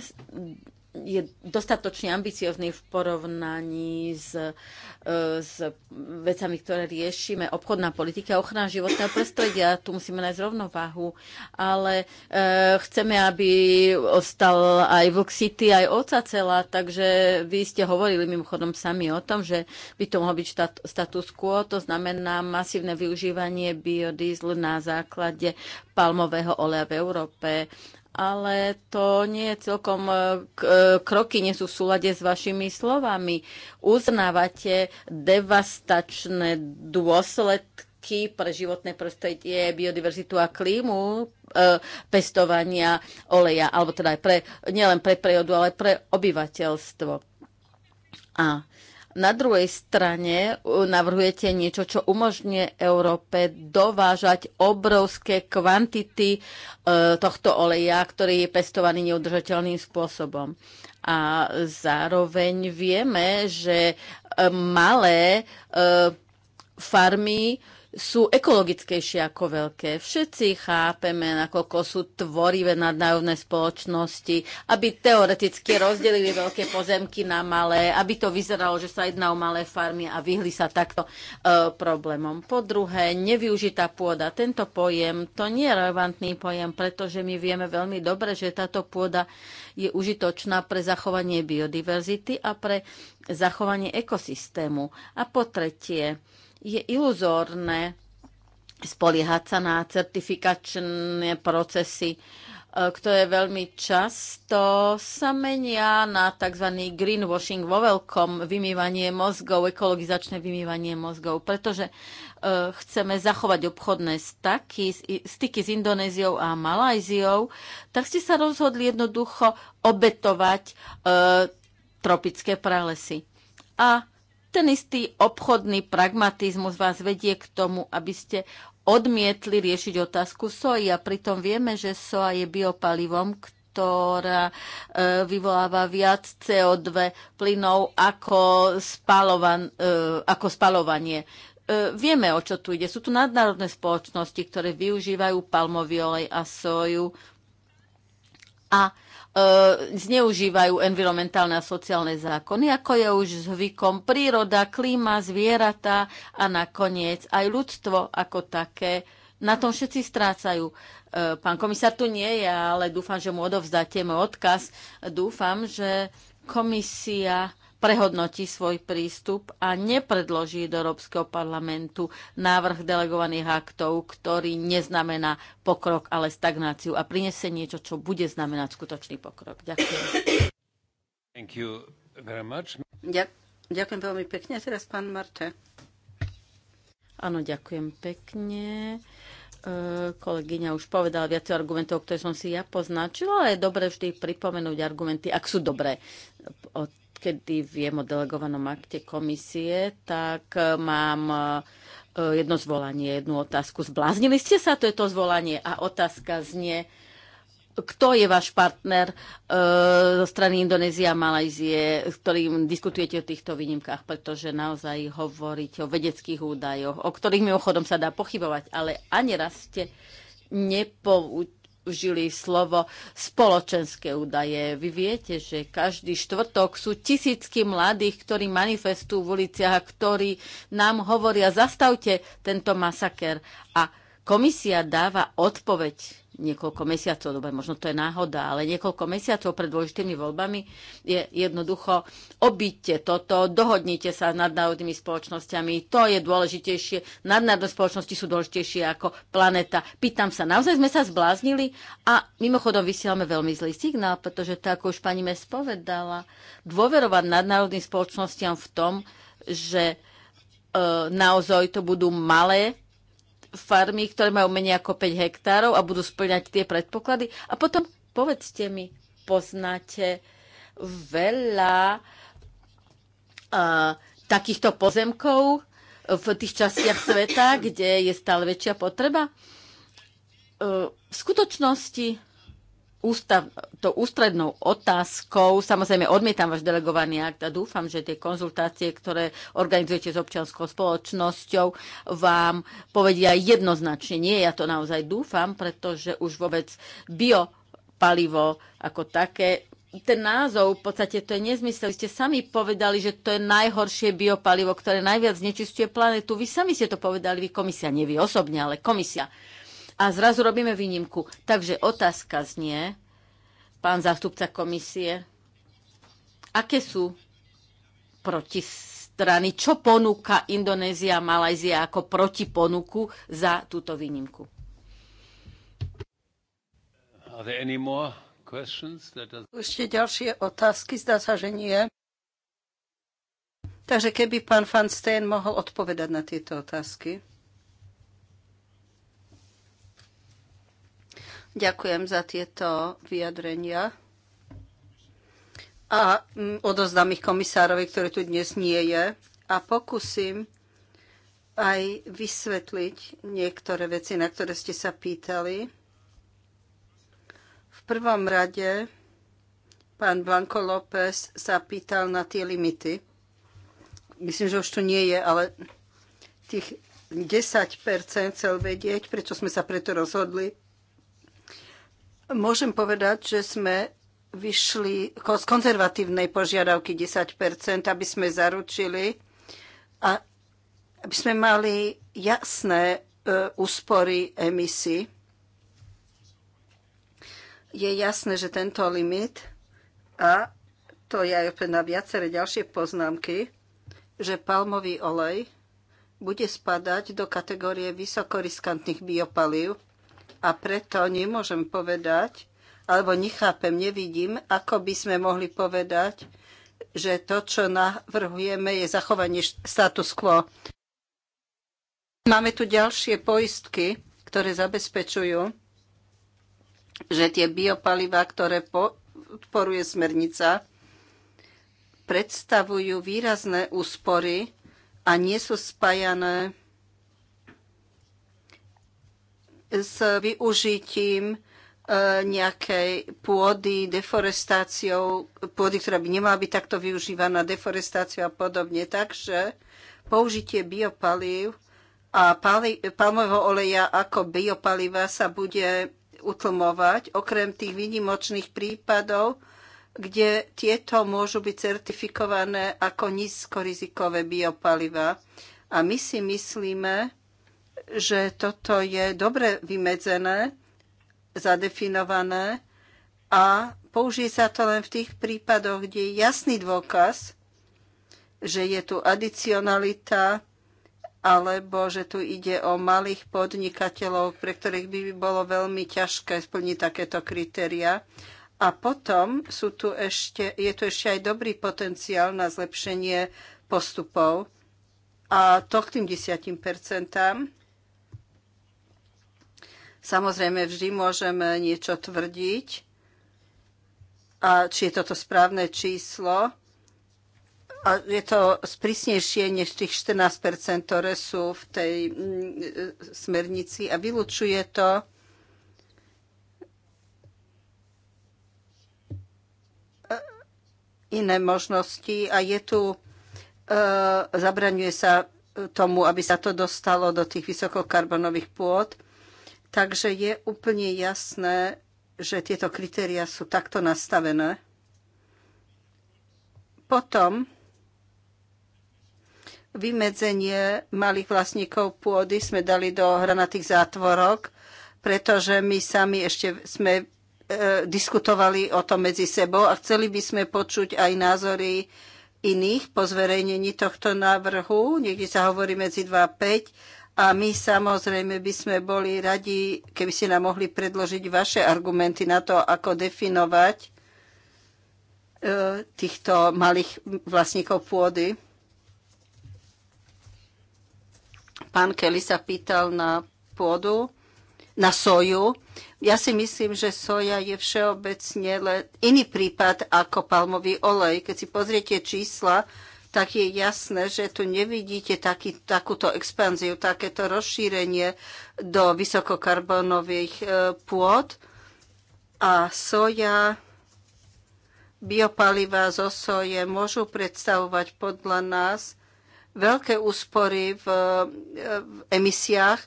Speaker 2: je dostatočne ambiciozný v porovnaní s, e, s vecami, ktoré riešime. Obchodná politika, ochrana životného prostredia, tu musíme nájsť rovnováhu, ale e, chceme, aby ostal aj Vlk City, aj oca celá, takže vy ste hovorili mimochodom sami o tom, že by to mohol byť štat, status quo, to znamená masívne využívanie biodiesel na základe palmového oleja v Európe ale to nie je celkom, e, e, kroky nie sú v súlade s vašimi slovami. Uznávate devastačné dôsledky pre životné prostredie, biodiverzitu a klímu e, pestovania oleja, alebo teda aj pre, nielen pre prírodu, ale pre obyvateľstvo. A na druhej strane e, navrhujete niečo, čo umožňuje Európe dovážať obrovské kvantity e, tohto oleja, ktorý je pestovaný neudržateľným spôsobom. A zároveň vieme, že e, malé farmy sú ekologickejšie ako veľké. Všetci chápeme, nakoľko sú tvorivé nadnárodné spoločnosti, aby teoreticky rozdelili veľké pozemky na malé, aby to vyzeralo, že sa jedná o malé farmy a vyhli sa takto e, problémom. Po druhé, nevyužitá pôda. Tento pojem, to nie je relevantný pojem, pretože my vieme veľmi dobre, že táto pôda je užitočná pre zachovanie biodiverzity a pre zachovanie ekosystému. A po tretie, je iluzórne spoliehať sa na certifikačné procesy, e, ktoré veľmi často sa menia na tzv. greenwashing vo veľkom, vymývanie mozgov, ekologizačné vymývanie mozgov, pretože e, chceme zachovať obchodné staky, styky s Indonéziou a Malajziou, tak ste sa rozhodli jednoducho obetovať e, tropické pralesy. A ten istý obchodný pragmatizmus vás vedie k tomu, aby ste odmietli riešiť otázku soji a pritom vieme, že soja je biopalivom, ktorá e, vyvoláva viac CO2 plynov ako, spalovan, e, ako spalovanie. E, vieme, o čo tu ide. Sú tu nadnárodné spoločnosti, ktoré využívajú palmový olej a soju a E, zneužívajú environmentálne a sociálne zákony, ako je už zvykom príroda, klíma, zvieratá a nakoniec aj ľudstvo ako také. Na tom všetci strácajú. E, pán komisár tu nie je, ale dúfam, že mu odovzdáte môj odkaz. Dúfam, že komisia prehodnotí svoj prístup a nepredloží do Európskeho parlamentu návrh delegovaných aktov, ktorý neznamená pokrok, ale stagnáciu a prinesie niečo, čo bude znamenať skutočný pokrok. Ďakujem.
Speaker 1: Thank you very much.
Speaker 2: Ďakujem veľmi pekne. Teraz pán Marte. Áno, ďakujem pekne e, kolegyňa už povedala viac argumentov, ktoré som si ja poznačila, ale je dobre vždy pripomenúť argumenty, ak sú dobré od kedy viem o delegovanom akte komisie, tak eh, mám eh, jedno zvolanie, jednu otázku. Zbláznili ste sa? To je to zvolanie. A otázka znie, kto je váš partner e, zo strany Indonézie a Malajzie, s ktorým diskutujete o týchto výnimkách, pretože naozaj hovoríte o vedeckých údajoch, o ktorých mimochodom sa dá pochybovať, ale ani raz ste nepoučili žili slovo spoločenské údaje. Vy viete, že každý štvrtok sú tisícky mladých, ktorí manifestujú v uliciach, ktorí nám hovoria, zastavte tento masaker. A komisia dáva odpoveď niekoľko mesiacov, dobre, možno to je náhoda, ale niekoľko mesiacov pred dôležitými voľbami je jednoducho obíte toto, dohodnite sa s nadnárodnými spoločnosťami, to je dôležitejšie, nadnárodné spoločnosti sú dôležitejšie ako planeta. Pýtam sa, naozaj sme sa zbláznili a mimochodom vysielame veľmi zlý signál, pretože tak ako už pani Mes povedala, dôverovať nadnárodným spoločnostiam v tom, že e, naozaj to budú malé farmy, ktoré majú menej ako 5 hektárov a budú splňať tie predpoklady. A potom povedzte mi, poznáte veľa uh, takýchto pozemkov v tých častiach sveta, kde je stále väčšia potreba? Uh, v skutočnosti ústav, to ústrednou otázkou, samozrejme odmietam váš delegovaný akt a dúfam, že tie konzultácie, ktoré organizujete s občianskou spoločnosťou, vám povedia jednoznačne. Nie, ja to naozaj dúfam, pretože už vôbec biopalivo ako také ten názov, v podstate to je nezmysel. Vy ste sami povedali, že to je najhoršie biopalivo, ktoré najviac znečistuje planetu. Vy sami ste to povedali, vy komisia, nie vy osobne, ale komisia a zrazu robíme výnimku. Takže otázka znie, pán zástupca komisie, aké sú protistrany, čo ponúka Indonézia a Malajzia ako protiponuku za túto výnimku?
Speaker 3: Ešte ďalšie otázky? Zdá sa, že nie. Takže keby pán Van Steen mohol odpovedať na tieto otázky. Ďakujem za tieto vyjadrenia. A mm, odozdám ich komisárovi, ktorý tu dnes nie je. A pokúsim aj vysvetliť niektoré veci, na ktoré ste sa pýtali. V prvom rade pán Blanco López sa pýtal na tie limity. Myslím, že už tu nie je, ale tých 10% chcel vedieť, prečo sme sa preto rozhodli Môžem povedať, že sme vyšli z konzervatívnej požiadavky 10 aby sme zaručili a aby sme mali jasné e, úspory emisí. Je jasné, že tento limit a to je aj opäť na viaceré ďalšie poznámky, že palmový olej bude spadať do kategórie vysokoriskantných biopalív a preto nemôžem povedať, alebo nechápem, nevidím, ako by sme mohli povedať, že to, čo navrhujeme, je zachovanie status quo. Máme tu ďalšie poistky, ktoré zabezpečujú, že tie biopaliva, ktoré podporuje smernica, predstavujú výrazné úspory a nie sú spájané s využitím e, nejakej pôdy, deforestáciou, pôdy, ktorá by nemala byť takto využívaná, deforestáciou a podobne. Takže použitie biopalív a palmového oleja ako biopaliva sa bude utlmovať, okrem tých výnimočných prípadov, kde tieto môžu byť certifikované ako nízkorizikové biopaliva. A my si myslíme, že toto je dobre vymedzené, zadefinované a použije sa to len v tých prípadoch, kde je jasný dôkaz, že je tu adicionalita alebo že tu ide o malých podnikateľov, pre ktorých by bolo veľmi ťažké splniť takéto kritéria. A potom sú tu ešte, je tu ešte aj dobrý potenciál na zlepšenie postupov. A to k tým 10%. Samozrejme, vždy môžeme niečo tvrdiť, a či je toto správne číslo. A je to sprísnejšie než tých 14 ktoré sú v tej mm, smernici a vylučuje to e, iné možnosti a je tu, e, zabraňuje sa tomu, aby sa to dostalo do tých vysokokarbonových pôd. Takže je úplne jasné, že tieto kritéria sú takto nastavené. Potom vymedzenie malých vlastníkov pôdy sme dali do hranatých zátvorok, pretože my sami ešte sme e, diskutovali o tom medzi sebou a chceli by sme počuť aj názory iných po zverejnení tohto návrhu. Niekde sa hovorí medzi 2 a 5 a my samozrejme by sme boli radi, keby ste nám mohli predložiť vaše argumenty na to, ako definovať e, týchto malých vlastníkov pôdy. Pán Kelly sa pýtal na pôdu, na soju. Ja si myslím, že soja je všeobecne iný prípad ako palmový olej. Keď si pozriete čísla, tak je jasné, že tu nevidíte taký, takúto expanziu, takéto rozšírenie do vysokokarbonových e, pôd. A soja, biopalivá zo soje môžu predstavovať podľa nás veľké úspory v, e, v emisiách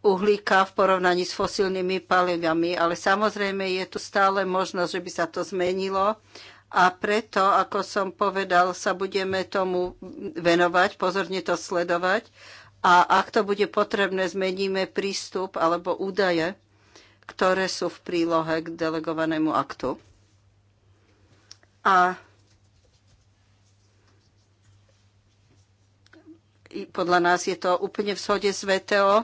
Speaker 3: uhlíka v porovnaní s fosílnymi palivami, ale samozrejme je tu stále možnosť, že by sa to zmenilo a preto, ako som povedal, sa budeme tomu venovať, pozorne to sledovať a ak to bude potrebné, zmeníme prístup alebo údaje, ktoré sú v prílohe k delegovanému aktu. A podľa nás je to úplne v shode s VTO,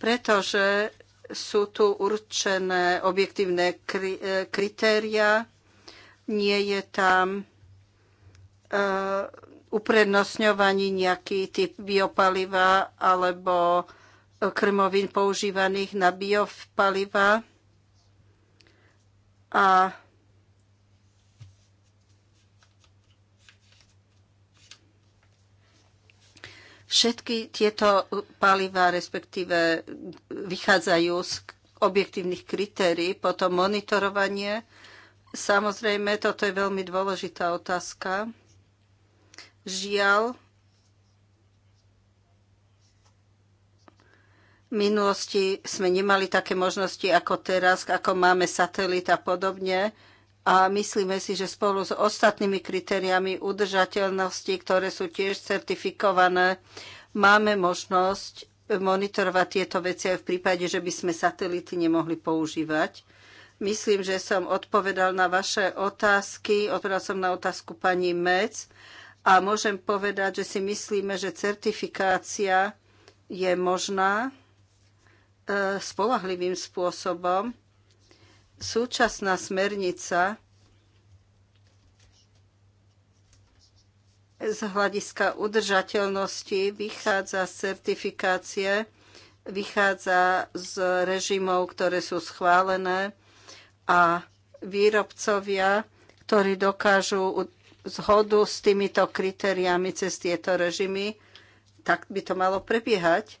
Speaker 3: pretože sú tu určené objektívne e, kritéria, nie je tam e, uprednostňovaní nejaký typ biopaliva alebo e, krmovín používaných na biopaliva. A všetky tieto paliva, respektíve vychádzajú z objektívnych kritérií, potom monitorovanie, Samozrejme, toto je veľmi dôležitá otázka. Žiaľ, V minulosti sme nemali také možnosti ako teraz, ako máme satelit a podobne. A myslíme si, že spolu s ostatnými kritériami udržateľnosti, ktoré sú tiež certifikované, máme možnosť monitorovať tieto veci aj v prípade, že by sme satelity nemohli používať. Myslím, že som odpovedal na vaše otázky. Odpovedal som na otázku pani Mec a môžem povedať, že si myslíme, že certifikácia je možná e, spolahlivým spôsobom. Súčasná smernica z hľadiska udržateľnosti vychádza z certifikácie, vychádza z režimov, ktoré sú schválené a výrobcovia, ktorí dokážu zhodu s týmito kritériami cez tieto režimy, tak by to malo prebiehať.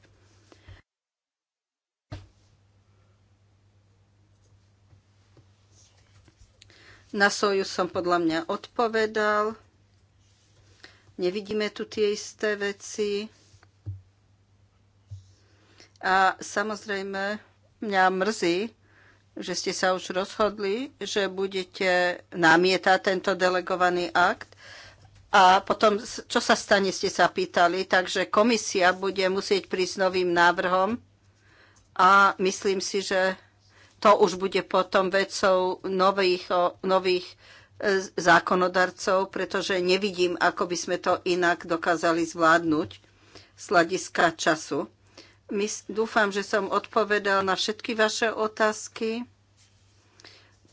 Speaker 3: Na soju som podľa mňa odpovedal. Nevidíme tu tie isté veci. A samozrejme, mňa mrzí, že ste sa už rozhodli, že budete namietať tento delegovaný akt. A potom, čo sa stane, ste sa pýtali, takže komisia bude musieť prísť s novým návrhom a myslím si, že to už bude potom vecou nových, nových e, zákonodarcov, pretože nevidím, ako by sme to inak dokázali zvládnuť z hľadiska času dúfam, že som odpovedal na všetky vaše otázky.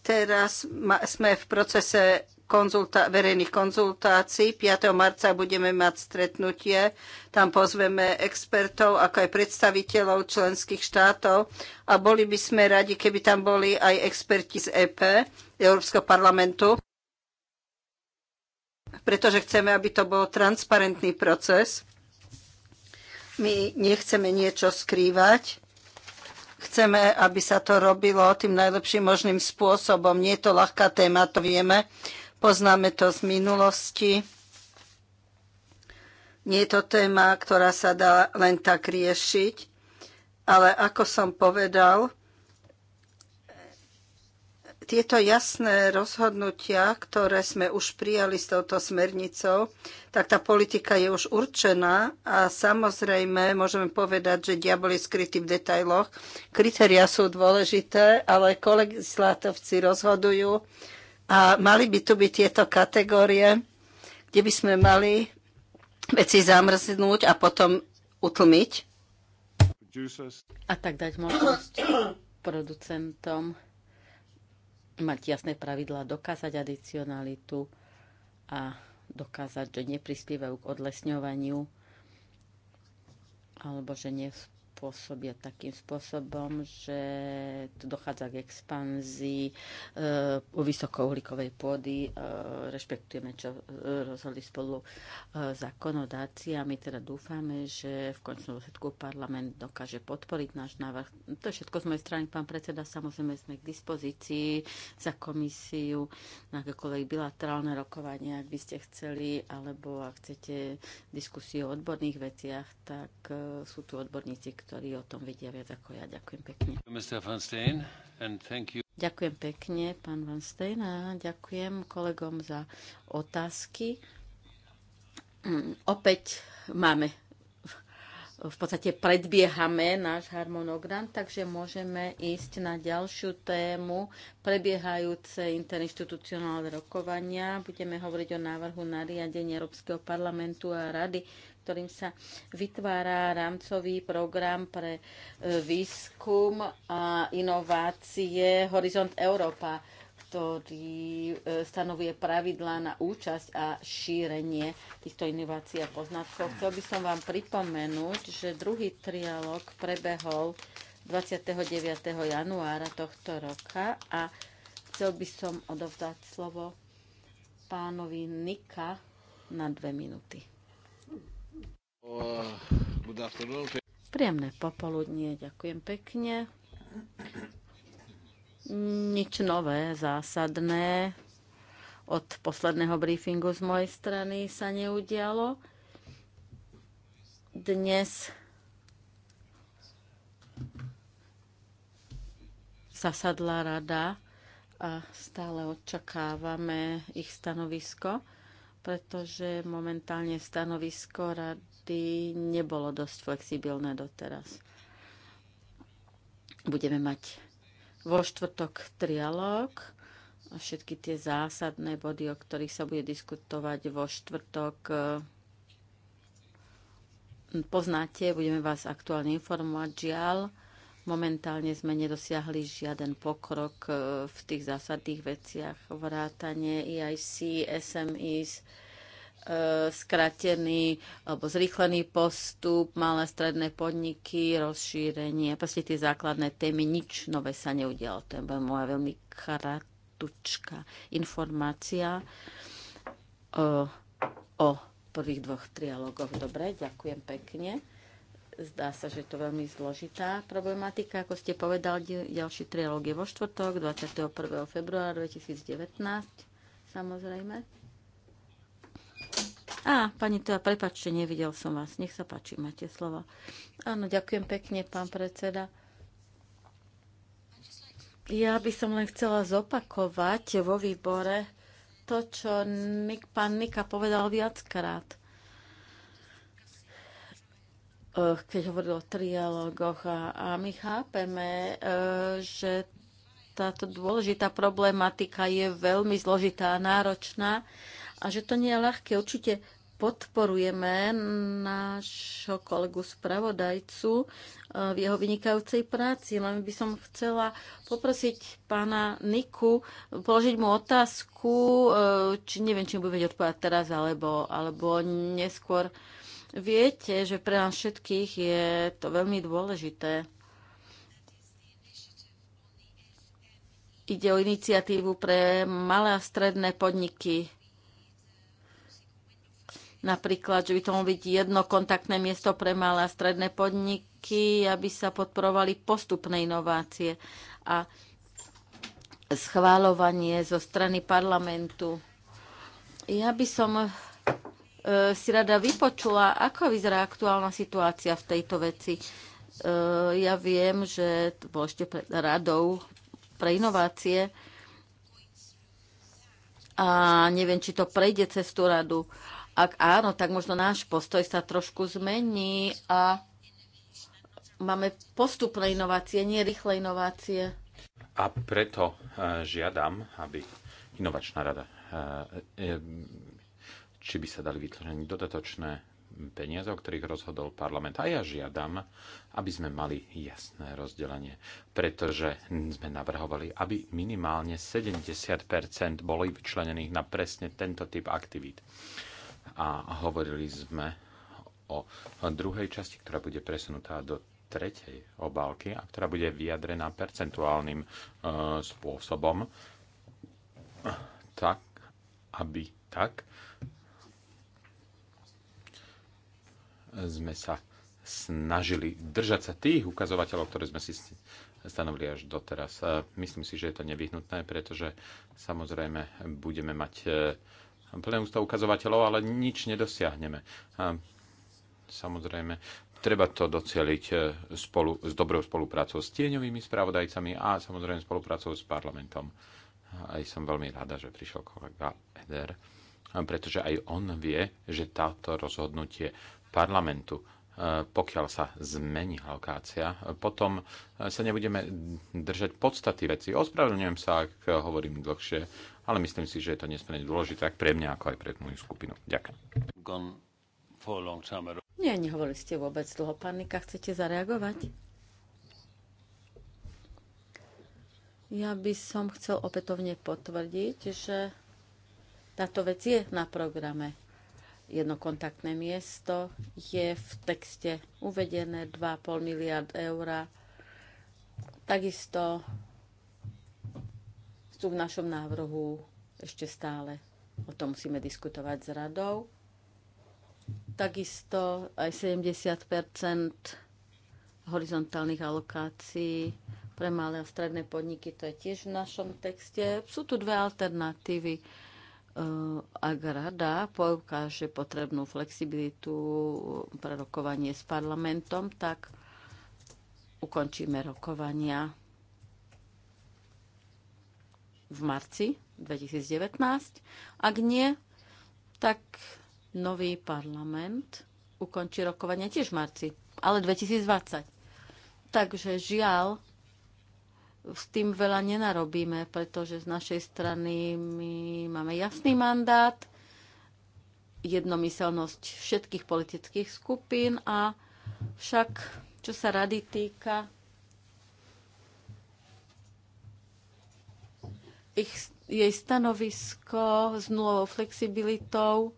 Speaker 3: Teraz sme v procese konzulta- verejných konzultácií. 5. marca budeme mať stretnutie. Tam pozveme expertov, ako aj predstaviteľov členských štátov. A boli by sme radi, keby tam boli aj experti z EP, Európskeho parlamentu, pretože chceme, aby to bol transparentný proces my nechceme niečo skrývať. Chceme, aby sa to robilo tým najlepším možným spôsobom. Nie je to ľahká téma, to vieme. Poznáme to z minulosti. Nie je to téma, ktorá sa dá len tak riešiť, ale ako som povedal, tieto jasné rozhodnutia, ktoré sme už prijali s touto smernicou, tak tá politika je už určená a samozrejme môžeme povedať, že diabol je skrytý v detailoch. Kritéria sú dôležité, ale kolegislátovci rozhodujú a mali by tu byť tieto kategórie, kde by sme mali veci zamrznúť a potom utlmiť. A tak dať
Speaker 2: možnosť producentom mať jasné pravidlá, dokázať adicionalitu a dokázať, že neprispievajú k odlesňovaniu alebo že pôsobia takým spôsobom, že tu dochádza k expanzii e, vysokouhlíkovej pôdy. E, rešpektujeme, čo e, rozhodli spolu e, zákonodáci a my teda dúfame, že v končnom dôsledku parlament dokáže podporiť náš návrh. To je všetko z mojej strany, pán predseda. Samozrejme sme k dispozícii za komisiu na akékoľvek bilaterálne rokovanie, ak by ste chceli, alebo ak chcete diskusiu o odborných veciach, tak e, sú tu odborníci, ktorí ktorí o tom vedia viac ako ja. Ďakujem pekne. ďakujem pekne, pán Van Stein, a ďakujem kolegom za otázky. Opäť máme v podstate predbiehame náš harmonogram, takže môžeme ísť na ďalšiu tému prebiehajúce interinstitucionálne rokovania. Budeme hovoriť o návrhu nariadenia Európskeho parlamentu a rady ktorým sa vytvára rámcový program pre e, výskum a inovácie Horizont Európa, ktorý e, stanovuje pravidlá na účasť a šírenie týchto inovácií a poznatkov. Chcel by som vám pripomenúť, že druhý trialog prebehol 29. januára tohto roka a chcel by som odovzdať slovo pánovi Nika na dve minúty. Príjemné popoludnie, ďakujem pekne. Nič nové, zásadné. Od posledného briefingu z mojej strany sa neudialo. Dnes zasadla rada a stále očakávame ich stanovisko, pretože momentálne stanovisko rady vždy nebolo dosť flexibilné doteraz. Budeme mať vo štvrtok trialog všetky tie zásadné body, o ktorých sa bude diskutovať vo štvrtok. Eh, poznáte, budeme vás aktuálne informovať. Žiaľ, momentálne sme nedosiahli žiaden pokrok eh, v tých zásadných veciach. Vrátanie EIC, SMEs, E, skratený alebo zrýchlený postup, malé stredné podniky, rozšírenie, proste tie základné témy, nič nové sa neudialo. To je moja veľmi kratučka informácia o, e, o prvých dvoch trialogoch. Dobre, ďakujem pekne. Zdá sa, že je to veľmi zložitá problematika. Ako ste povedal, ďalší trialóg je vo štvrtok, 21. februára 2019, samozrejme. Á, pani Toja, prepačte, nevidel som vás. Nech sa páči, máte slovo. Áno, ďakujem pekne, pán predseda. Ja by som len chcela zopakovať vo výbore to, čo Nik, pán Nika povedal viackrát eh, keď hovoril o trialógoch a, a my chápeme, eh, že táto dôležitá problematika je veľmi zložitá a náročná a že to nie je ľahké. Určite podporujeme nášho kolegu spravodajcu eh, v jeho vynikajúcej práci. Len by som chcela poprosiť pána Niku položiť mu otázku, eh, či neviem, či mu bude vedieť odpovedať teraz alebo, alebo neskôr. Viete, že pre nás všetkých je to veľmi dôležité. Ide o iniciatívu pre malé a stredné podniky Napríklad, že by to mohlo byť jedno kontaktné miesto pre malé a stredné podniky, aby sa podporovali postupné inovácie a schválovanie zo strany parlamentu. Ja by som e, si rada vypočula, ako vyzerá aktuálna situácia v tejto veci. E, ja viem, že to bolo ešte pred radou pre inovácie a neviem, či to prejde cez tú radu. Ak áno, tak možno náš postoj sa trošku zmení a máme postupné inovácie, nie rýchle inovácie.
Speaker 4: A preto e, žiadam, aby inovačná rada, e, e, či by sa dali vytvoriť dodatočné peniaze, o ktorých rozhodol parlament. A ja žiadam, aby sme mali jasné rozdelenie, pretože sme navrhovali, aby minimálne 70 boli vyčlenených na presne tento typ aktivít a hovorili sme o druhej časti, ktorá bude presunutá do tretej obálky a ktorá bude vyjadrená percentuálnym e, spôsobom tak, aby tak sme sa snažili držať sa tých ukazovateľov, ktoré sme si stanovili až doteraz. E, myslím si, že je to nevyhnutné, pretože samozrejme budeme mať e, plné ústa ukazovateľov, ale nič nedosiahneme. A samozrejme, treba to docieliť e, spolu, s dobrou spoluprácou s tieňovými spravodajcami a samozrejme spoluprácou s parlamentom. Aj som veľmi rada, že prišiel kolega Eder, pretože aj on vie, že táto rozhodnutie parlamentu E, pokiaľ sa zmení lokácia, e, potom e, sa nebudeme držať podstaty veci. Ospravedlňujem sa, ak hovorím dlhšie, ale myslím si, že je to nesmierne dôležité, tak pre
Speaker 1: mňa, ako aj pre moju skupinu. Ďakujem.
Speaker 2: Nie, nehovorili ste vôbec dlho. Pán Nika, chcete zareagovať? Ja by som chcel opätovne potvrdiť, že táto vec je na programe Jedno kontaktné miesto je v texte uvedené 2,5 miliard eur. Takisto sú v našom návrhu ešte stále. O tom musíme diskutovať s radou. Takisto aj 70 horizontálnych alokácií pre malé a stredné podniky, to je tiež v našom texte. Sú tu dve alternatívy Eh, ak rada poukáže potrebnú flexibilitu pre rokovanie s parlamentom, tak ukončíme rokovania v marci 2019. Ak nie, tak nový parlament ukončí rokovania tiež v marci, ale 2020. Takže žiaľ, s tým veľa nenarobíme, pretože z našej strany my máme jasný mandát, jednomyselnosť všetkých politických skupín a však, čo sa rady týka, ich, jej stanovisko s nulovou flexibilitou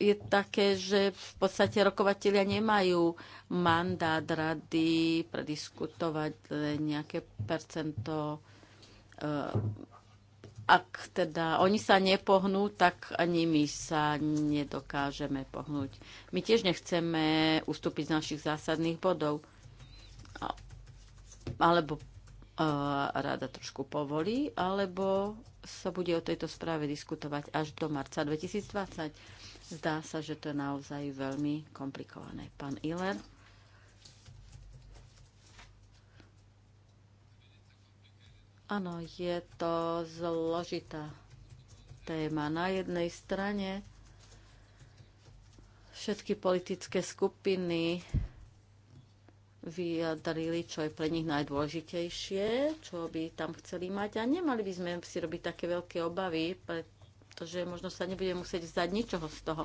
Speaker 2: je také, že v podstate rokovatelia nemajú mandát rady prediskutovať nejaké percento. Eh, ak teda oni sa nepohnú, tak ani my sa nedokážeme pohnúť. My tiež nechceme ustúpiť z našich zásadných bodov. Alebo eh, rada trošku povolí, alebo sa bude o tejto správe diskutovať až do marca 2020 Zdá sa, že to je naozaj veľmi komplikované. Pán Iler. Áno, je to zložitá téma. Na jednej strane všetky politické skupiny vyjadrili, čo je pre nich najdôležitejšie, čo by tam chceli mať. A nemali by sme si robiť také veľké obavy, pre, pretože možno sa nebude musieť vzdať ničoho z toho.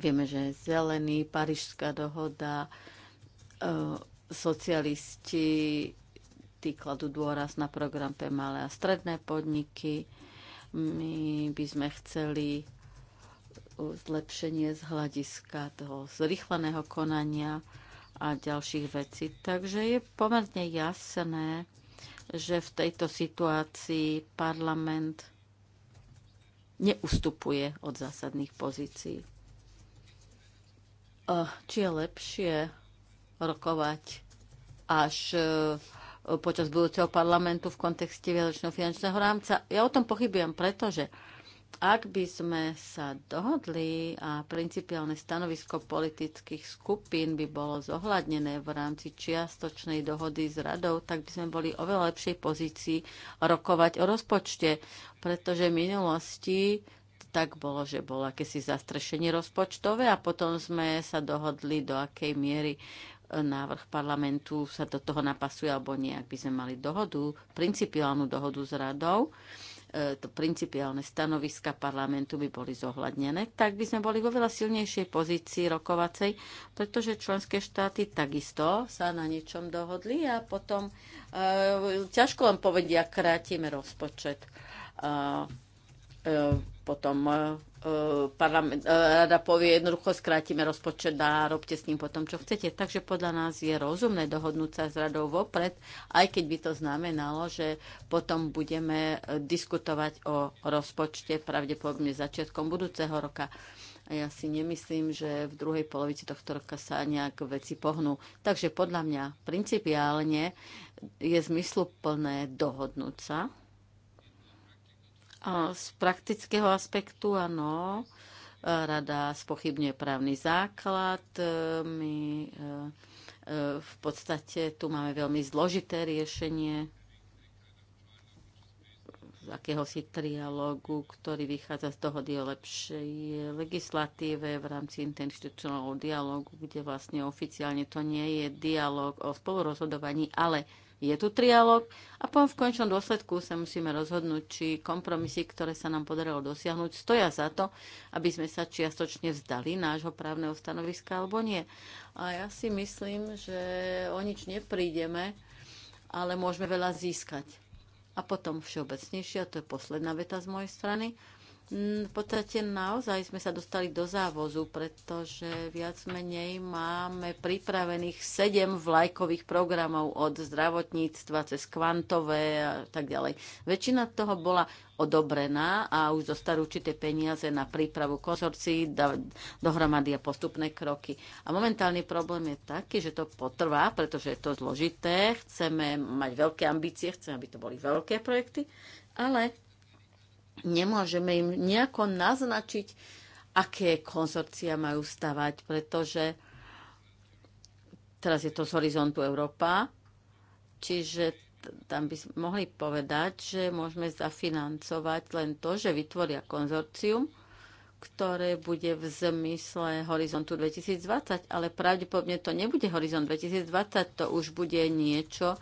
Speaker 2: Vieme, že zelený, Parížská dohoda, socialisti, tí kladú dôraz na program pre malé a stredné podniky. My by sme chceli zlepšenie z hľadiska toho zrychleného konania a ďalších vecí. Takže je pomerne jasné, že v tejto situácii parlament neustupuje od zásadných pozícií. Či je lepšie rokovať až e, počas budúceho parlamentu v kontexte vianočno-finančného rámca? Ja o tom pochybujem, pretože ak by sme sa dohodli a principiálne stanovisko politických skupín by bolo zohľadnené v rámci čiastočnej dohody s radou, tak by sme boli oveľa lepšej pozícii rokovať o rozpočte, pretože v minulosti tak bolo, že bolo akési zastrešenie rozpočtové a potom sme sa dohodli, do akej miery e, návrh parlamentu sa do toho napasuje alebo nie, ak by sme mali dohodu, principiálnu dohodu s radou E, to principiálne stanoviska parlamentu by boli zohľadnené, tak by sme boli vo veľa silnejšej pozícii rokovacej, pretože členské štáty takisto sa na niečom dohodli a potom e, ťažko vám povedia, krátime rozpočet. E, E, potom e, parlament, e, rada povie, jednoducho skrátime rozpočet a robte s ním potom, čo chcete. Takže podľa nás je rozumné dohodnúť sa s radou vopred, aj keď by to znamenalo, že potom budeme diskutovať o rozpočte pravdepodobne začiatkom budúceho roka. A ja si nemyslím, že v druhej polovici tohto roka sa nejak veci pohnú. Takže podľa mňa principiálne je zmysluplné dohodnúť sa z praktického aspektu áno, e, rada spochybňuje právny základ. E, My e, v podstate tu máme veľmi zložité riešenie z akéhosi trialógu, ktorý vychádza z dohody o lepšej legislatíve v rámci interinstitucionálneho dialógu, kde vlastne oficiálne to nie je dialóg o spolurozhodovaní, ale je tu trialog a potom v končnom dôsledku sa musíme rozhodnúť, či kompromisy, ktoré sa nám podarilo dosiahnuť, stoja za to, aby sme sa čiastočne vzdali nášho právneho stanoviska alebo nie. A ja si myslím, že o nič neprídeme, ale môžeme veľa získať. A potom všeobecnejšie, a to je posledná veta z mojej strany, Mm, v podstate naozaj sme sa dostali do závozu, pretože viac menej máme pripravených sedem vlajkových programov od zdravotníctva cez kvantové a tak ďalej. Väčšina toho bola odobrená a už zostali určité peniaze na prípravu konzorcií, dohromady a postupné kroky. A momentálny problém je taký, že to potrvá, pretože je to zložité, chceme mať veľké ambície, chceme, aby to boli veľké projekty, ale nemôžeme im nejako naznačiť, aké konzorcia majú stavať, pretože teraz je to z horizontu Európa, čiže tam by sme mohli povedať, že môžeme zafinancovať len to, že vytvoria konzorcium, ktoré bude v zmysle horizontu 2020, ale pravdepodobne to nebude horizont 2020, to už bude niečo,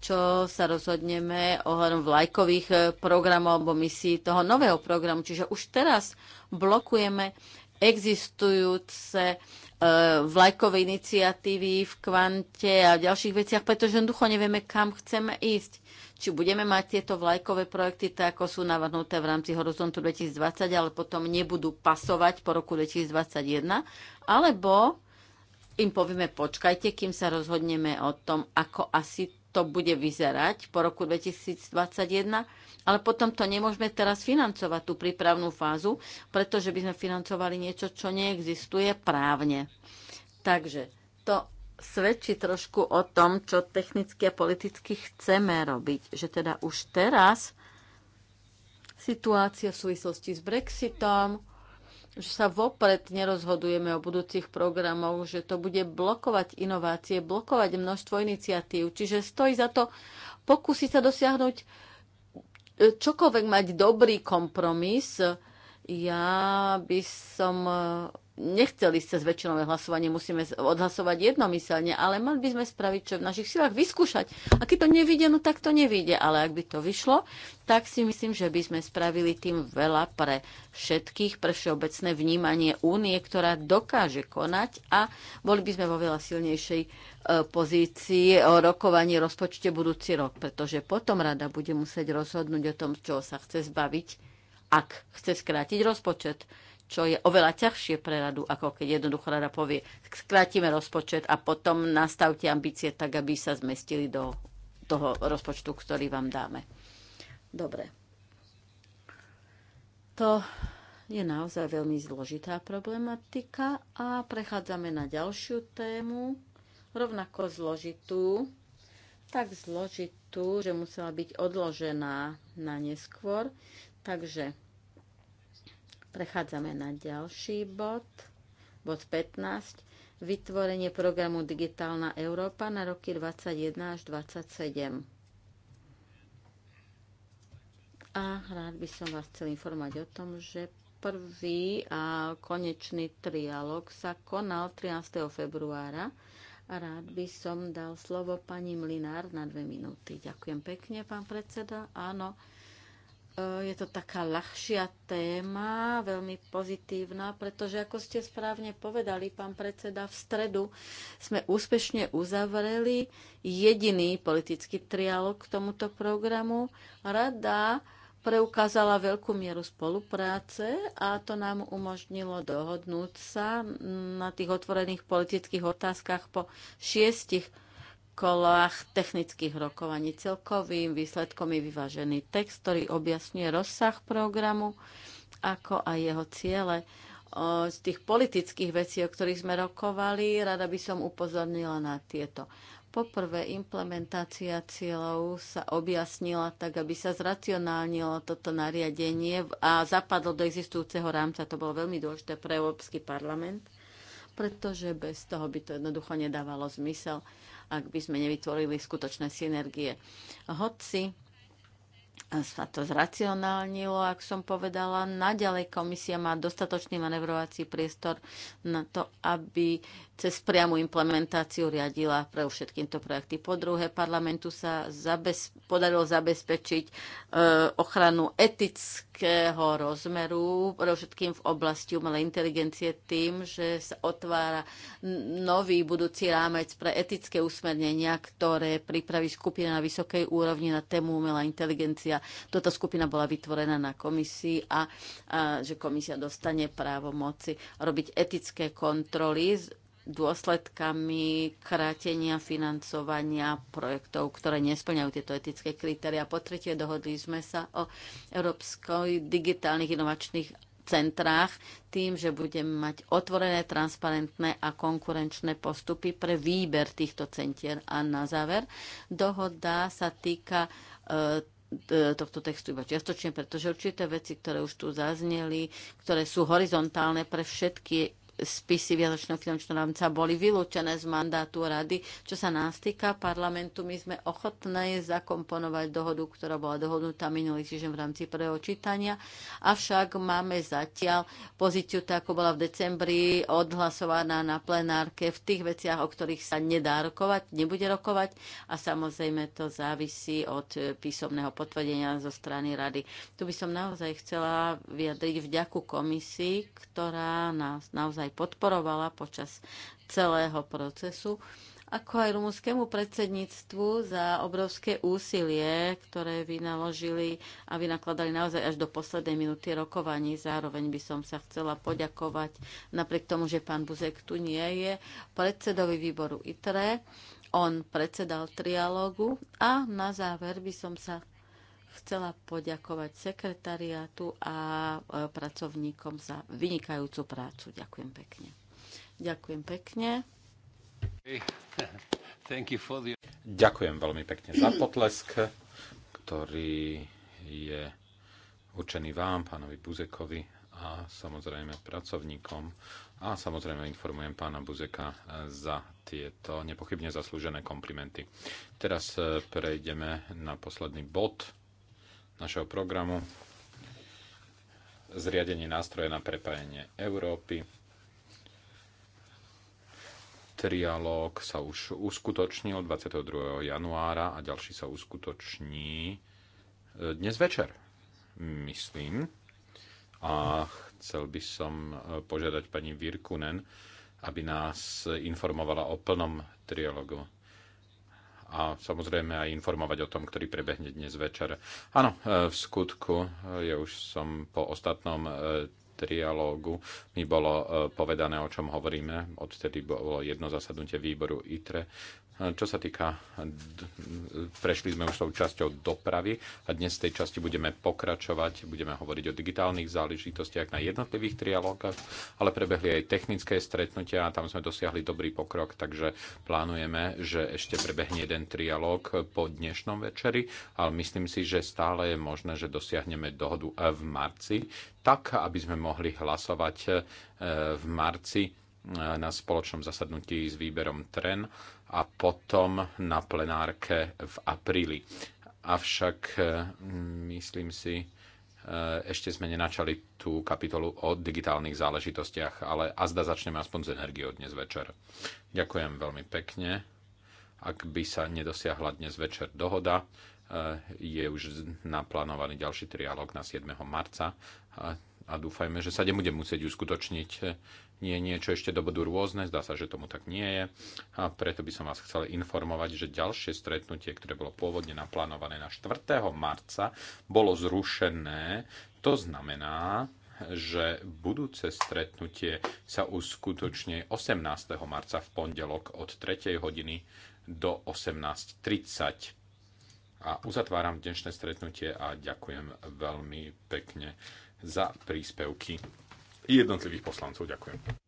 Speaker 2: čo sa rozhodneme ohľadom vlajkových eh, programov alebo misií toho nového programu. Čiže už teraz blokujeme existujúce eh, vlajkové iniciatívy v kvante a v ďalších veciach, pretože jednoducho nevieme, kam chceme ísť. Či budeme mať tieto vlajkové projekty, tak ako sú navrhnuté v rámci Horizontu 2020, ale potom nebudú pasovať po roku 2021, alebo im povieme, počkajte, kým sa rozhodneme o tom, ako asi to bude vyzerať po roku 2021, ale potom to nemôžeme teraz financovať, tú prípravnú fázu, pretože by sme financovali niečo, čo neexistuje právne. Takže to svedčí trošku o tom, čo technicky a politicky chceme robiť. Že teda už teraz situácia v súvislosti s Brexitom, že sa vopred nerozhodujeme o budúcich programoch, že to bude blokovať inovácie, blokovať množstvo iniciatív. Čiže stojí za to pokúsiť sa dosiahnuť e, čokoľvek mať dobrý kompromis. Ja by som e, nechceli cez väčšinové hlasovanie, musíme odhlasovať jednomyselne, ale mali by sme spraviť, čo v našich silách, vyskúšať. A keď to nevyjde, no tak to nevidie. ale ak by to vyšlo, tak si myslím, že by sme spravili tým veľa pre všetkých, pre všeobecné vnímanie únie, ktorá dokáže konať a boli by sme vo veľa silnejšej e, pozícii o rokovaní rozpočte budúci rok, pretože potom rada bude musieť rozhodnúť o tom, čo sa chce zbaviť, ak chce skrátiť rozpočet čo je oveľa ťažšie pre radu, ako keď jednoducho rada povie, skrátime rozpočet a potom nastavte ambície tak, aby sa zmestili do toho rozpočtu, ktorý vám dáme. Dobre. To je naozaj veľmi zložitá problematika a prechádzame na ďalšiu tému, rovnako zložitú, tak zložitú, že musela byť odložená na neskôr. Takže Prechádzame na ďalší bod, bod 15, vytvorenie programu Digitálna Európa na roky 2021 až 27. A rád by som vás chcel informovať o tom, že prvý a konečný trialog sa konal 13. februára. A rád by som dal slovo pani Mlinár na dve minúty. Ďakujem pekne, pán predseda. Áno, je to taká ľahšia téma, veľmi pozitívna, pretože ako ste správne povedali, pán predseda, v stredu sme úspešne uzavreli jediný politický trialog k tomuto programu. Rada preukázala veľkú mieru spolupráce a to nám umožnilo dohodnúť sa na tých otvorených politických otázkach po šiestich kolách technických rokovaní. Celkovým výsledkom je vyvážený text, ktorý objasňuje rozsah programu, ako aj jeho ciele. Z tých politických vecí, o ktorých sme rokovali, rada by som upozornila na tieto. Poprvé, implementácia cieľov sa objasnila tak, aby sa zracionálnilo toto nariadenie a zapadlo do existujúceho rámca. To bolo veľmi dôležité pre Európsky parlament, pretože bez toho by to jednoducho nedávalo zmysel ak by sme nevytvorili skutočné synergie. Hoci sa to zracionálnilo, ak som povedala. Naďalej komisia má dostatočný manevrovací priestor na to, aby cez priamu implementáciu riadila pre všetky projekty. Po druhé, parlamentu sa zabez, podarilo zabezpečiť e, ochranu etického rozmeru, pre všetkým v oblasti umelej inteligencie tým, že sa otvára nový budúci rámec pre etické usmernenia, ktoré pripraví skupina na vysokej úrovni na tému umelá inteligencia. Toto skupina bola vytvorená na komisii a, a že komisia dostane právo moci robiť etické kontroly dôsledkami krátenia financovania projektov, ktoré nesplňajú tieto etické kritéria. Po tretie, dohodli sme sa o európskoj digitálnych inovačných centrách tým, že budeme mať otvorené, transparentné a konkurenčné postupy pre výber týchto centier. A na záver, dohoda sa týka e, e, tohto textu iba čiastočne, pretože určité veci, ktoré už tu zazneli, ktoré sú horizontálne pre všetky spisy Vianočného finančného rámca boli vylúčené z mandátu rady. Čo sa nás týka parlamentu, my sme ochotné zakomponovať dohodu, ktorá bola dohodnutá minulý týždeň v rámci prvého čítania, avšak máme zatiaľ pozíciu, tak ako bola v decembri odhlasovaná na plenárke v tých veciach, o ktorých sa nedá rokovať, nebude rokovať a samozrejme to závisí od písomného potvrdenia zo strany rady. Tu by som naozaj chcela vyjadriť vďaku komisii, ktorá nás naozaj naozaj podporovala počas celého procesu ako aj rumúnskému predsedníctvu za obrovské úsilie, ktoré vynaložili a vynakladali naozaj až do poslednej minúty rokovaní. Zároveň by som sa chcela poďakovať, napriek tomu, že pán Buzek tu nie je, predsedovi výboru ITRE. On predsedal trialógu a na záver by som sa chcela poďakovať sekretariátu a e, pracovníkom za vynikajúcu prácu. Ďakujem pekne. Ďakujem pekne.
Speaker 4: Ďakujem veľmi pekne za potlesk, ktorý je určený vám, pánovi Buzekovi a samozrejme pracovníkom. A samozrejme informujem pána Buzeka za tieto nepochybne zaslúžené komplimenty. Teraz e, prejdeme na posledný bod našeho programu zriadenie nástroje na prepájenie Európy. Trialóg sa už uskutočnil 22. januára a ďalší sa uskutoční e, dnes večer, myslím. A chcel by som e, požiadať pani Virkunen, aby nás informovala o plnom trialogu a samozrejme aj informovať o tom, ktorý prebehne dnes večer. Áno, e, v skutku, e, ja už som po ostatnom e, trialógu mi bolo povedané, o čom hovoríme. Odtedy bolo jedno zasadnutie výboru ITRE čo sa týka, prešli sme už tou časťou dopravy a dnes v tej časti budeme pokračovať, budeme hovoriť o digitálnych záležitostiach na jednotlivých trialógach, ale prebehli aj technické stretnutia a tam sme dosiahli dobrý pokrok, takže plánujeme, že ešte prebehne jeden trialóg po dnešnom večeri, ale myslím si, že stále je možné, že dosiahneme dohodu v marci, tak aby sme mohli hlasovať e, v marci e, na spoločnom zasadnutí s výberom TREN a potom na plenárke v apríli. Avšak e, myslím si, e, ešte sme nenačali tú kapitolu o digitálnych záležitostiach, ale azda začneme aspoň z energiou dnes večer. Ďakujem veľmi pekne. Ak by sa nedosiahla dnes večer dohoda, e, je už naplánovaný ďalší trialog na 7. marca a, a dúfajme, že sa nebude musieť uskutočniť nie je niečo ešte do bodu rôzne, zdá sa, že tomu tak nie je. A preto by som vás chcel informovať, že ďalšie stretnutie, ktoré bolo pôvodne naplánované na 4. marca, bolo zrušené. To znamená, že budúce stretnutie sa uskutoční 18. marca v pondelok od 3. hodiny do 18.30. A uzatváram dnešné stretnutie a ďakujem veľmi pekne za príspevky jednotlivých poslancov. Ďakujem.